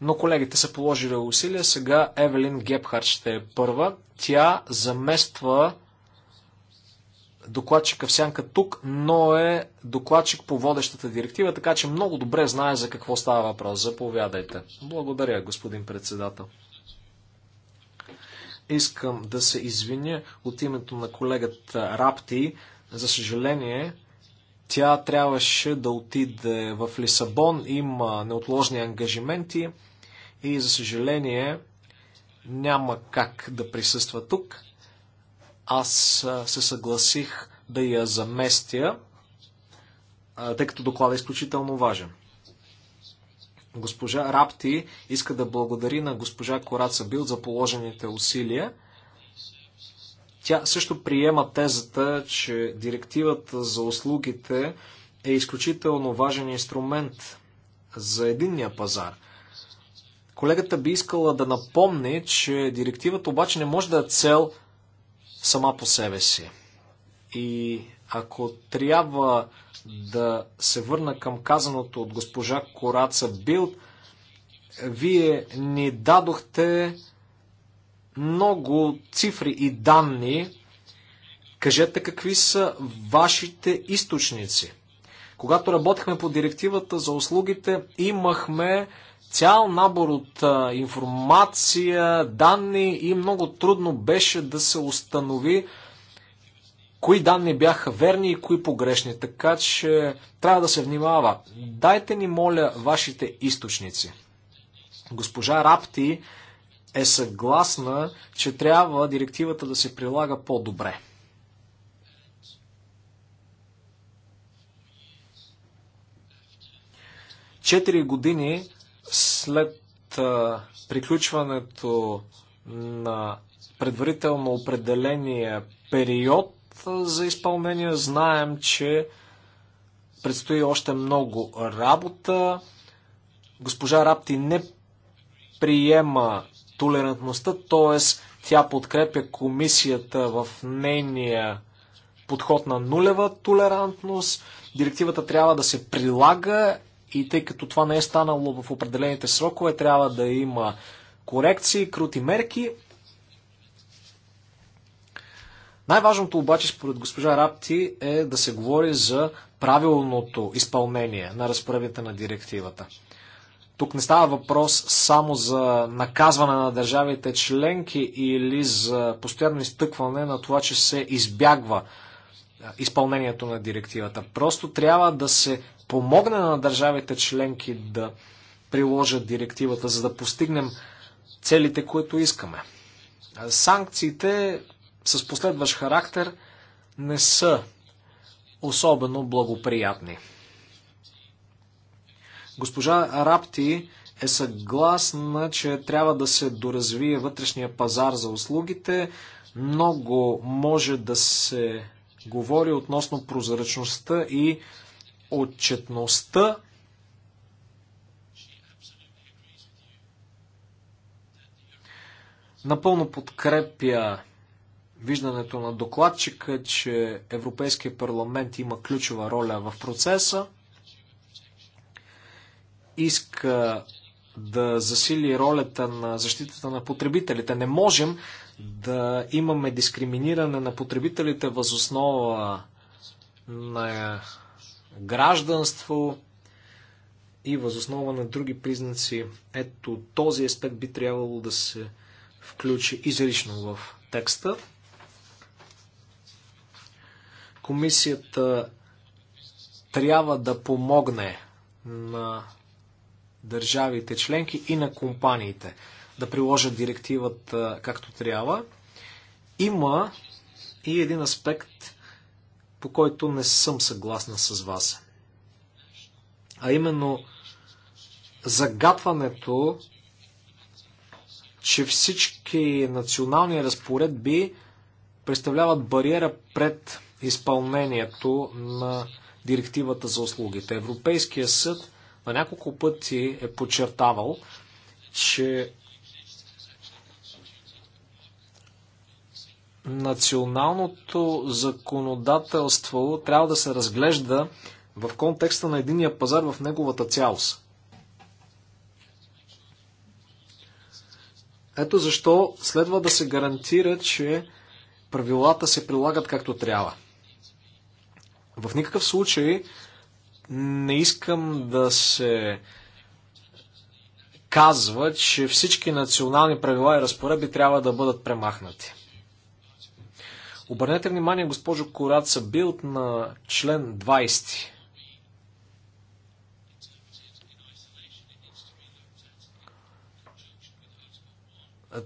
но колегите са положили усилия. Сега Евелин Гепхард ще е първа. Тя замества докладчика в сянка тук, но е докладчик по водещата директива, така че много добре знае за какво става въпрос. Заповядайте. Благодаря, господин председател. Искам да се извиня от името на колегата Рапти. За съжаление, тя трябваше да отиде в Лисабон, има неотложни ангажименти и за съжаление няма как да присъства тук. Аз се съгласих да я заместя, тъй като доклада е изключително важен. Госпожа Рапти иска да благодари на госпожа Кораца Бил за положените усилия. Тя също приема тезата, че директивата за услугите е изключително важен инструмент за единния пазар – Колегата би искала да напомни, че директивата обаче не може да е цел сама по себе си. И ако трябва да се върна към казаното от госпожа Кораца Билд, вие ни дадохте много цифри и данни. Кажете какви са вашите източници. Когато работехме по директивата за услугите, имахме цял набор от а, информация, данни и много трудно беше да се установи кои данни бяха верни и кои погрешни. Така че трябва да се внимава. Дайте ни, моля, вашите източници. Госпожа Рапти е съгласна, че трябва директивата да се прилага по-добре. Четири години след приключването на предварително определения период за изпълнение, знаем, че предстои още много работа. Госпожа Рапти не приема толерантността, т.е. тя подкрепя комисията в нейния подход на нулева толерантност. Директивата трябва да се прилага и тъй като това не е станало в определените срокове, трябва да има корекции, крути мерки. Най-важното обаче, според госпожа Рапти, е да се говори за правилното изпълнение на разправите на директивата. Тук не става въпрос само за наказване на държавите членки или за постоянно изтъкване на това, че се избягва изпълнението на директивата. Просто трябва да се помогне на държавите членки да приложат директивата, за да постигнем целите, които искаме. Санкциите с последващ характер не са особено благоприятни. Госпожа Рапти е съгласна, че трябва да се доразвие вътрешния пазар за услугите. Много може да се говори относно прозрачността и отчетността напълно подкрепя виждането на докладчика, че Европейския парламент има ключова роля в процеса. Иска да засили ролята на защитата на потребителите. Не можем да имаме дискриминиране на потребителите възоснова на гражданство и възоснова на други признаци. Ето този аспект би трябвало да се включи изрично в текста. Комисията трябва да помогне на държавите членки и на компаниите да приложат директивата както трябва. Има и един аспект, по който не съм съгласна с вас. А именно загатването, че всички национални разпоредби представляват бариера пред изпълнението на директивата за услугите. Европейския съд на няколко пъти е подчертавал, че националното законодателство трябва да се разглежда в контекста на единия пазар в неговата цялост. Ето защо следва да се гарантира, че правилата се прилагат както трябва. В никакъв случай не искам да се казва, че всички национални правила и разпоредби трябва да бъдат премахнати. Обърнете внимание, госпожо Кораца Билт, на член 20.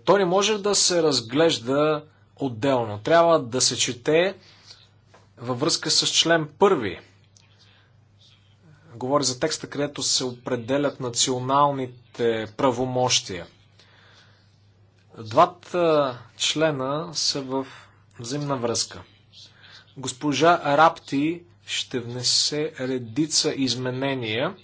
Той не може да се разглежда отделно. Трябва да се чете във връзка с член 1. Говори за текста, където се определят националните правомощия. Двата члена са в Взаимна връзка. Госпожа Рапти ще внесе редица изменения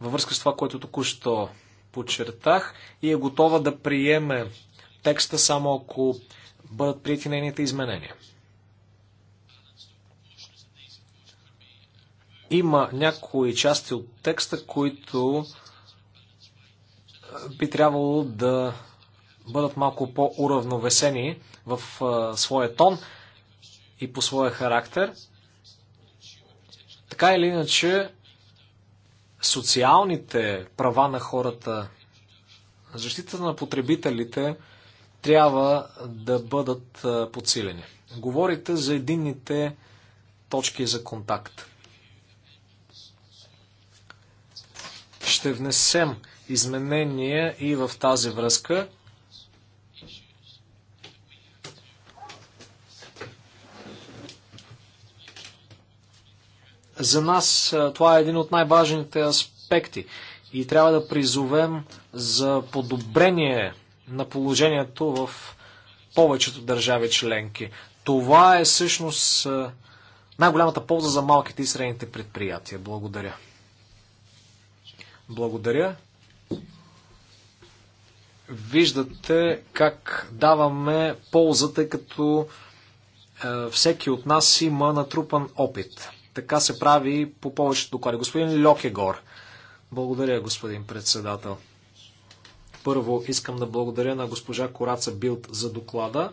във връзка с това, което току-що подчертах и е готова да приеме текста само ако бъдат прияти нейните изменения. Има някои части от текста, които би трябвало да бъдат малко по-уравновесени в своя тон и по своя характер. Така или иначе, социалните права на хората, защита на потребителите трябва да бъдат подсилени. Говорите за единните точки за контакт. Ще внесем изменения и в тази връзка. За нас това е един от най-важните аспекти и трябва да призовем за подобрение на положението в повечето държави членки. Това е всъщност най-голямата полза за малките и средните предприятия. Благодаря. Благодаря. Виждате как даваме полза, тъй като всеки от нас има натрупан опит. Така се прави по повечето доклади. Господин Льокегор. Благодаря, господин председател. Първо искам да благодаря на госпожа Кораца Билт за доклада.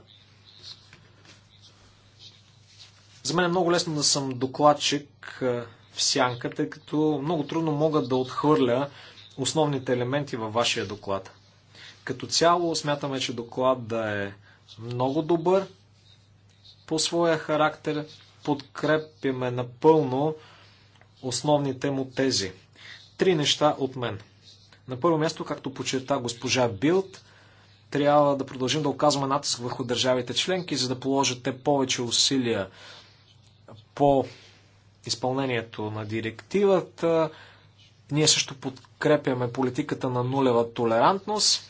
За мен е много лесно да съм докладчик е, в сянка, тъй като много трудно мога да отхвърля основните елементи във вашия доклад. Като цяло смятаме, че доклад да е много добър по своя характер. Подкрепяме напълно основните му тези. Три неща от мен. На първо място, както почерта госпожа Билд, трябва да продължим да оказваме натиск върху държавите членки, за да положите повече усилия по изпълнението на директивата. Ние също подкрепяме политиката на нулева толерантност.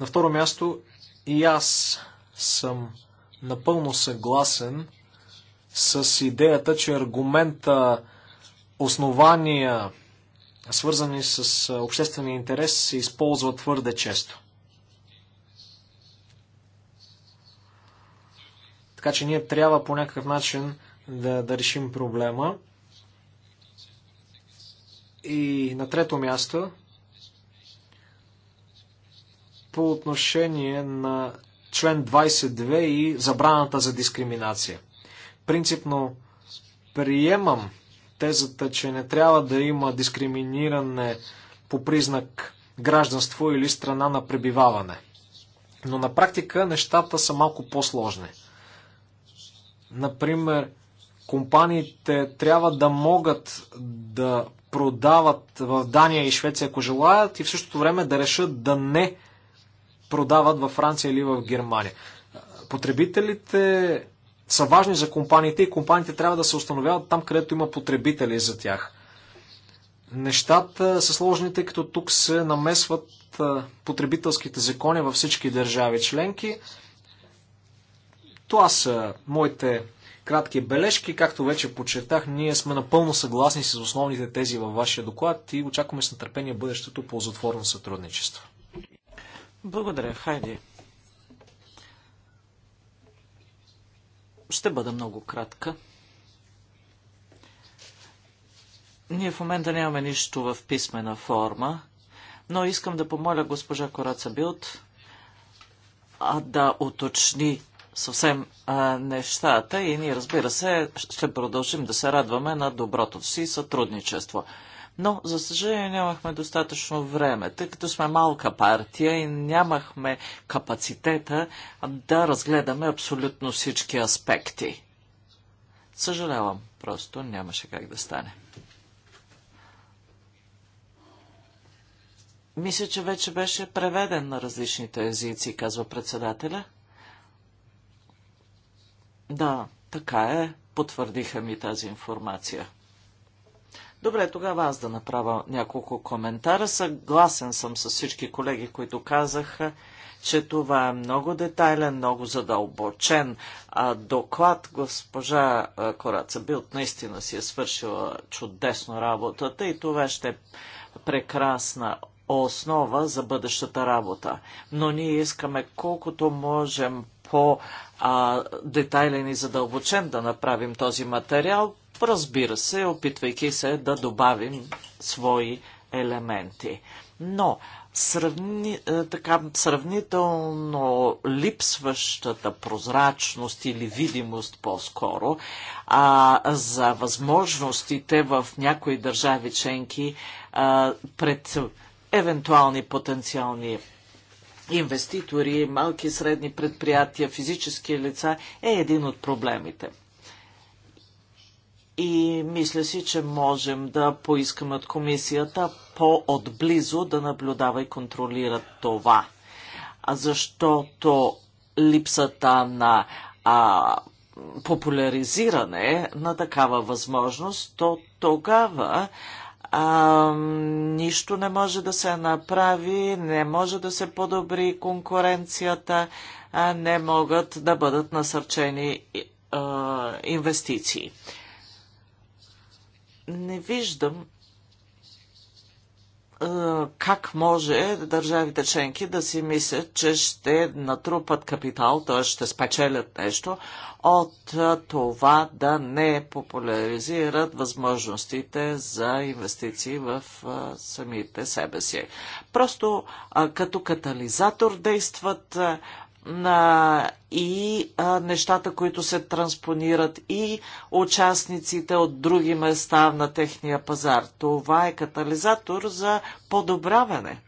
На второ място и аз съм напълно съгласен с идеята, че аргумента основания, свързани с обществения интерес, се използва твърде често. Така че ние трябва по някакъв начин да, да решим проблема. И на трето място, по отношение на член 22 и забраната за дискриминация. Принципно приемам тезата, че не трябва да има дискриминиране по признак гражданство или страна на пребиваване. Но на практика нещата са малко по-сложни. Например, компаниите трябва да могат да продават в Дания и Швеция, ако желаят, и в същото време да решат да не продават във Франция или в Германия. Потребителите са важни за компаниите и компаниите трябва да се установяват там, където има потребители за тях. Нещата са сложни, тъй като тук се намесват потребителските закони във всички държави членки. Това са моите кратки бележки. Както вече подчертах, ние сме напълно съгласни с основните тези във вашия доклад и очакваме с нетърпение бъдещето ползотворно сътрудничество. Благодаря, Хайди. Ще бъда много кратка. Ние в момента нямаме нищо в писмена форма, но искам да помоля госпожа Кораца Билт а, да уточни съвсем а, нещата и ние, разбира се, ще продължим да се радваме на доброто си сътрудничество. Но, за съжаление, нямахме достатъчно време, тъй като сме малка партия и нямахме капацитета да разгледаме абсолютно всички аспекти. Съжалявам, просто нямаше как да стане. Мисля, че вече беше преведен на различните езици, казва председателя. Да, така е, потвърдиха ми тази информация. Добре, тогава аз да направя няколко коментара. Съгласен съм с всички колеги, които казаха, че това е много детайлен, много задълбочен а, доклад. Госпожа Кораца Билт наистина си е свършила чудесно работата и това ще е прекрасна основа за бъдещата работа. Но ние искаме колкото можем по-детайлен и задълбочен да направим този материал, разбира се, опитвайки се да добавим свои елементи. Но сравни, е, така, сравнително липсващата прозрачност или видимост по-скоро а, за възможностите в някои държави членки а, е, пред евентуални потенциални инвеститори, малки и средни предприятия, физически лица е един от проблемите и мисля си, че можем да поискаме от комисията по-отблизо да наблюдава и контролира това. Защото липсата на а, популяризиране на такава възможност, то тогава а, нищо не може да се направи, не може да се подобри конкуренцията, а не могат да бъдат насърчени а, инвестиции не виждам как може държавите членки да си мислят, че ще натрупат капитал, т.е. ще спечелят нещо от това да не популяризират възможностите за инвестиции в самите себе си. Просто като катализатор действат на и а, нещата, които се транспонират и участниците от други места на техния пазар. Това е катализатор за подобряване.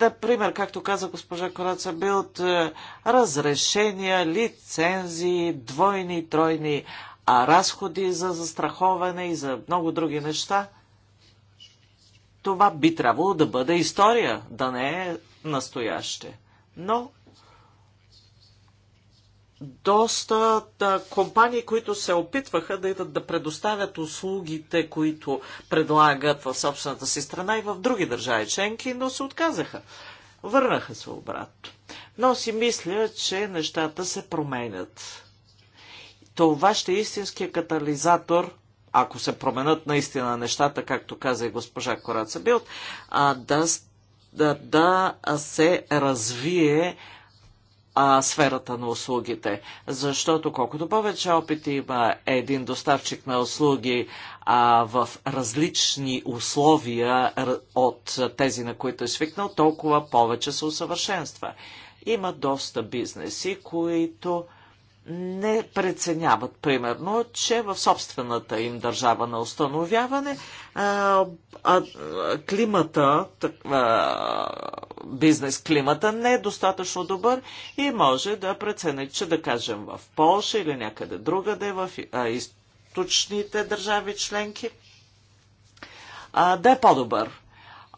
Например, както каза госпожа Кораца Билт, е, разрешения, лицензии, двойни тройни а разходи за застраховане и за много други неща. Това би трябвало да бъде история, да не е настояще. Но доста да, компании, които се опитваха да идат да предоставят услугите, които предлагат в собствената си страна и в други държави членки, но се отказаха. Върнаха се обратно. Но си мисля, че нещата се променят. Това ще е истинския катализатор, ако се променят наистина нещата, както каза и госпожа Кораца Билт, да, да, да се развие а, сферата на услугите. Защото колкото повече опити има един доставчик на услуги а, в различни условия от тези, на които е свикнал, толкова повече се усъвършенства. Има доста бизнеси, които не преценяват, примерно, че в собствената им държава на установяване а, а, климата, а, бизнес климата не е достатъчно добър и може да прецени, че да кажем в Польша или някъде другаде в а, източните държави членки, а, да е по-добър.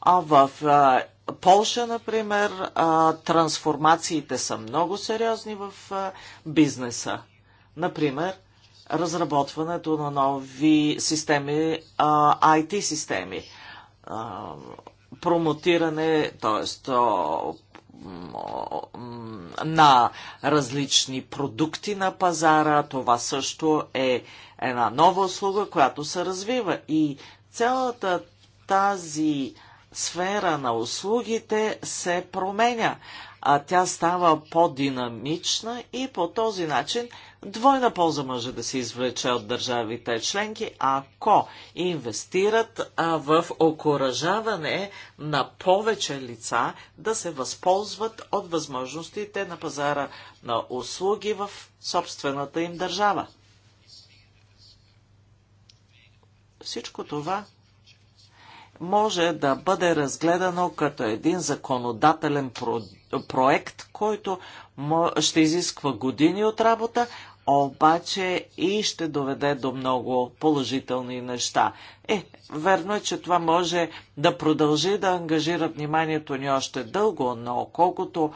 А в а, Полша, например, а, трансформациите са много сериозни в а, бизнеса. Например, разработването на нови системи, IT системи промотиране, т.е. на различни продукти на пазара. Това също е една нова услуга, която се развива. И цялата тази сфера на услугите се променя, а тя става по-динамична и по този начин двойна полза може да се извлече от държавите членки, ако инвестират в окоръжаване на повече лица да се възползват от възможностите на пазара на услуги в собствената им държава. Всичко това може да бъде разгледано като един законодателен проект, който ще изисква години от работа, обаче и ще доведе до много положителни неща. Е, верно е, че това може да продължи да ангажира вниманието ни още дълго, но колкото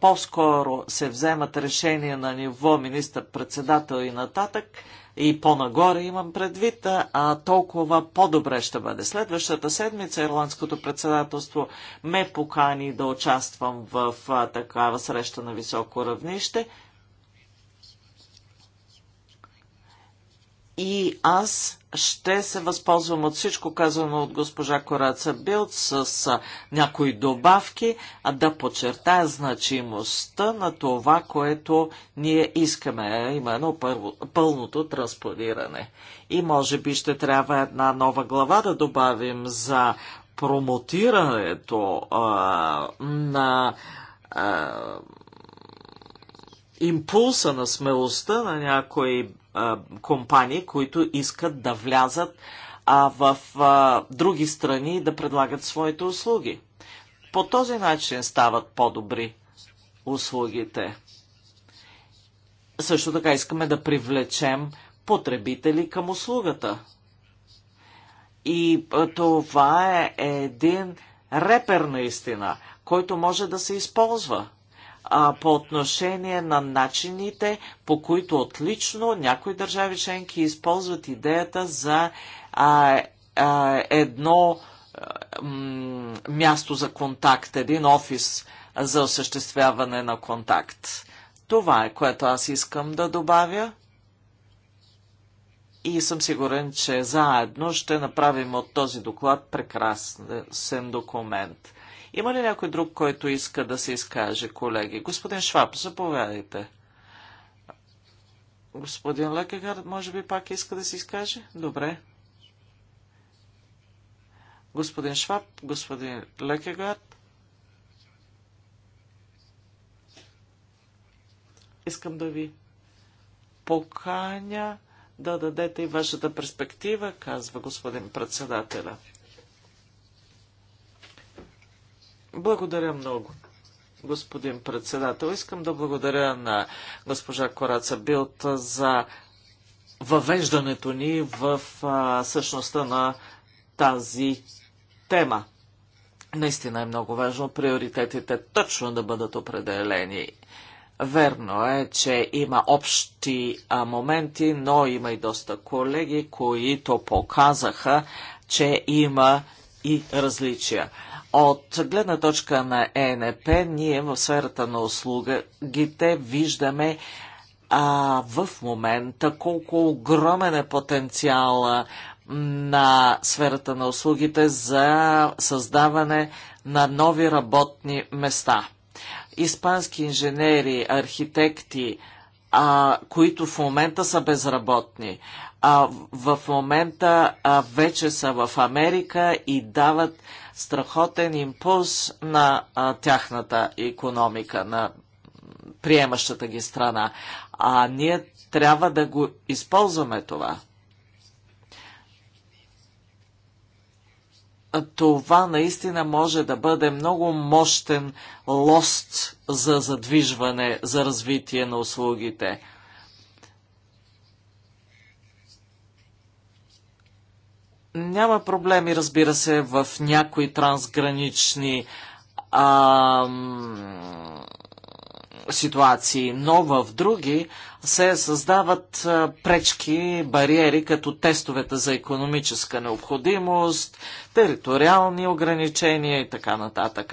по-скоро се вземат решения на ниво министър-председател и нататък, и по-нагоре имам предвид, а толкова по-добре ще бъде. Следващата седмица Ирландското председателство ме покани да участвам в а, такава среща на високо равнище – и аз ще се възползвам от всичко казано от госпожа Кораца Билд с някои добавки, а да подчертая значимостта на това, което ние искаме, именно първо, пълното транспониране. И може би ще трябва една нова глава да добавим за промотирането а, на а, импулса на смелостта на някои компании, които искат да влязат а, в а, други страни и да предлагат своите услуги. По този начин стават по-добри услугите. Също така искаме да привлечем потребители към услугата. И това е един репер наистина, който може да се използва а, по отношение на начините, по които отлично някои държави членки използват идеята за а, а, едно а, място за контакт, един офис за осъществяване на контакт. Това е което аз искам да добавя. И съм сигурен, че заедно ще направим от този доклад прекрасен документ. Има ли някой друг, който иска да се изкаже, колеги? Господин Шваб, заповядайте. Господин Лекегард, може би пак иска да се изкаже? Добре. Господин Шваб, господин Лекегард. Искам да ви поканя да дадете и вашата перспектива, казва господин председателя. Благодаря много, господин председател. Искам да благодаря на госпожа Кораца Билт за въвеждането ни в а, същността на тази тема. Наистина е много важно приоритетите точно да бъдат определени. Верно е, че има общи а, моменти, но има и доста колеги, които показаха, че има и различия. От гледна точка на ЕНП, ние в сферата на услугите виждаме а, в момента колко огромен е потенциала на сферата на услугите за създаване на нови работни места. Испански инженери, архитекти, а, които в момента са безработни, а в момента а, вече са в Америка и дават страхотен импулс на а, тяхната економика, на приемащата ги страна. А ние трябва да го използваме това. Това наистина може да бъде много мощен лост за задвижване, за развитие на услугите. няма проблеми, разбира се, в някои трансгранични а, ситуации, но в други се създават пречки, бариери, като тестовете за економическа необходимост, териториални ограничения и така нататък.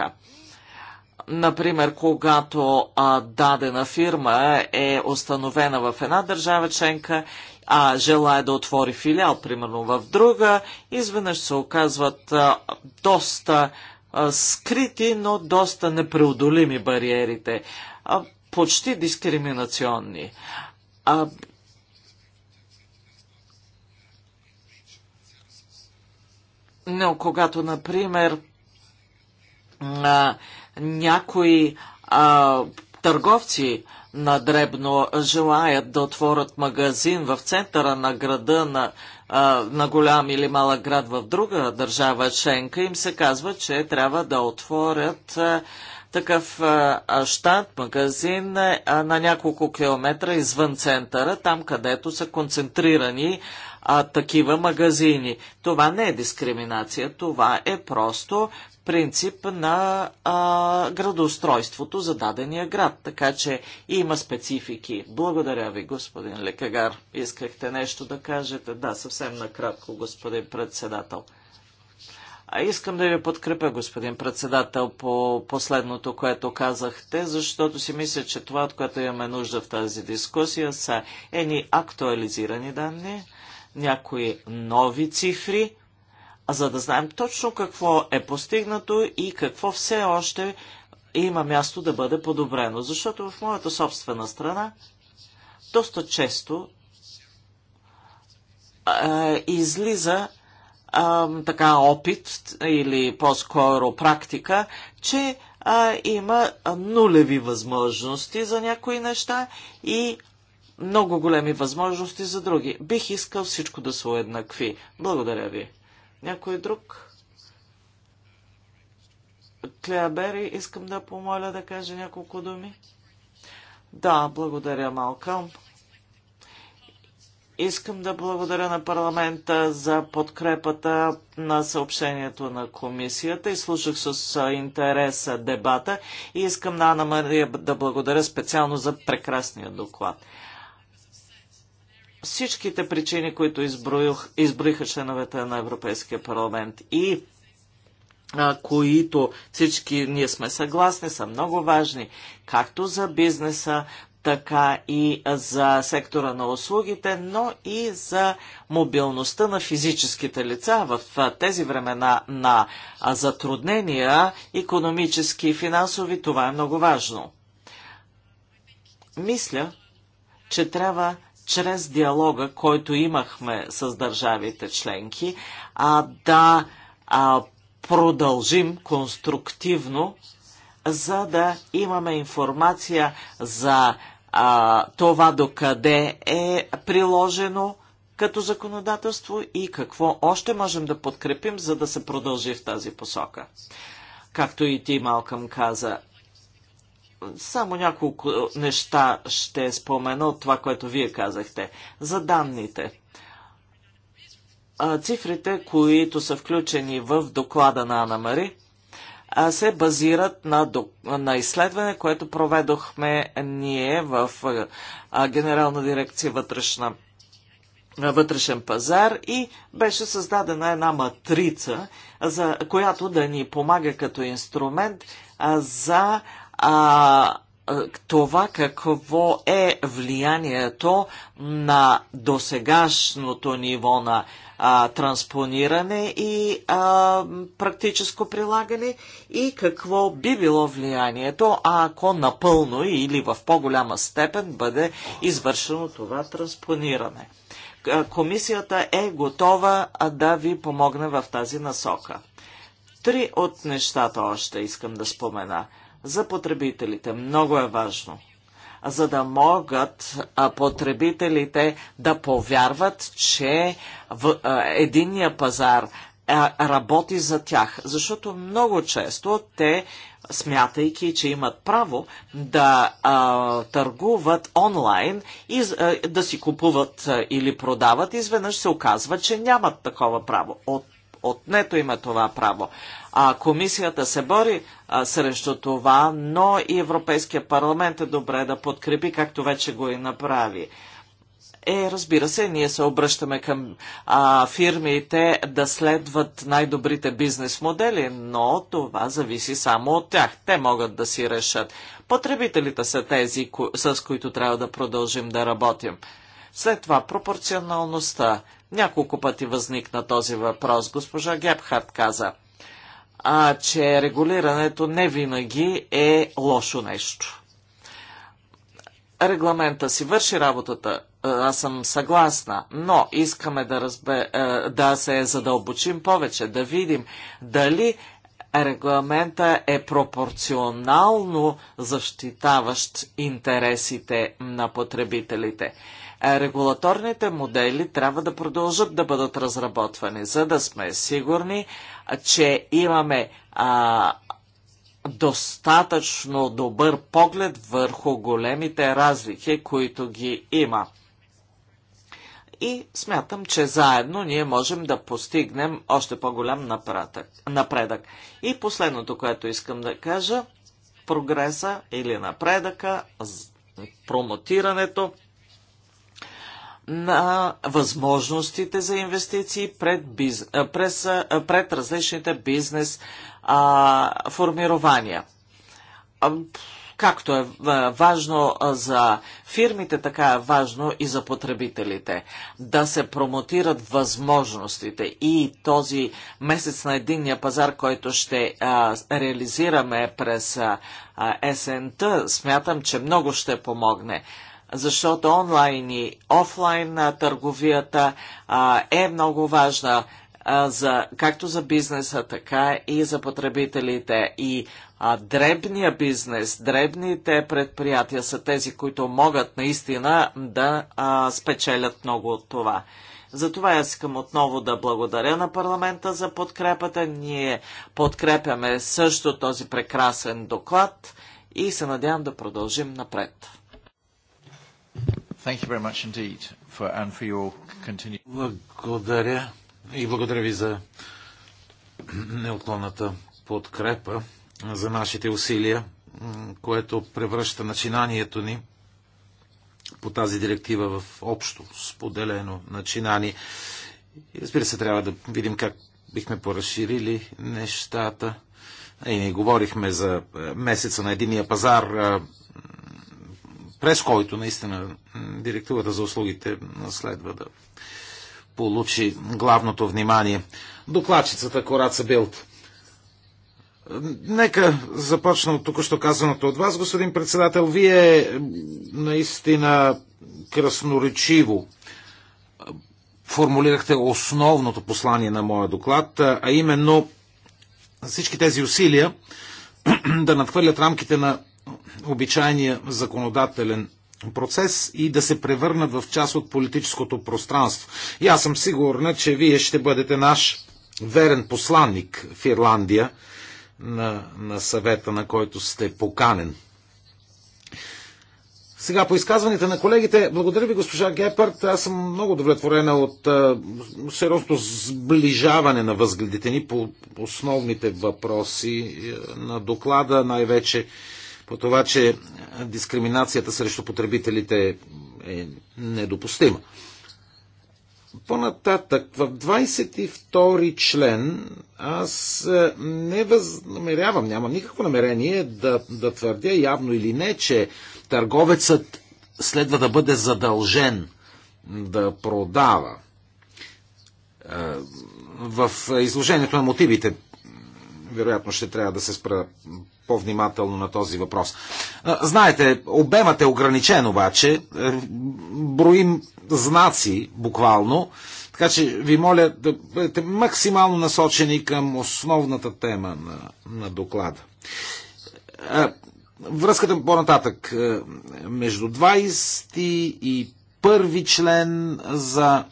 Например, когато а, дадена фирма е установена в една държава членка а, желая да отвори филиал, примерно в друга, изведнъж се оказват а, доста а, скрити, но доста непреодолими бариерите, а, почти дискриминационни. А, но когато, например, а, някои а, търговци а, на дребно желаят да отворят магазин в центъра на града на, а, на голям или малък град в друга държава членка, им се казва, че трябва да отворят а, такъв а, щат, магазин а, на няколко километра извън центъра, там където са концентрирани а, такива магазини. Това не е дискриминация, това е просто принцип на а, градоустройството за дадения град. Така че има специфики. Благодаря ви, господин Лекагар. Искахте нещо да кажете? Да, съвсем накратко, господин председател. А искам да ви подкрепя, господин председател, по последното, което казахте, защото си мисля, че това, от което имаме нужда в тази дискусия, са едни актуализирани данни, някои нови цифри, за да знаем точно какво е постигнато и какво все още има място да бъде подобрено. Защото в моята собствена страна доста често е, излиза е, така опит или по-скоро практика, че е, има нулеви възможности за някои неща и много големи възможности за други. Бих искал всичко да се уеднакви. Благодаря ви. Някой друг? Клеабери, искам да помоля да каже няколко думи. Да, благодаря, Малкам. Искам да благодаря на парламента за подкрепата на съобщението на комисията и слушах с интерес дебата и искам на Анна Мария да благодаря специално за прекрасния доклад всичките причини, които изброих, изброиха членовете на Европейския парламент и а, които всички ние сме съгласни, са много важни, както за бизнеса, така и за сектора на услугите, но и за мобилността на физическите лица в тези времена на затруднения, економически и финансови, това е много важно. Мисля, че трябва чрез диалога, който имахме с държавите членки, а, да а, продължим конструктивно, за да имаме информация за а, това докъде е приложено като законодателство и какво още можем да подкрепим, за да се продължи в тази посока. Както и ти, Малкам, каза, само няколко неща ще спомена от това, което вие казахте. За данните. Цифрите, които са включени в доклада на Анна Мари, се базират на, на изследване, което проведохме ние в Генерална дирекция вътрешна вътрешен пазар и беше създадена една матрица, за която да ни помага като инструмент за а, това какво е влиянието на досегашното ниво на а, транспониране и а, практическо прилагане и какво би било влиянието, ако напълно или в по-голяма степен бъде извършено това транспониране. Комисията е готова да ви помогне в тази насока. Три от нещата още искам да спомена – за потребителите. Много е важно за да могат потребителите да повярват, че в, единия пазар работи за тях. Защото много често те, смятайки, че имат право да а, търгуват онлайн и а, да си купуват а, или продават, изведнъж се оказва, че нямат такова право. От, отнето им е това право. А, комисията се бори а, срещу това, но и Европейския парламент е добре да подкрепи, както вече го и направи. Е, разбира се, ние се обръщаме към а, фирмите да следват най-добрите бизнес модели, но това зависи само от тях. Те могат да си решат. Потребителите са тези, ко с които трябва да продължим да работим. След това пропорционалността. Няколко пъти възникна този въпрос. Госпожа Гебхарт каза – а, че регулирането не винаги е лошо нещо. Регламента си върши работата, аз съм съгласна, но искаме да, разбе, да се задълбочим повече, да видим дали регламента е пропорционално защитаващ интересите на потребителите. Регулаторните модели трябва да продължат да бъдат разработвани, за да сме сигурни, че имаме а, достатъчно добър поглед върху големите разлики, които ги има и смятам, че заедно ние можем да постигнем още по-голям напредък. И последното, което искам да кажа, прогреса или напредъка, промотирането на възможностите за инвестиции пред, биз... през... пред различните бизнес а, формирования както е, е важно е, за фирмите, така е важно и за потребителите. Да се промотират възможностите и този месец на единния пазар, който ще е, реализираме през СНТ, есента, смятам, че много ще помогне. Защото онлайн и офлайн търговията е много важна за, както за бизнеса, така и за потребителите. И а дребния бизнес, дребните предприятия са тези, които могат наистина да а, спечелят много от това. Затова искам отново да благодаря на парламента за подкрепата. Ние подкрепяме също този прекрасен доклад и се надявам да продължим напред. Благодаря и благодаря ви за неотклонната подкрепа за нашите усилия, което превръща начинанието ни по тази директива в общо споделено начинание. И разбира се, трябва да видим как бихме поразширили нещата. И не говорихме за е, месеца на единия пазар, е, през който наистина директивата за услугите следва да получи главното внимание. Докладчицата Кораца Билт. Нека започна от тук, що казаното от вас, господин председател. Вие наистина красноречиво формулирахте основното послание на моя доклад, а именно всички тези усилия *clears throat* да надхвърлят рамките на обичайния законодателен процес и да се превърнат в част от политическото пространство. И аз съм сигурна, че вие ще бъдете наш верен посланник в Ирландия на, на съвета, на който сте поканен. Сега по изказваните на колегите, благодаря ви госпожа Гепард, аз съм много удовлетворена от сериозното сближаване на възгледите ни по основните въпроси е, на доклада, най-вече по това, че дискриминацията срещу потребителите е, е недопустима. По-нататък, в 22 член аз е, не възнамерявам, няма никакво намерение да, да твърдя явно или не, че търговецът следва да бъде задължен да продава. Е, в изложението на мотивите вероятно ще трябва да се спра по-внимателно на този въпрос. Знаете, обемът е ограничен обаче. Е, броим знаци буквално. Така че ви моля да бъдете максимално насочени към основната тема на, на доклада. Е, връзката по-нататък е, между 20 и първи член за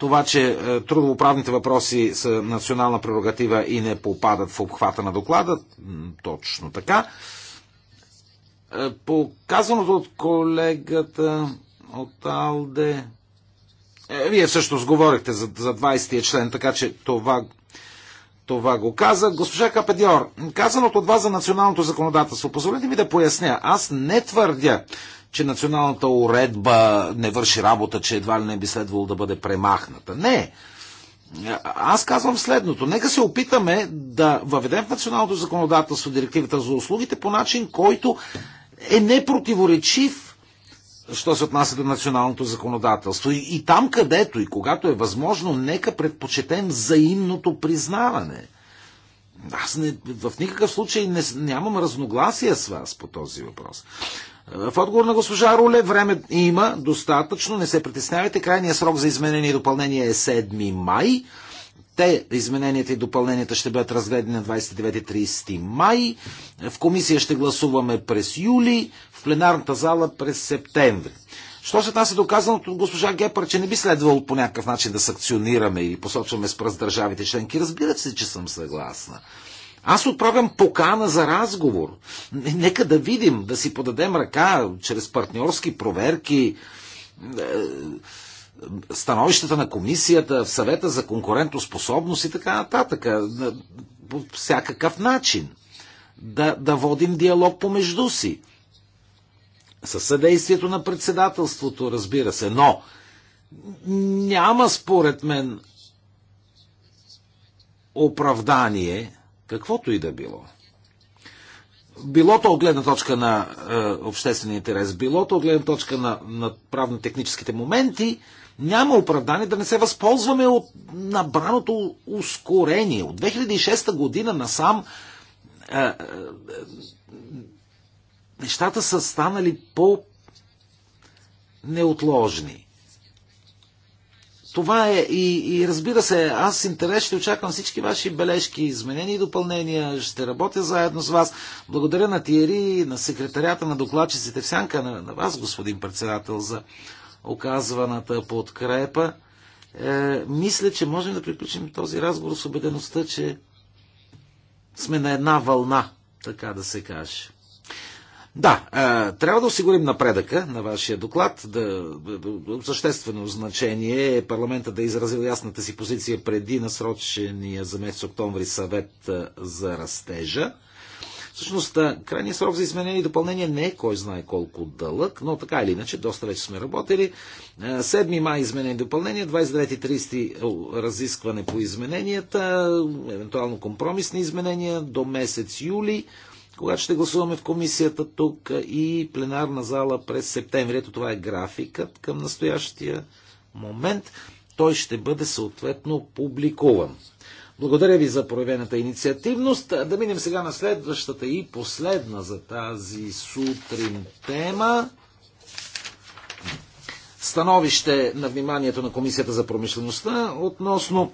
това, че е, трудовоправните въпроси са национална прерогатива и не попадат в обхвата на доклада, точно така. Е, показаното от колегата от Алде, е, вие също сговорихте за, за 20 тия член, така че това, това го каза. Госпожа Капедиор, казаното от вас за националното законодателство, позволете ми да поясня, аз не твърдя, че националната уредба не върши работа, че едва ли не би следвало да бъде премахната. Не. Аз казвам следното. Нека се опитаме да въведем в националното законодателство директивата за услугите по начин, който е непротиворечив, що се отнася до националното законодателство. И, и там където и когато е възможно, нека предпочетем взаимното признаване. Аз не, в никакъв случай не, нямам разногласия с вас по този въпрос. В отговор на госпожа Руле, време има достатъчно, не се притеснявайте. Крайният срок за изменение и допълнение е 7 май. Те, измененията и допълненията ще бъдат разгледани на 29-30 май. В комисия ще гласуваме през юли, в пленарната зала през септември. Що се нас е доказано от госпожа Гепър, че не би следвало по някакъв начин да санкционираме или посочваме с пръст държавите членки? Разбира се, че съм съгласна. Аз отправям покана за разговор. Нека да видим, да си подадем ръка чрез партньорски проверки, е, становищата на комисията, в съвета за конкурентоспособност и така нататък. Е, по всякакъв начин. Да, да водим диалог помежду си. Със съдействието на председателството, разбира се. Но няма, според мен, оправдание Каквото и да било. Билото от гледна точка на е, обществения интерес, билото от гледна точка на, на правно-техническите моменти, няма оправдание да не се възползваме от набраното ускорение. От 2006 година насам е, е, е, нещата са станали по- неотложни. Това е и, и разбира се, аз с интерес ще очаквам всички ваши бележки, изменения и допълнения. Ще работя заедно с вас. Благодаря на Тиери, на секретарята на докладчиците в сянка, на, на вас, господин председател, за оказваната подкрепа. Е, мисля, че можем да приключим този разговор с убедеността, че сме на една вълна, така да се каже. Да, трябва да осигурим напредъка на вашия доклад. Да, съществено значение е парламента да е изразил ясната си позиция преди насрочения за месец октомври съвет за растежа. Всъщност, крайният срок за изменение и допълнение не е кой знае колко дълъг, но така или иначе, доста вече сме работили. 7 май изменение и допълнение, 29-30 разискване по измененията, евентуално компромисни изменения до месец юли когато ще гласуваме в комисията тук и пленарна зала през септември. Ето това е графикът към настоящия момент. Той ще бъде съответно публикуван. Благодаря ви за проявената инициативност. Да минем сега на следващата и последна за тази сутрин тема. Становище на вниманието на Комисията за промишлеността относно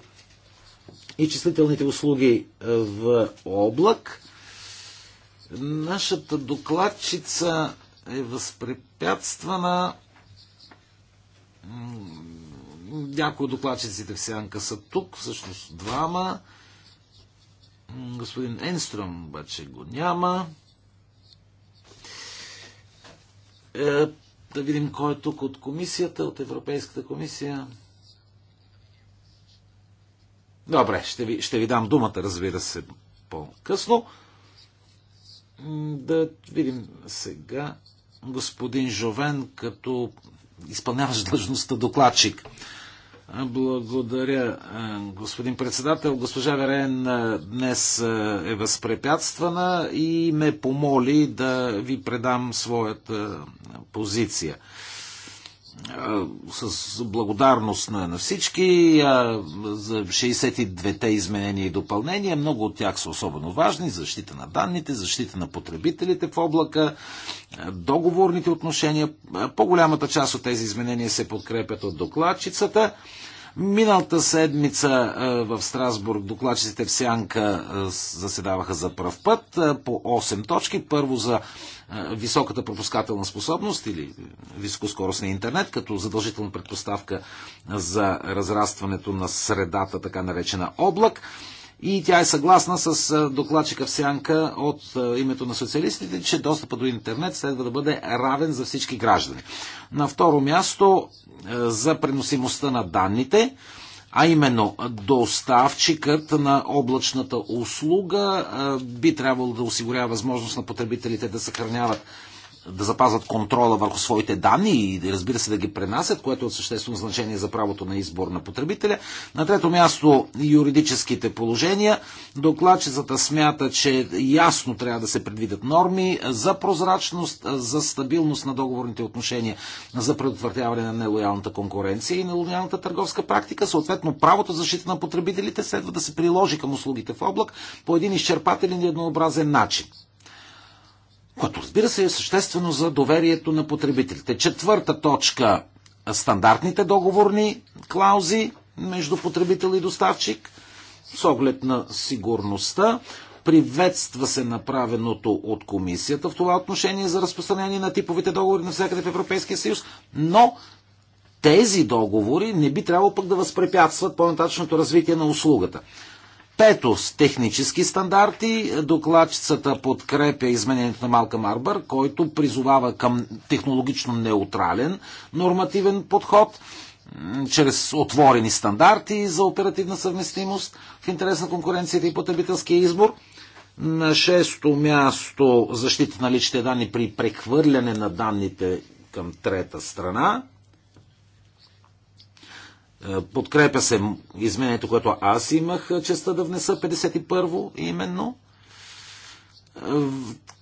и числителните услуги в облак. Нашата докладчица е възпрепятствана. Някои от докладчиците в Сянка са тук, всъщност двама. Господин Енстром обаче го няма. Е, да видим кой е тук от комисията, от Европейската комисия. Добре, ще ви, ще ви дам думата, разбира се, по-късно. Да видим сега господин Жовен като изпълняваш длъжността докладчик. Благодаря, господин председател. Госпожа Верен днес е възпрепятствана и ме помоли да ви предам своята позиция. Е, с благодарност на, на всички а, за 62-те изменения и допълнения. Много от тях са особено важни. Защита на данните, защита на потребителите в облака, е, договорните отношения. Е, по-голямата част от тези изменения се подкрепят от докладчицата. Миналата седмица в Страсбург докладчиците в Сянка заседаваха за първ път по 8 точки. Първо за високата пропускателна способност или високоскоростния интернет като задължителна предпоставка за разрастването на средата, така наречена облак. И тя е съгласна с докладчика в сянка от името на социалистите, че достъпа до интернет следва да бъде равен за всички граждани. На второ място за преносимостта на данните. А именно, доставчикът на облачната услуга би трябвало да осигурява възможност на потребителите да съхраняват да запазват контрола върху своите данни и разбира се да ги пренасят, което е от съществено значение за правото на избор на потребителя. На трето място юридическите положения. Докладчицата смята, че ясно трябва да се предвидят норми за прозрачност, за стабилност на договорните отношения, за предотвратяване на нелоялната конкуренция и нелоялната търговска практика. Съответно, правото за защита на потребителите следва да се приложи към услугите в облак по един изчерпателен и еднообразен начин което разбира се е съществено за доверието на потребителите. Четвърта точка стандартните договорни клаузи между потребител и доставчик с оглед на сигурността. Приветства се направеното от комисията в това отношение за разпространение на типовите договори навсякъде в Европейския съюз, но тези договори не би трябвало пък да възпрепятстват по-нататъчното развитие на услугата. Пето с технически стандарти. Докладчицата подкрепя изменението на Малка Марбър, който призовава към технологично неутрален нормативен подход чрез отворени стандарти за оперативна съвместимост в интерес на конкуренцията и потребителския избор. На шесто място защита на личните данни при прехвърляне на данните към трета страна. Е, подкрепя се изменението, което аз имах е, честа да внеса 51-во именно. Е,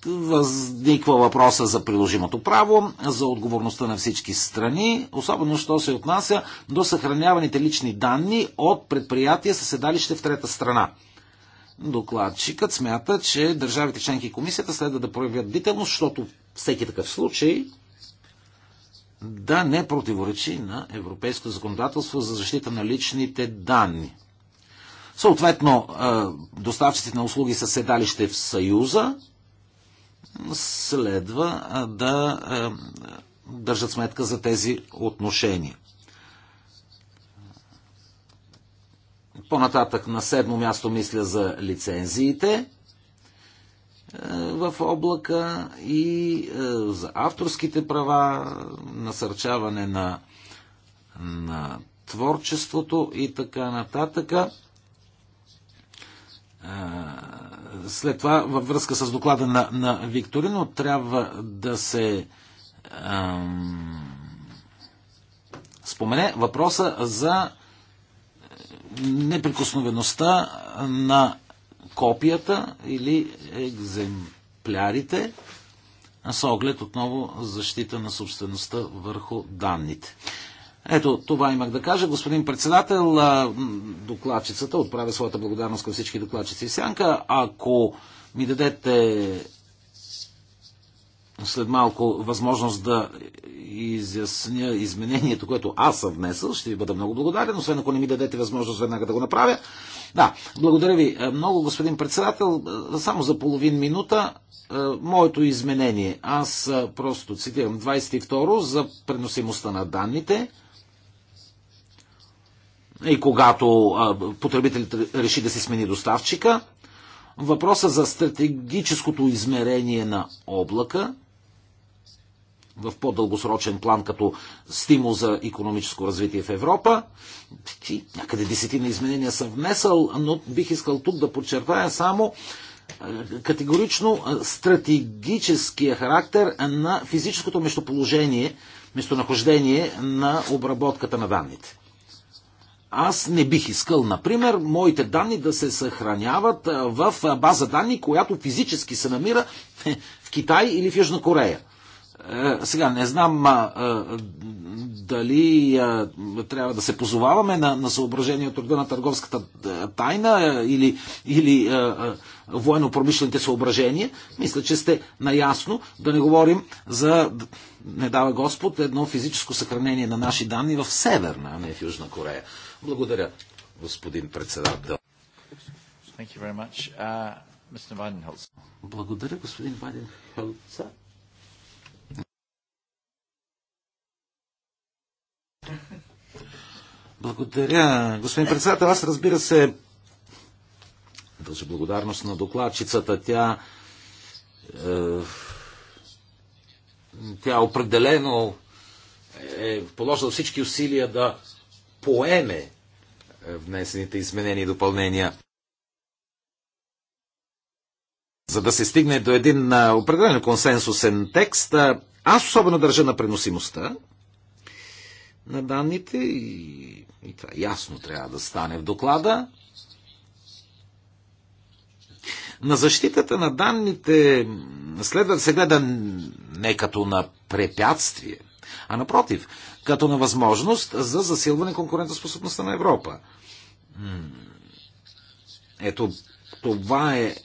възниква въпроса за приложимото право, за отговорността на всички страни, особено що се отнася до съхраняваните лични данни от предприятия със седалище в трета страна. Докладчикът смята, че държавите членки и комисията следва да проявят бдителност, защото всеки такъв случай да не противоречи на европейското законодателство за защита на личните данни. Съответно, е, доставчиците на услуги с седалище в Съюза следва е, да е, държат сметка за тези отношения. По-нататък на седмо място мисля за лицензиите. Е, в облака и е, за авторските права, насърчаване на, на творчеството и така нататък. Е, след това, във връзка с доклада на, на Викторино, трябва да се ам, спомене въпроса за неприкосновеността на копията или екземплярите с оглед отново защита на собствеността върху данните. Ето, това имах да кажа. Господин председател, докладчицата отправя своята благодарност към всички докладчици в Сянка. Ако ми дадете след малко възможност да изясня изменението, което аз съм внесъл. Ще ви бъда много благодарен, освен ако не ми дадете възможност веднага да го направя. Да, благодаря ви много, господин председател. Само за половин минута моето изменение. Аз просто цитирам 22 за преносимостта на данните. И когато потребителят реши да си смени доставчика, въпроса за стратегическото измерение на облака, в по-дългосрочен план като стимул за економическо развитие в Европа. И някъде десетина изменения съм внесъл, но бих искал тук да подчертая само е, категорично е, стратегическия характер на физическото местоположение, местонахождение на обработката на данните. Аз не бих искал, например, моите данни да се съхраняват е, в база данни, която физически се намира в Китай или в Южна Корея – е, сега не знам а, а, дали а, трябва да се позоваваме на, на съображение от рода на търговската е, тайна е, или, или военно-промишлените съображения. Мисля, че сте наясно да не говорим за, не дава Господ, едно физическо съхранение на наши данни в Северна, а не в Южна Корея. Благодаря, господин председател. Thank you very much. Uh, Mr. Благодаря, господин Вайденхолцер. Благодаря, господин председател. Аз разбира се, дължа благодарност на докладчицата. Тя, е, тя определено е положила всички усилия да поеме е, внесените изменения и допълнения. За да се стигне до един е, определен консенсусен текст, е, аз особено държа на преносимостта, на данните и, и това ясно трябва да стане в доклада. На защитата на данните следва да се гледа не като на препятствие, а напротив, като на възможност за засилване конкурентоспособността на Европа. Ето, това е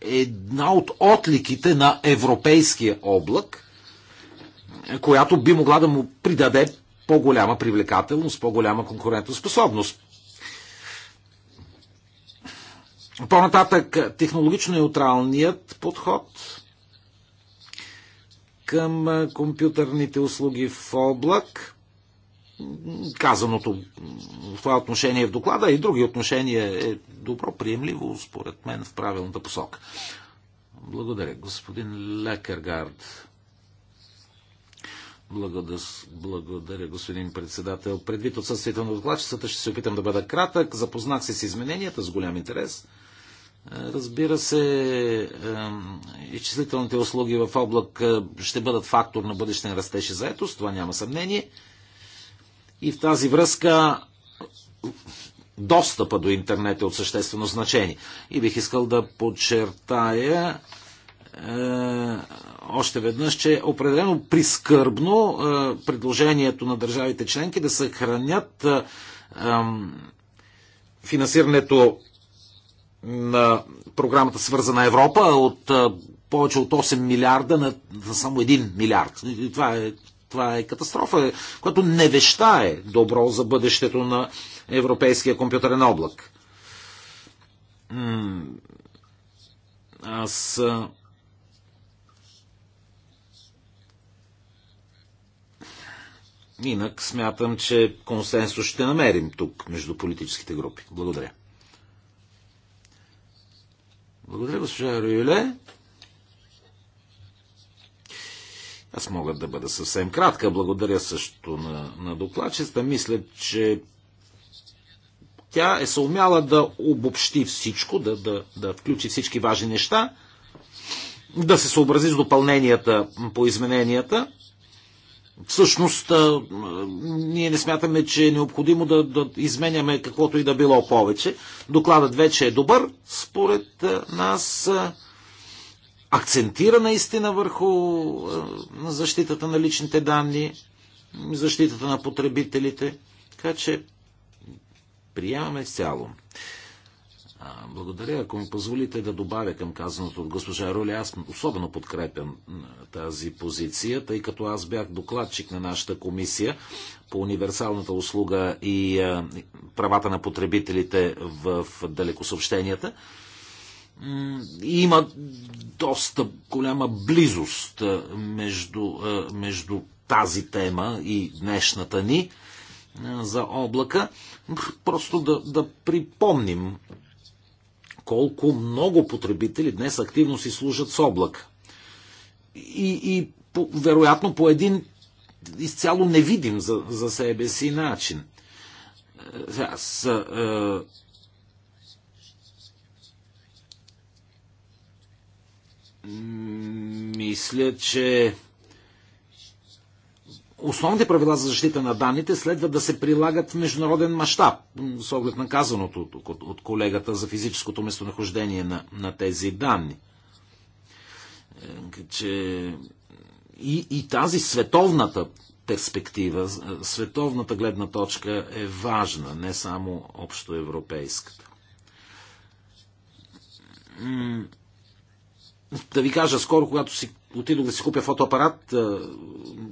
една от отликите на европейския облак, която би могла да му придаде по-голяма привлекателност, по-голяма конкурентоспособност. По-нататък технологично неутралният подход към компютърните услуги в облак. Казаното в това отношение в доклада и други отношения е добро приемливо, според мен, в правилната посока. Благодаря, господин Лекергард. Благодаря, господин председател. Предвид отсъствието на докладчицата, ще се опитам да бъда кратък. Запознах се с измененията с голям интерес. Е, разбира се, изчислителните услуги в облак е, ще бъдат фактор на бъдещен растеж и заетост, това няма съмнение. И в тази връзка достъпа до интернет е от съществено значение. И бих искал да подчертая е, още веднъж, че е определено прискърбно е, предложението на държавите членки да съхранят е, финансирането на програмата Свързана Европа от е, повече от 8 милиарда на, на само 1 милиард. И това е, това е катастрофа, която не вещае добро за бъдещето на европейския компютърен облак. Аз Инак смятам, че консенсус ще намерим тук между политическите групи. Благодаря. Благодаря, госпожа Рюле. Аз мога да бъда съвсем кратка. Благодаря също на, на докладчеста. Мисля, че тя е съумяла да обобщи всичко, да, да, да включи всички важни неща, да се съобрази с допълненията по измененията. Всъщност, ние не смятаме, че е необходимо да, да изменяме каквото и да било повече. Докладът вече е добър, според нас акцентира наистина върху защитата на личните данни, защитата на потребителите. Така че приемаме цяло. Благодаря. Ако ми позволите да добавя към казаното от госпожа Роля, аз особено подкрепям тази позиция, тъй като аз бях докладчик на нашата комисия по универсалната услуга и правата на потребителите в далекосъобщенията. И има доста голяма близост между, между тази тема и днешната ни за облака. Просто да, да припомним колко много потребители днес активно си служат с облак. И, и по, вероятно по един изцяло невидим за, за себе си начин. Е, аз, а, е, мисля, че основните правила за защита на данните следва да се прилагат в международен мащаб, с оглед на казаното от колегата за физическото местонахождение на, на тези данни. Е, че и, и тази световната перспектива, е, световната гледна точка е важна, не само общоевропейската. Да ви кажа, скоро, когато си отидох да си купя фотоапарат. Е,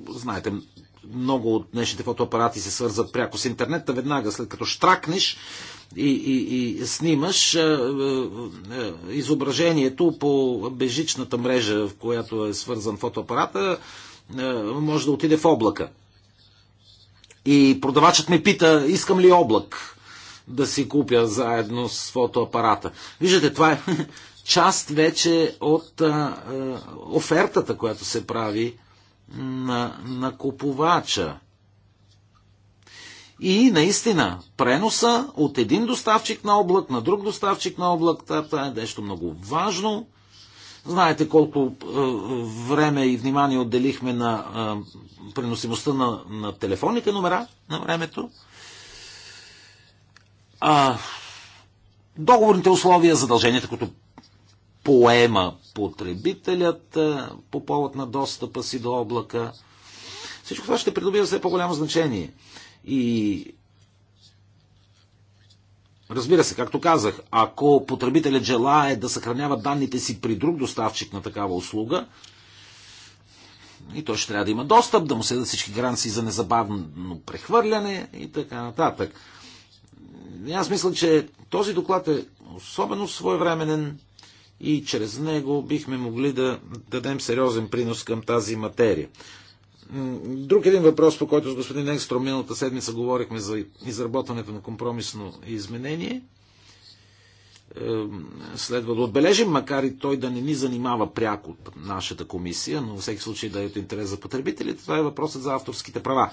знаете, много от днешните фотоапарати се свързват пряко с интернет, веднага след като штракнеш и, и, и снимаш е, е, изображението по бежичната мрежа, в която е свързан фотоапарата, може да отиде в облака. И продавачът ми пита, искам ли облак да си купя заедно с фотоапарата. Виждате, това е *laughs* част вече от а, офертата, която се прави на, на купувача. И наистина, преноса от един доставчик на облак на друг доставчик на облак, това е нещо много важно. Знаете колко е, време и внимание отделихме на е, преносимостта на, на телефонните номера на времето. А, договорните условия, задълженията, които поема потребителят по повод на достъпа си до облака. Всичко това ще придобива все по-голямо значение. И Разбира се, както казах, ако потребителят желае да съхранява данните си при друг доставчик на такава услуга, и той ще трябва да има достъп, да му седат всички гаранции за незабавно прехвърляне и така нататък. И аз мисля, че този доклад е особено своевременен и чрез него бихме могли да дадем сериозен принос към тази материя. Друг един въпрос, по който с господин Екстро миналата седмица говорихме за изработването на компромисно изменение, следва да отбележим, макар и той да не ни занимава пряко нашата комисия, но във всеки случай да е от интерес за потребителите, това е въпросът за авторските права.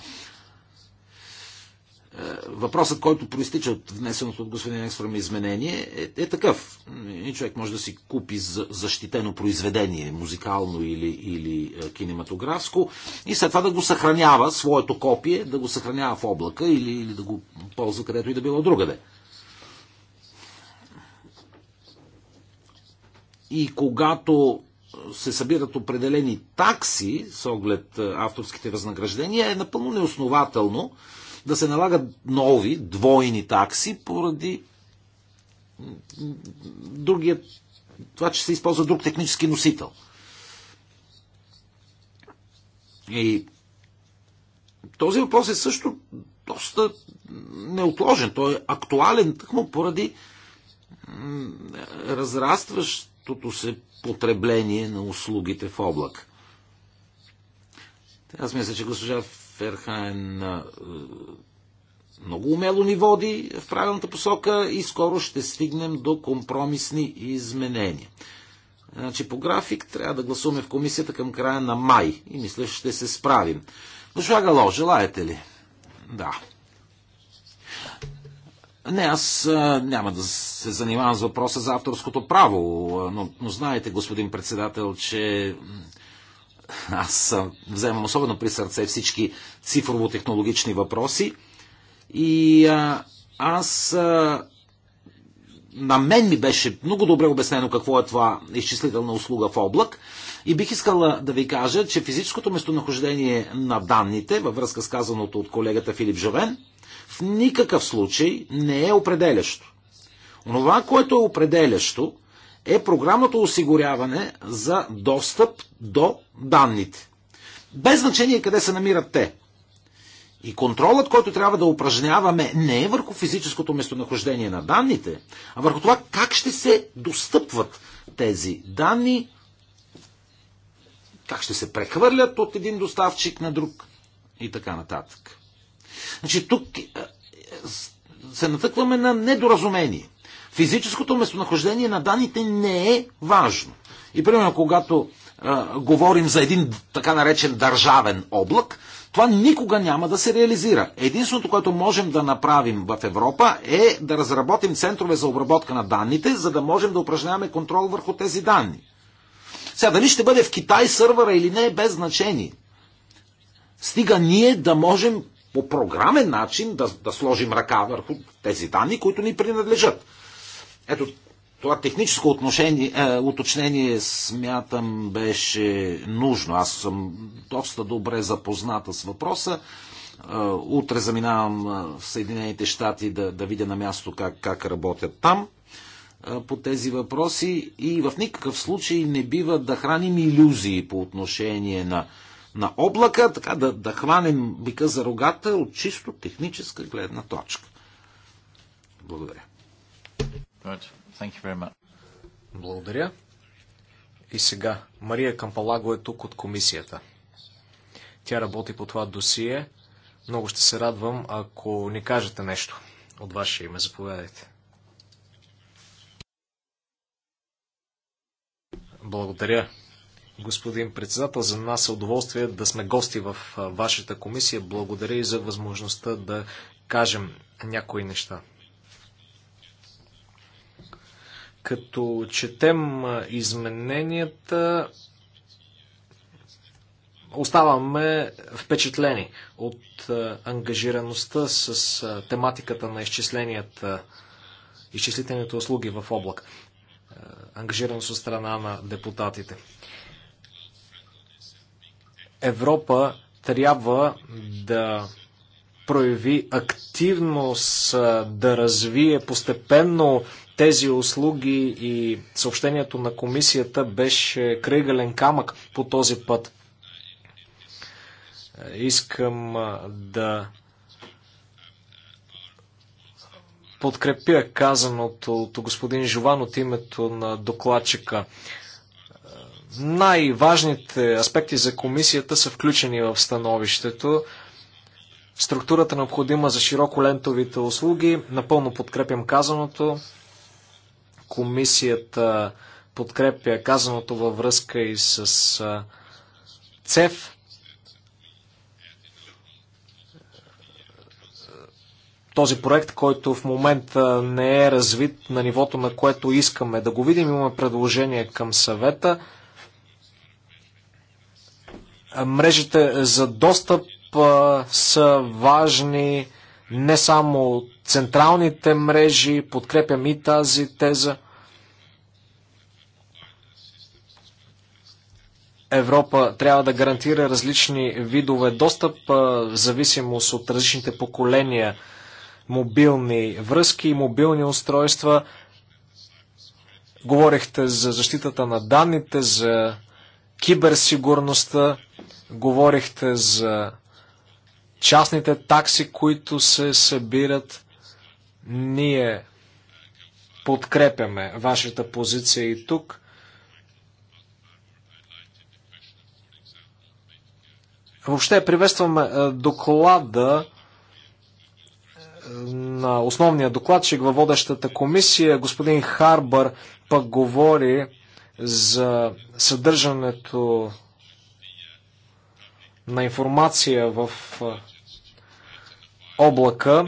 Е, въпросът, който проистича от внесеното от господин Екстром изменение, е, е такъв. И човек може да си купи защитено произведение, музикално или, или е, кинематографско, и след това да го съхранява, своето копие, да го съхранява в облака или, или да го ползва където и да било другаде. И когато е, се събират определени такси с оглед авторските възнаграждения, е напълно неоснователно да се налагат нови, двойни такси поради другия, това, че се използва друг технически носител. И този въпрос е също доста неотложен. Той е актуален тъкмо поради разрастващото се потребление на услугите в облак. Аз мисля, че госпожа Ферхайн е, много умело ни води в правилната посока и скоро ще стигнем до компромисни изменения. Значи по график трябва да гласуваме в комисията към края на май и мисля, че ще се справим. Но Шлагало, желаете ли? Да. Не, аз няма да се занимавам с въпроса за авторското право, но, но знаете, господин председател, че аз вземам особено при сърце всички цифрово-технологични въпроси и а, аз а, на мен ми беше много добре обяснено какво е това изчислителна услуга в облак и бих искала да ви кажа, че физическото местонахождение на данните, във връзка с казаното от колегата Филип Жовен, в никакъв случай не е определящо. Онова, което е определящо, е програмното осигуряване за достъп до данните. Без значение къде се намират те. И контролът, който трябва да упражняваме, не е върху физическото местонахождение на данните, а върху това как ще се достъпват тези данни, как ще се прехвърлят от един доставчик на друг и така нататък. Значи тук е, е, се натъкваме на недоразумение. Физическото местонахождение на данните не е важно. И примерно, когато а, говорим за един така наречен държавен облак, това никога няма да се реализира. Единственото, което можем да направим в Европа е да разработим центрове за обработка на данните, за да можем да упражняваме контрол върху тези данни. Сега, дали ще бъде в Китай сървъра или не, е без значение. Стига ние да можем по програмен начин да, да сложим ръка върху тези данни, които ни принадлежат. Ето, това техническо отношение, е, уточнение, смятам, беше нужно. Аз съм доста добре запозната с въпроса. Е, утре заминавам е, в Съединените щати да, да видя на място как, как работят там е, по тези въпроси и в никакъв случай не бива да храним иллюзии по отношение на, на облака, така да, да хванем бика за рогата от чисто техническа гледна точка. Благодаря. Good. Thank you very much. Благодаря. И сега, Мария Кампалаго е тук от комисията. Тя работи по това досие. Много ще се радвам, ако ни кажете нещо от ваше име. Заповядайте. Благодаря. Господин председател, за нас е удоволствие да сме гости в вашата комисия. Благодаря и за възможността да кажем някои неща. Като четем измененията, оставаме впечатлени от ангажираността с тематиката на изчисленията, изчислителните услуги в облак. Ангажираност от страна на депутатите. Европа трябва да прояви активност, да развие постепенно тези услуги и съобщението на комисията беше кръгален камък по този път. Искам да подкрепя казаното от господин Жован от името на докладчика. Най-важните аспекти за комисията са включени в становището. Структурата необходима за широко лентовите услуги. Напълно подкрепям казаното. Комисията подкрепя казаното във връзка и с ЦЕФ. Този проект, който в момента не е развит на нивото, на което искаме да го видим, имаме предложение към съвета. Мрежите за достъп са важни не само централните мрежи, подкрепям и тази теза. Европа трябва да гарантира различни видове достъп, в зависимост от различните поколения мобилни връзки и мобилни устройства. Говорихте за защитата на данните, за киберсигурността, говорихте за частните такси, които се събират. Ние подкрепяме вашата позиция и тук. Въобще приветстваме е, доклада е, на основния докладчик във водещата комисия. Господин Харбър пък говори за съдържането на информация в е, облака.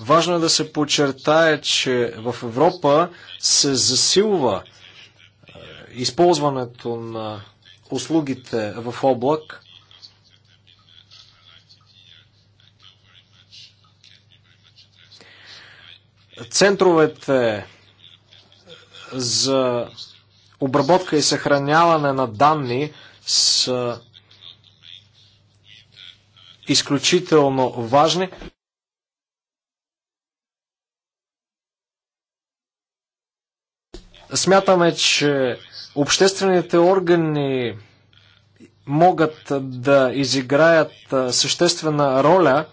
Важно е да се подчертае, че в Европа се засилва е, използването на услугите в облак. Центровете за обработка и съхраняване на данни са изключително важни. Смятаме, че обществените органи могат да изиграят съществена роля,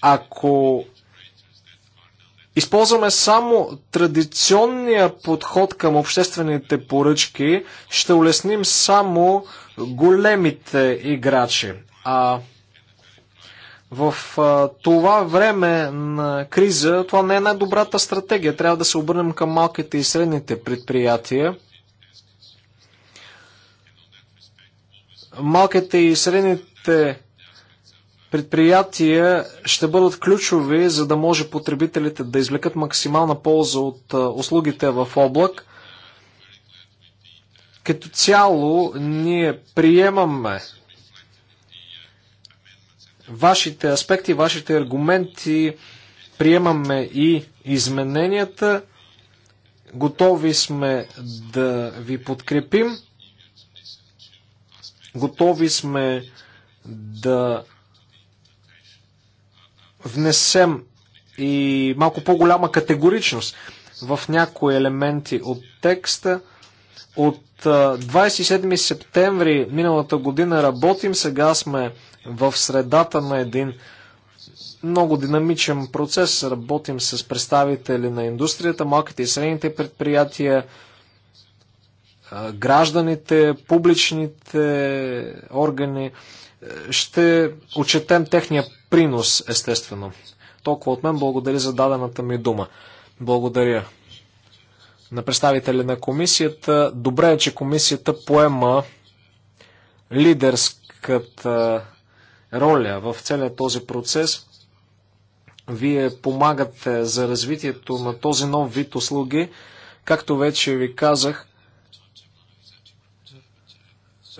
ако използваме само традиционния подход към обществените поръчки, ще улесним само големите играчи. А в а, това време на криза това не е най-добрата стратегия. Трябва да се обърнем към малките и средните предприятия. Малките и средните предприятия ще бъдат ключови, за да може потребителите да извлекат максимална полза от услугите в облак. Като цяло ние приемаме вашите аспекти, вашите аргументи, приемаме и измененията. Готови сме да ви подкрепим. Готови сме да внесем и малко по-голяма категоричност в някои елементи от текста. От 27 септември миналата година работим, сега сме в средата на един много динамичен процес. Работим с представители на индустрията, малките и средните предприятия, гражданите, публичните органи. Ще отчетем техния принос, естествено. Толкова от мен благодаря за дадената ми дума. Благодаря на представители на комисията. Добре е, че комисията поема лидерската роля в целия този процес. Вие помагате за развитието на този нов вид услуги. Както вече ви казах,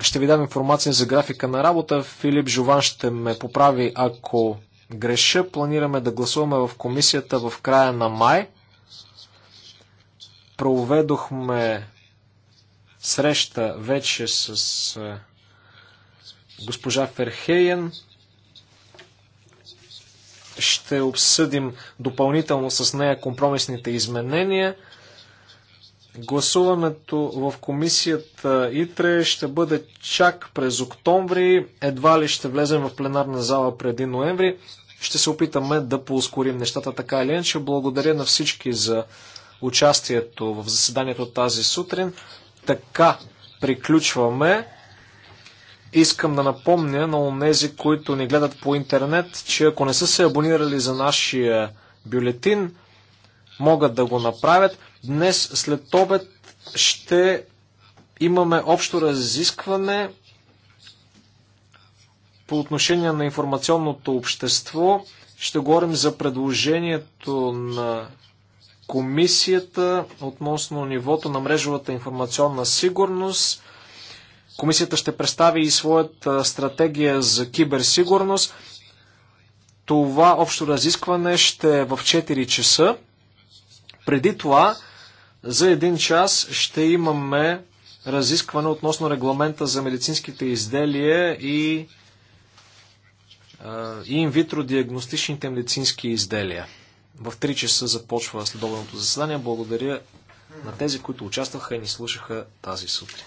ще ви дам информация за графика на работа. Филип Жован ще ме поправи, ако греша. Планираме да гласуваме в комисията в края на май. Проведохме среща вече с е, госпожа Ферхейен. Ще обсъдим допълнително с нея компромисните изменения. Гласуването в комисията ИТРЕ ще бъде чак през октомври. Едва ли ще влезем в пленарна зала преди ноември. Ще се опитаме да поускорим нещата така или иначе. Благодаря на всички за участието в заседанието тази сутрин. Така приключваме. Искам да напомня на онези, които ни гледат по интернет, че ако не са се абонирали за нашия бюлетин, могат да го направят. Днес след обед ще имаме общо разискване по отношение на информационното общество. Ще говорим за предложението на комисията относно нивото на мрежовата информационна сигурност. Комисията ще представи и своята стратегия за киберсигурност. Това общо разискване ще е в 4 часа. Преди това за един час ще имаме разискване относно регламента за медицинските изделия и инвитро диагностичните медицински изделия. В 3 часа започва следобедното заседание. Благодаря на тези, които участваха и ни слушаха тази сутрин.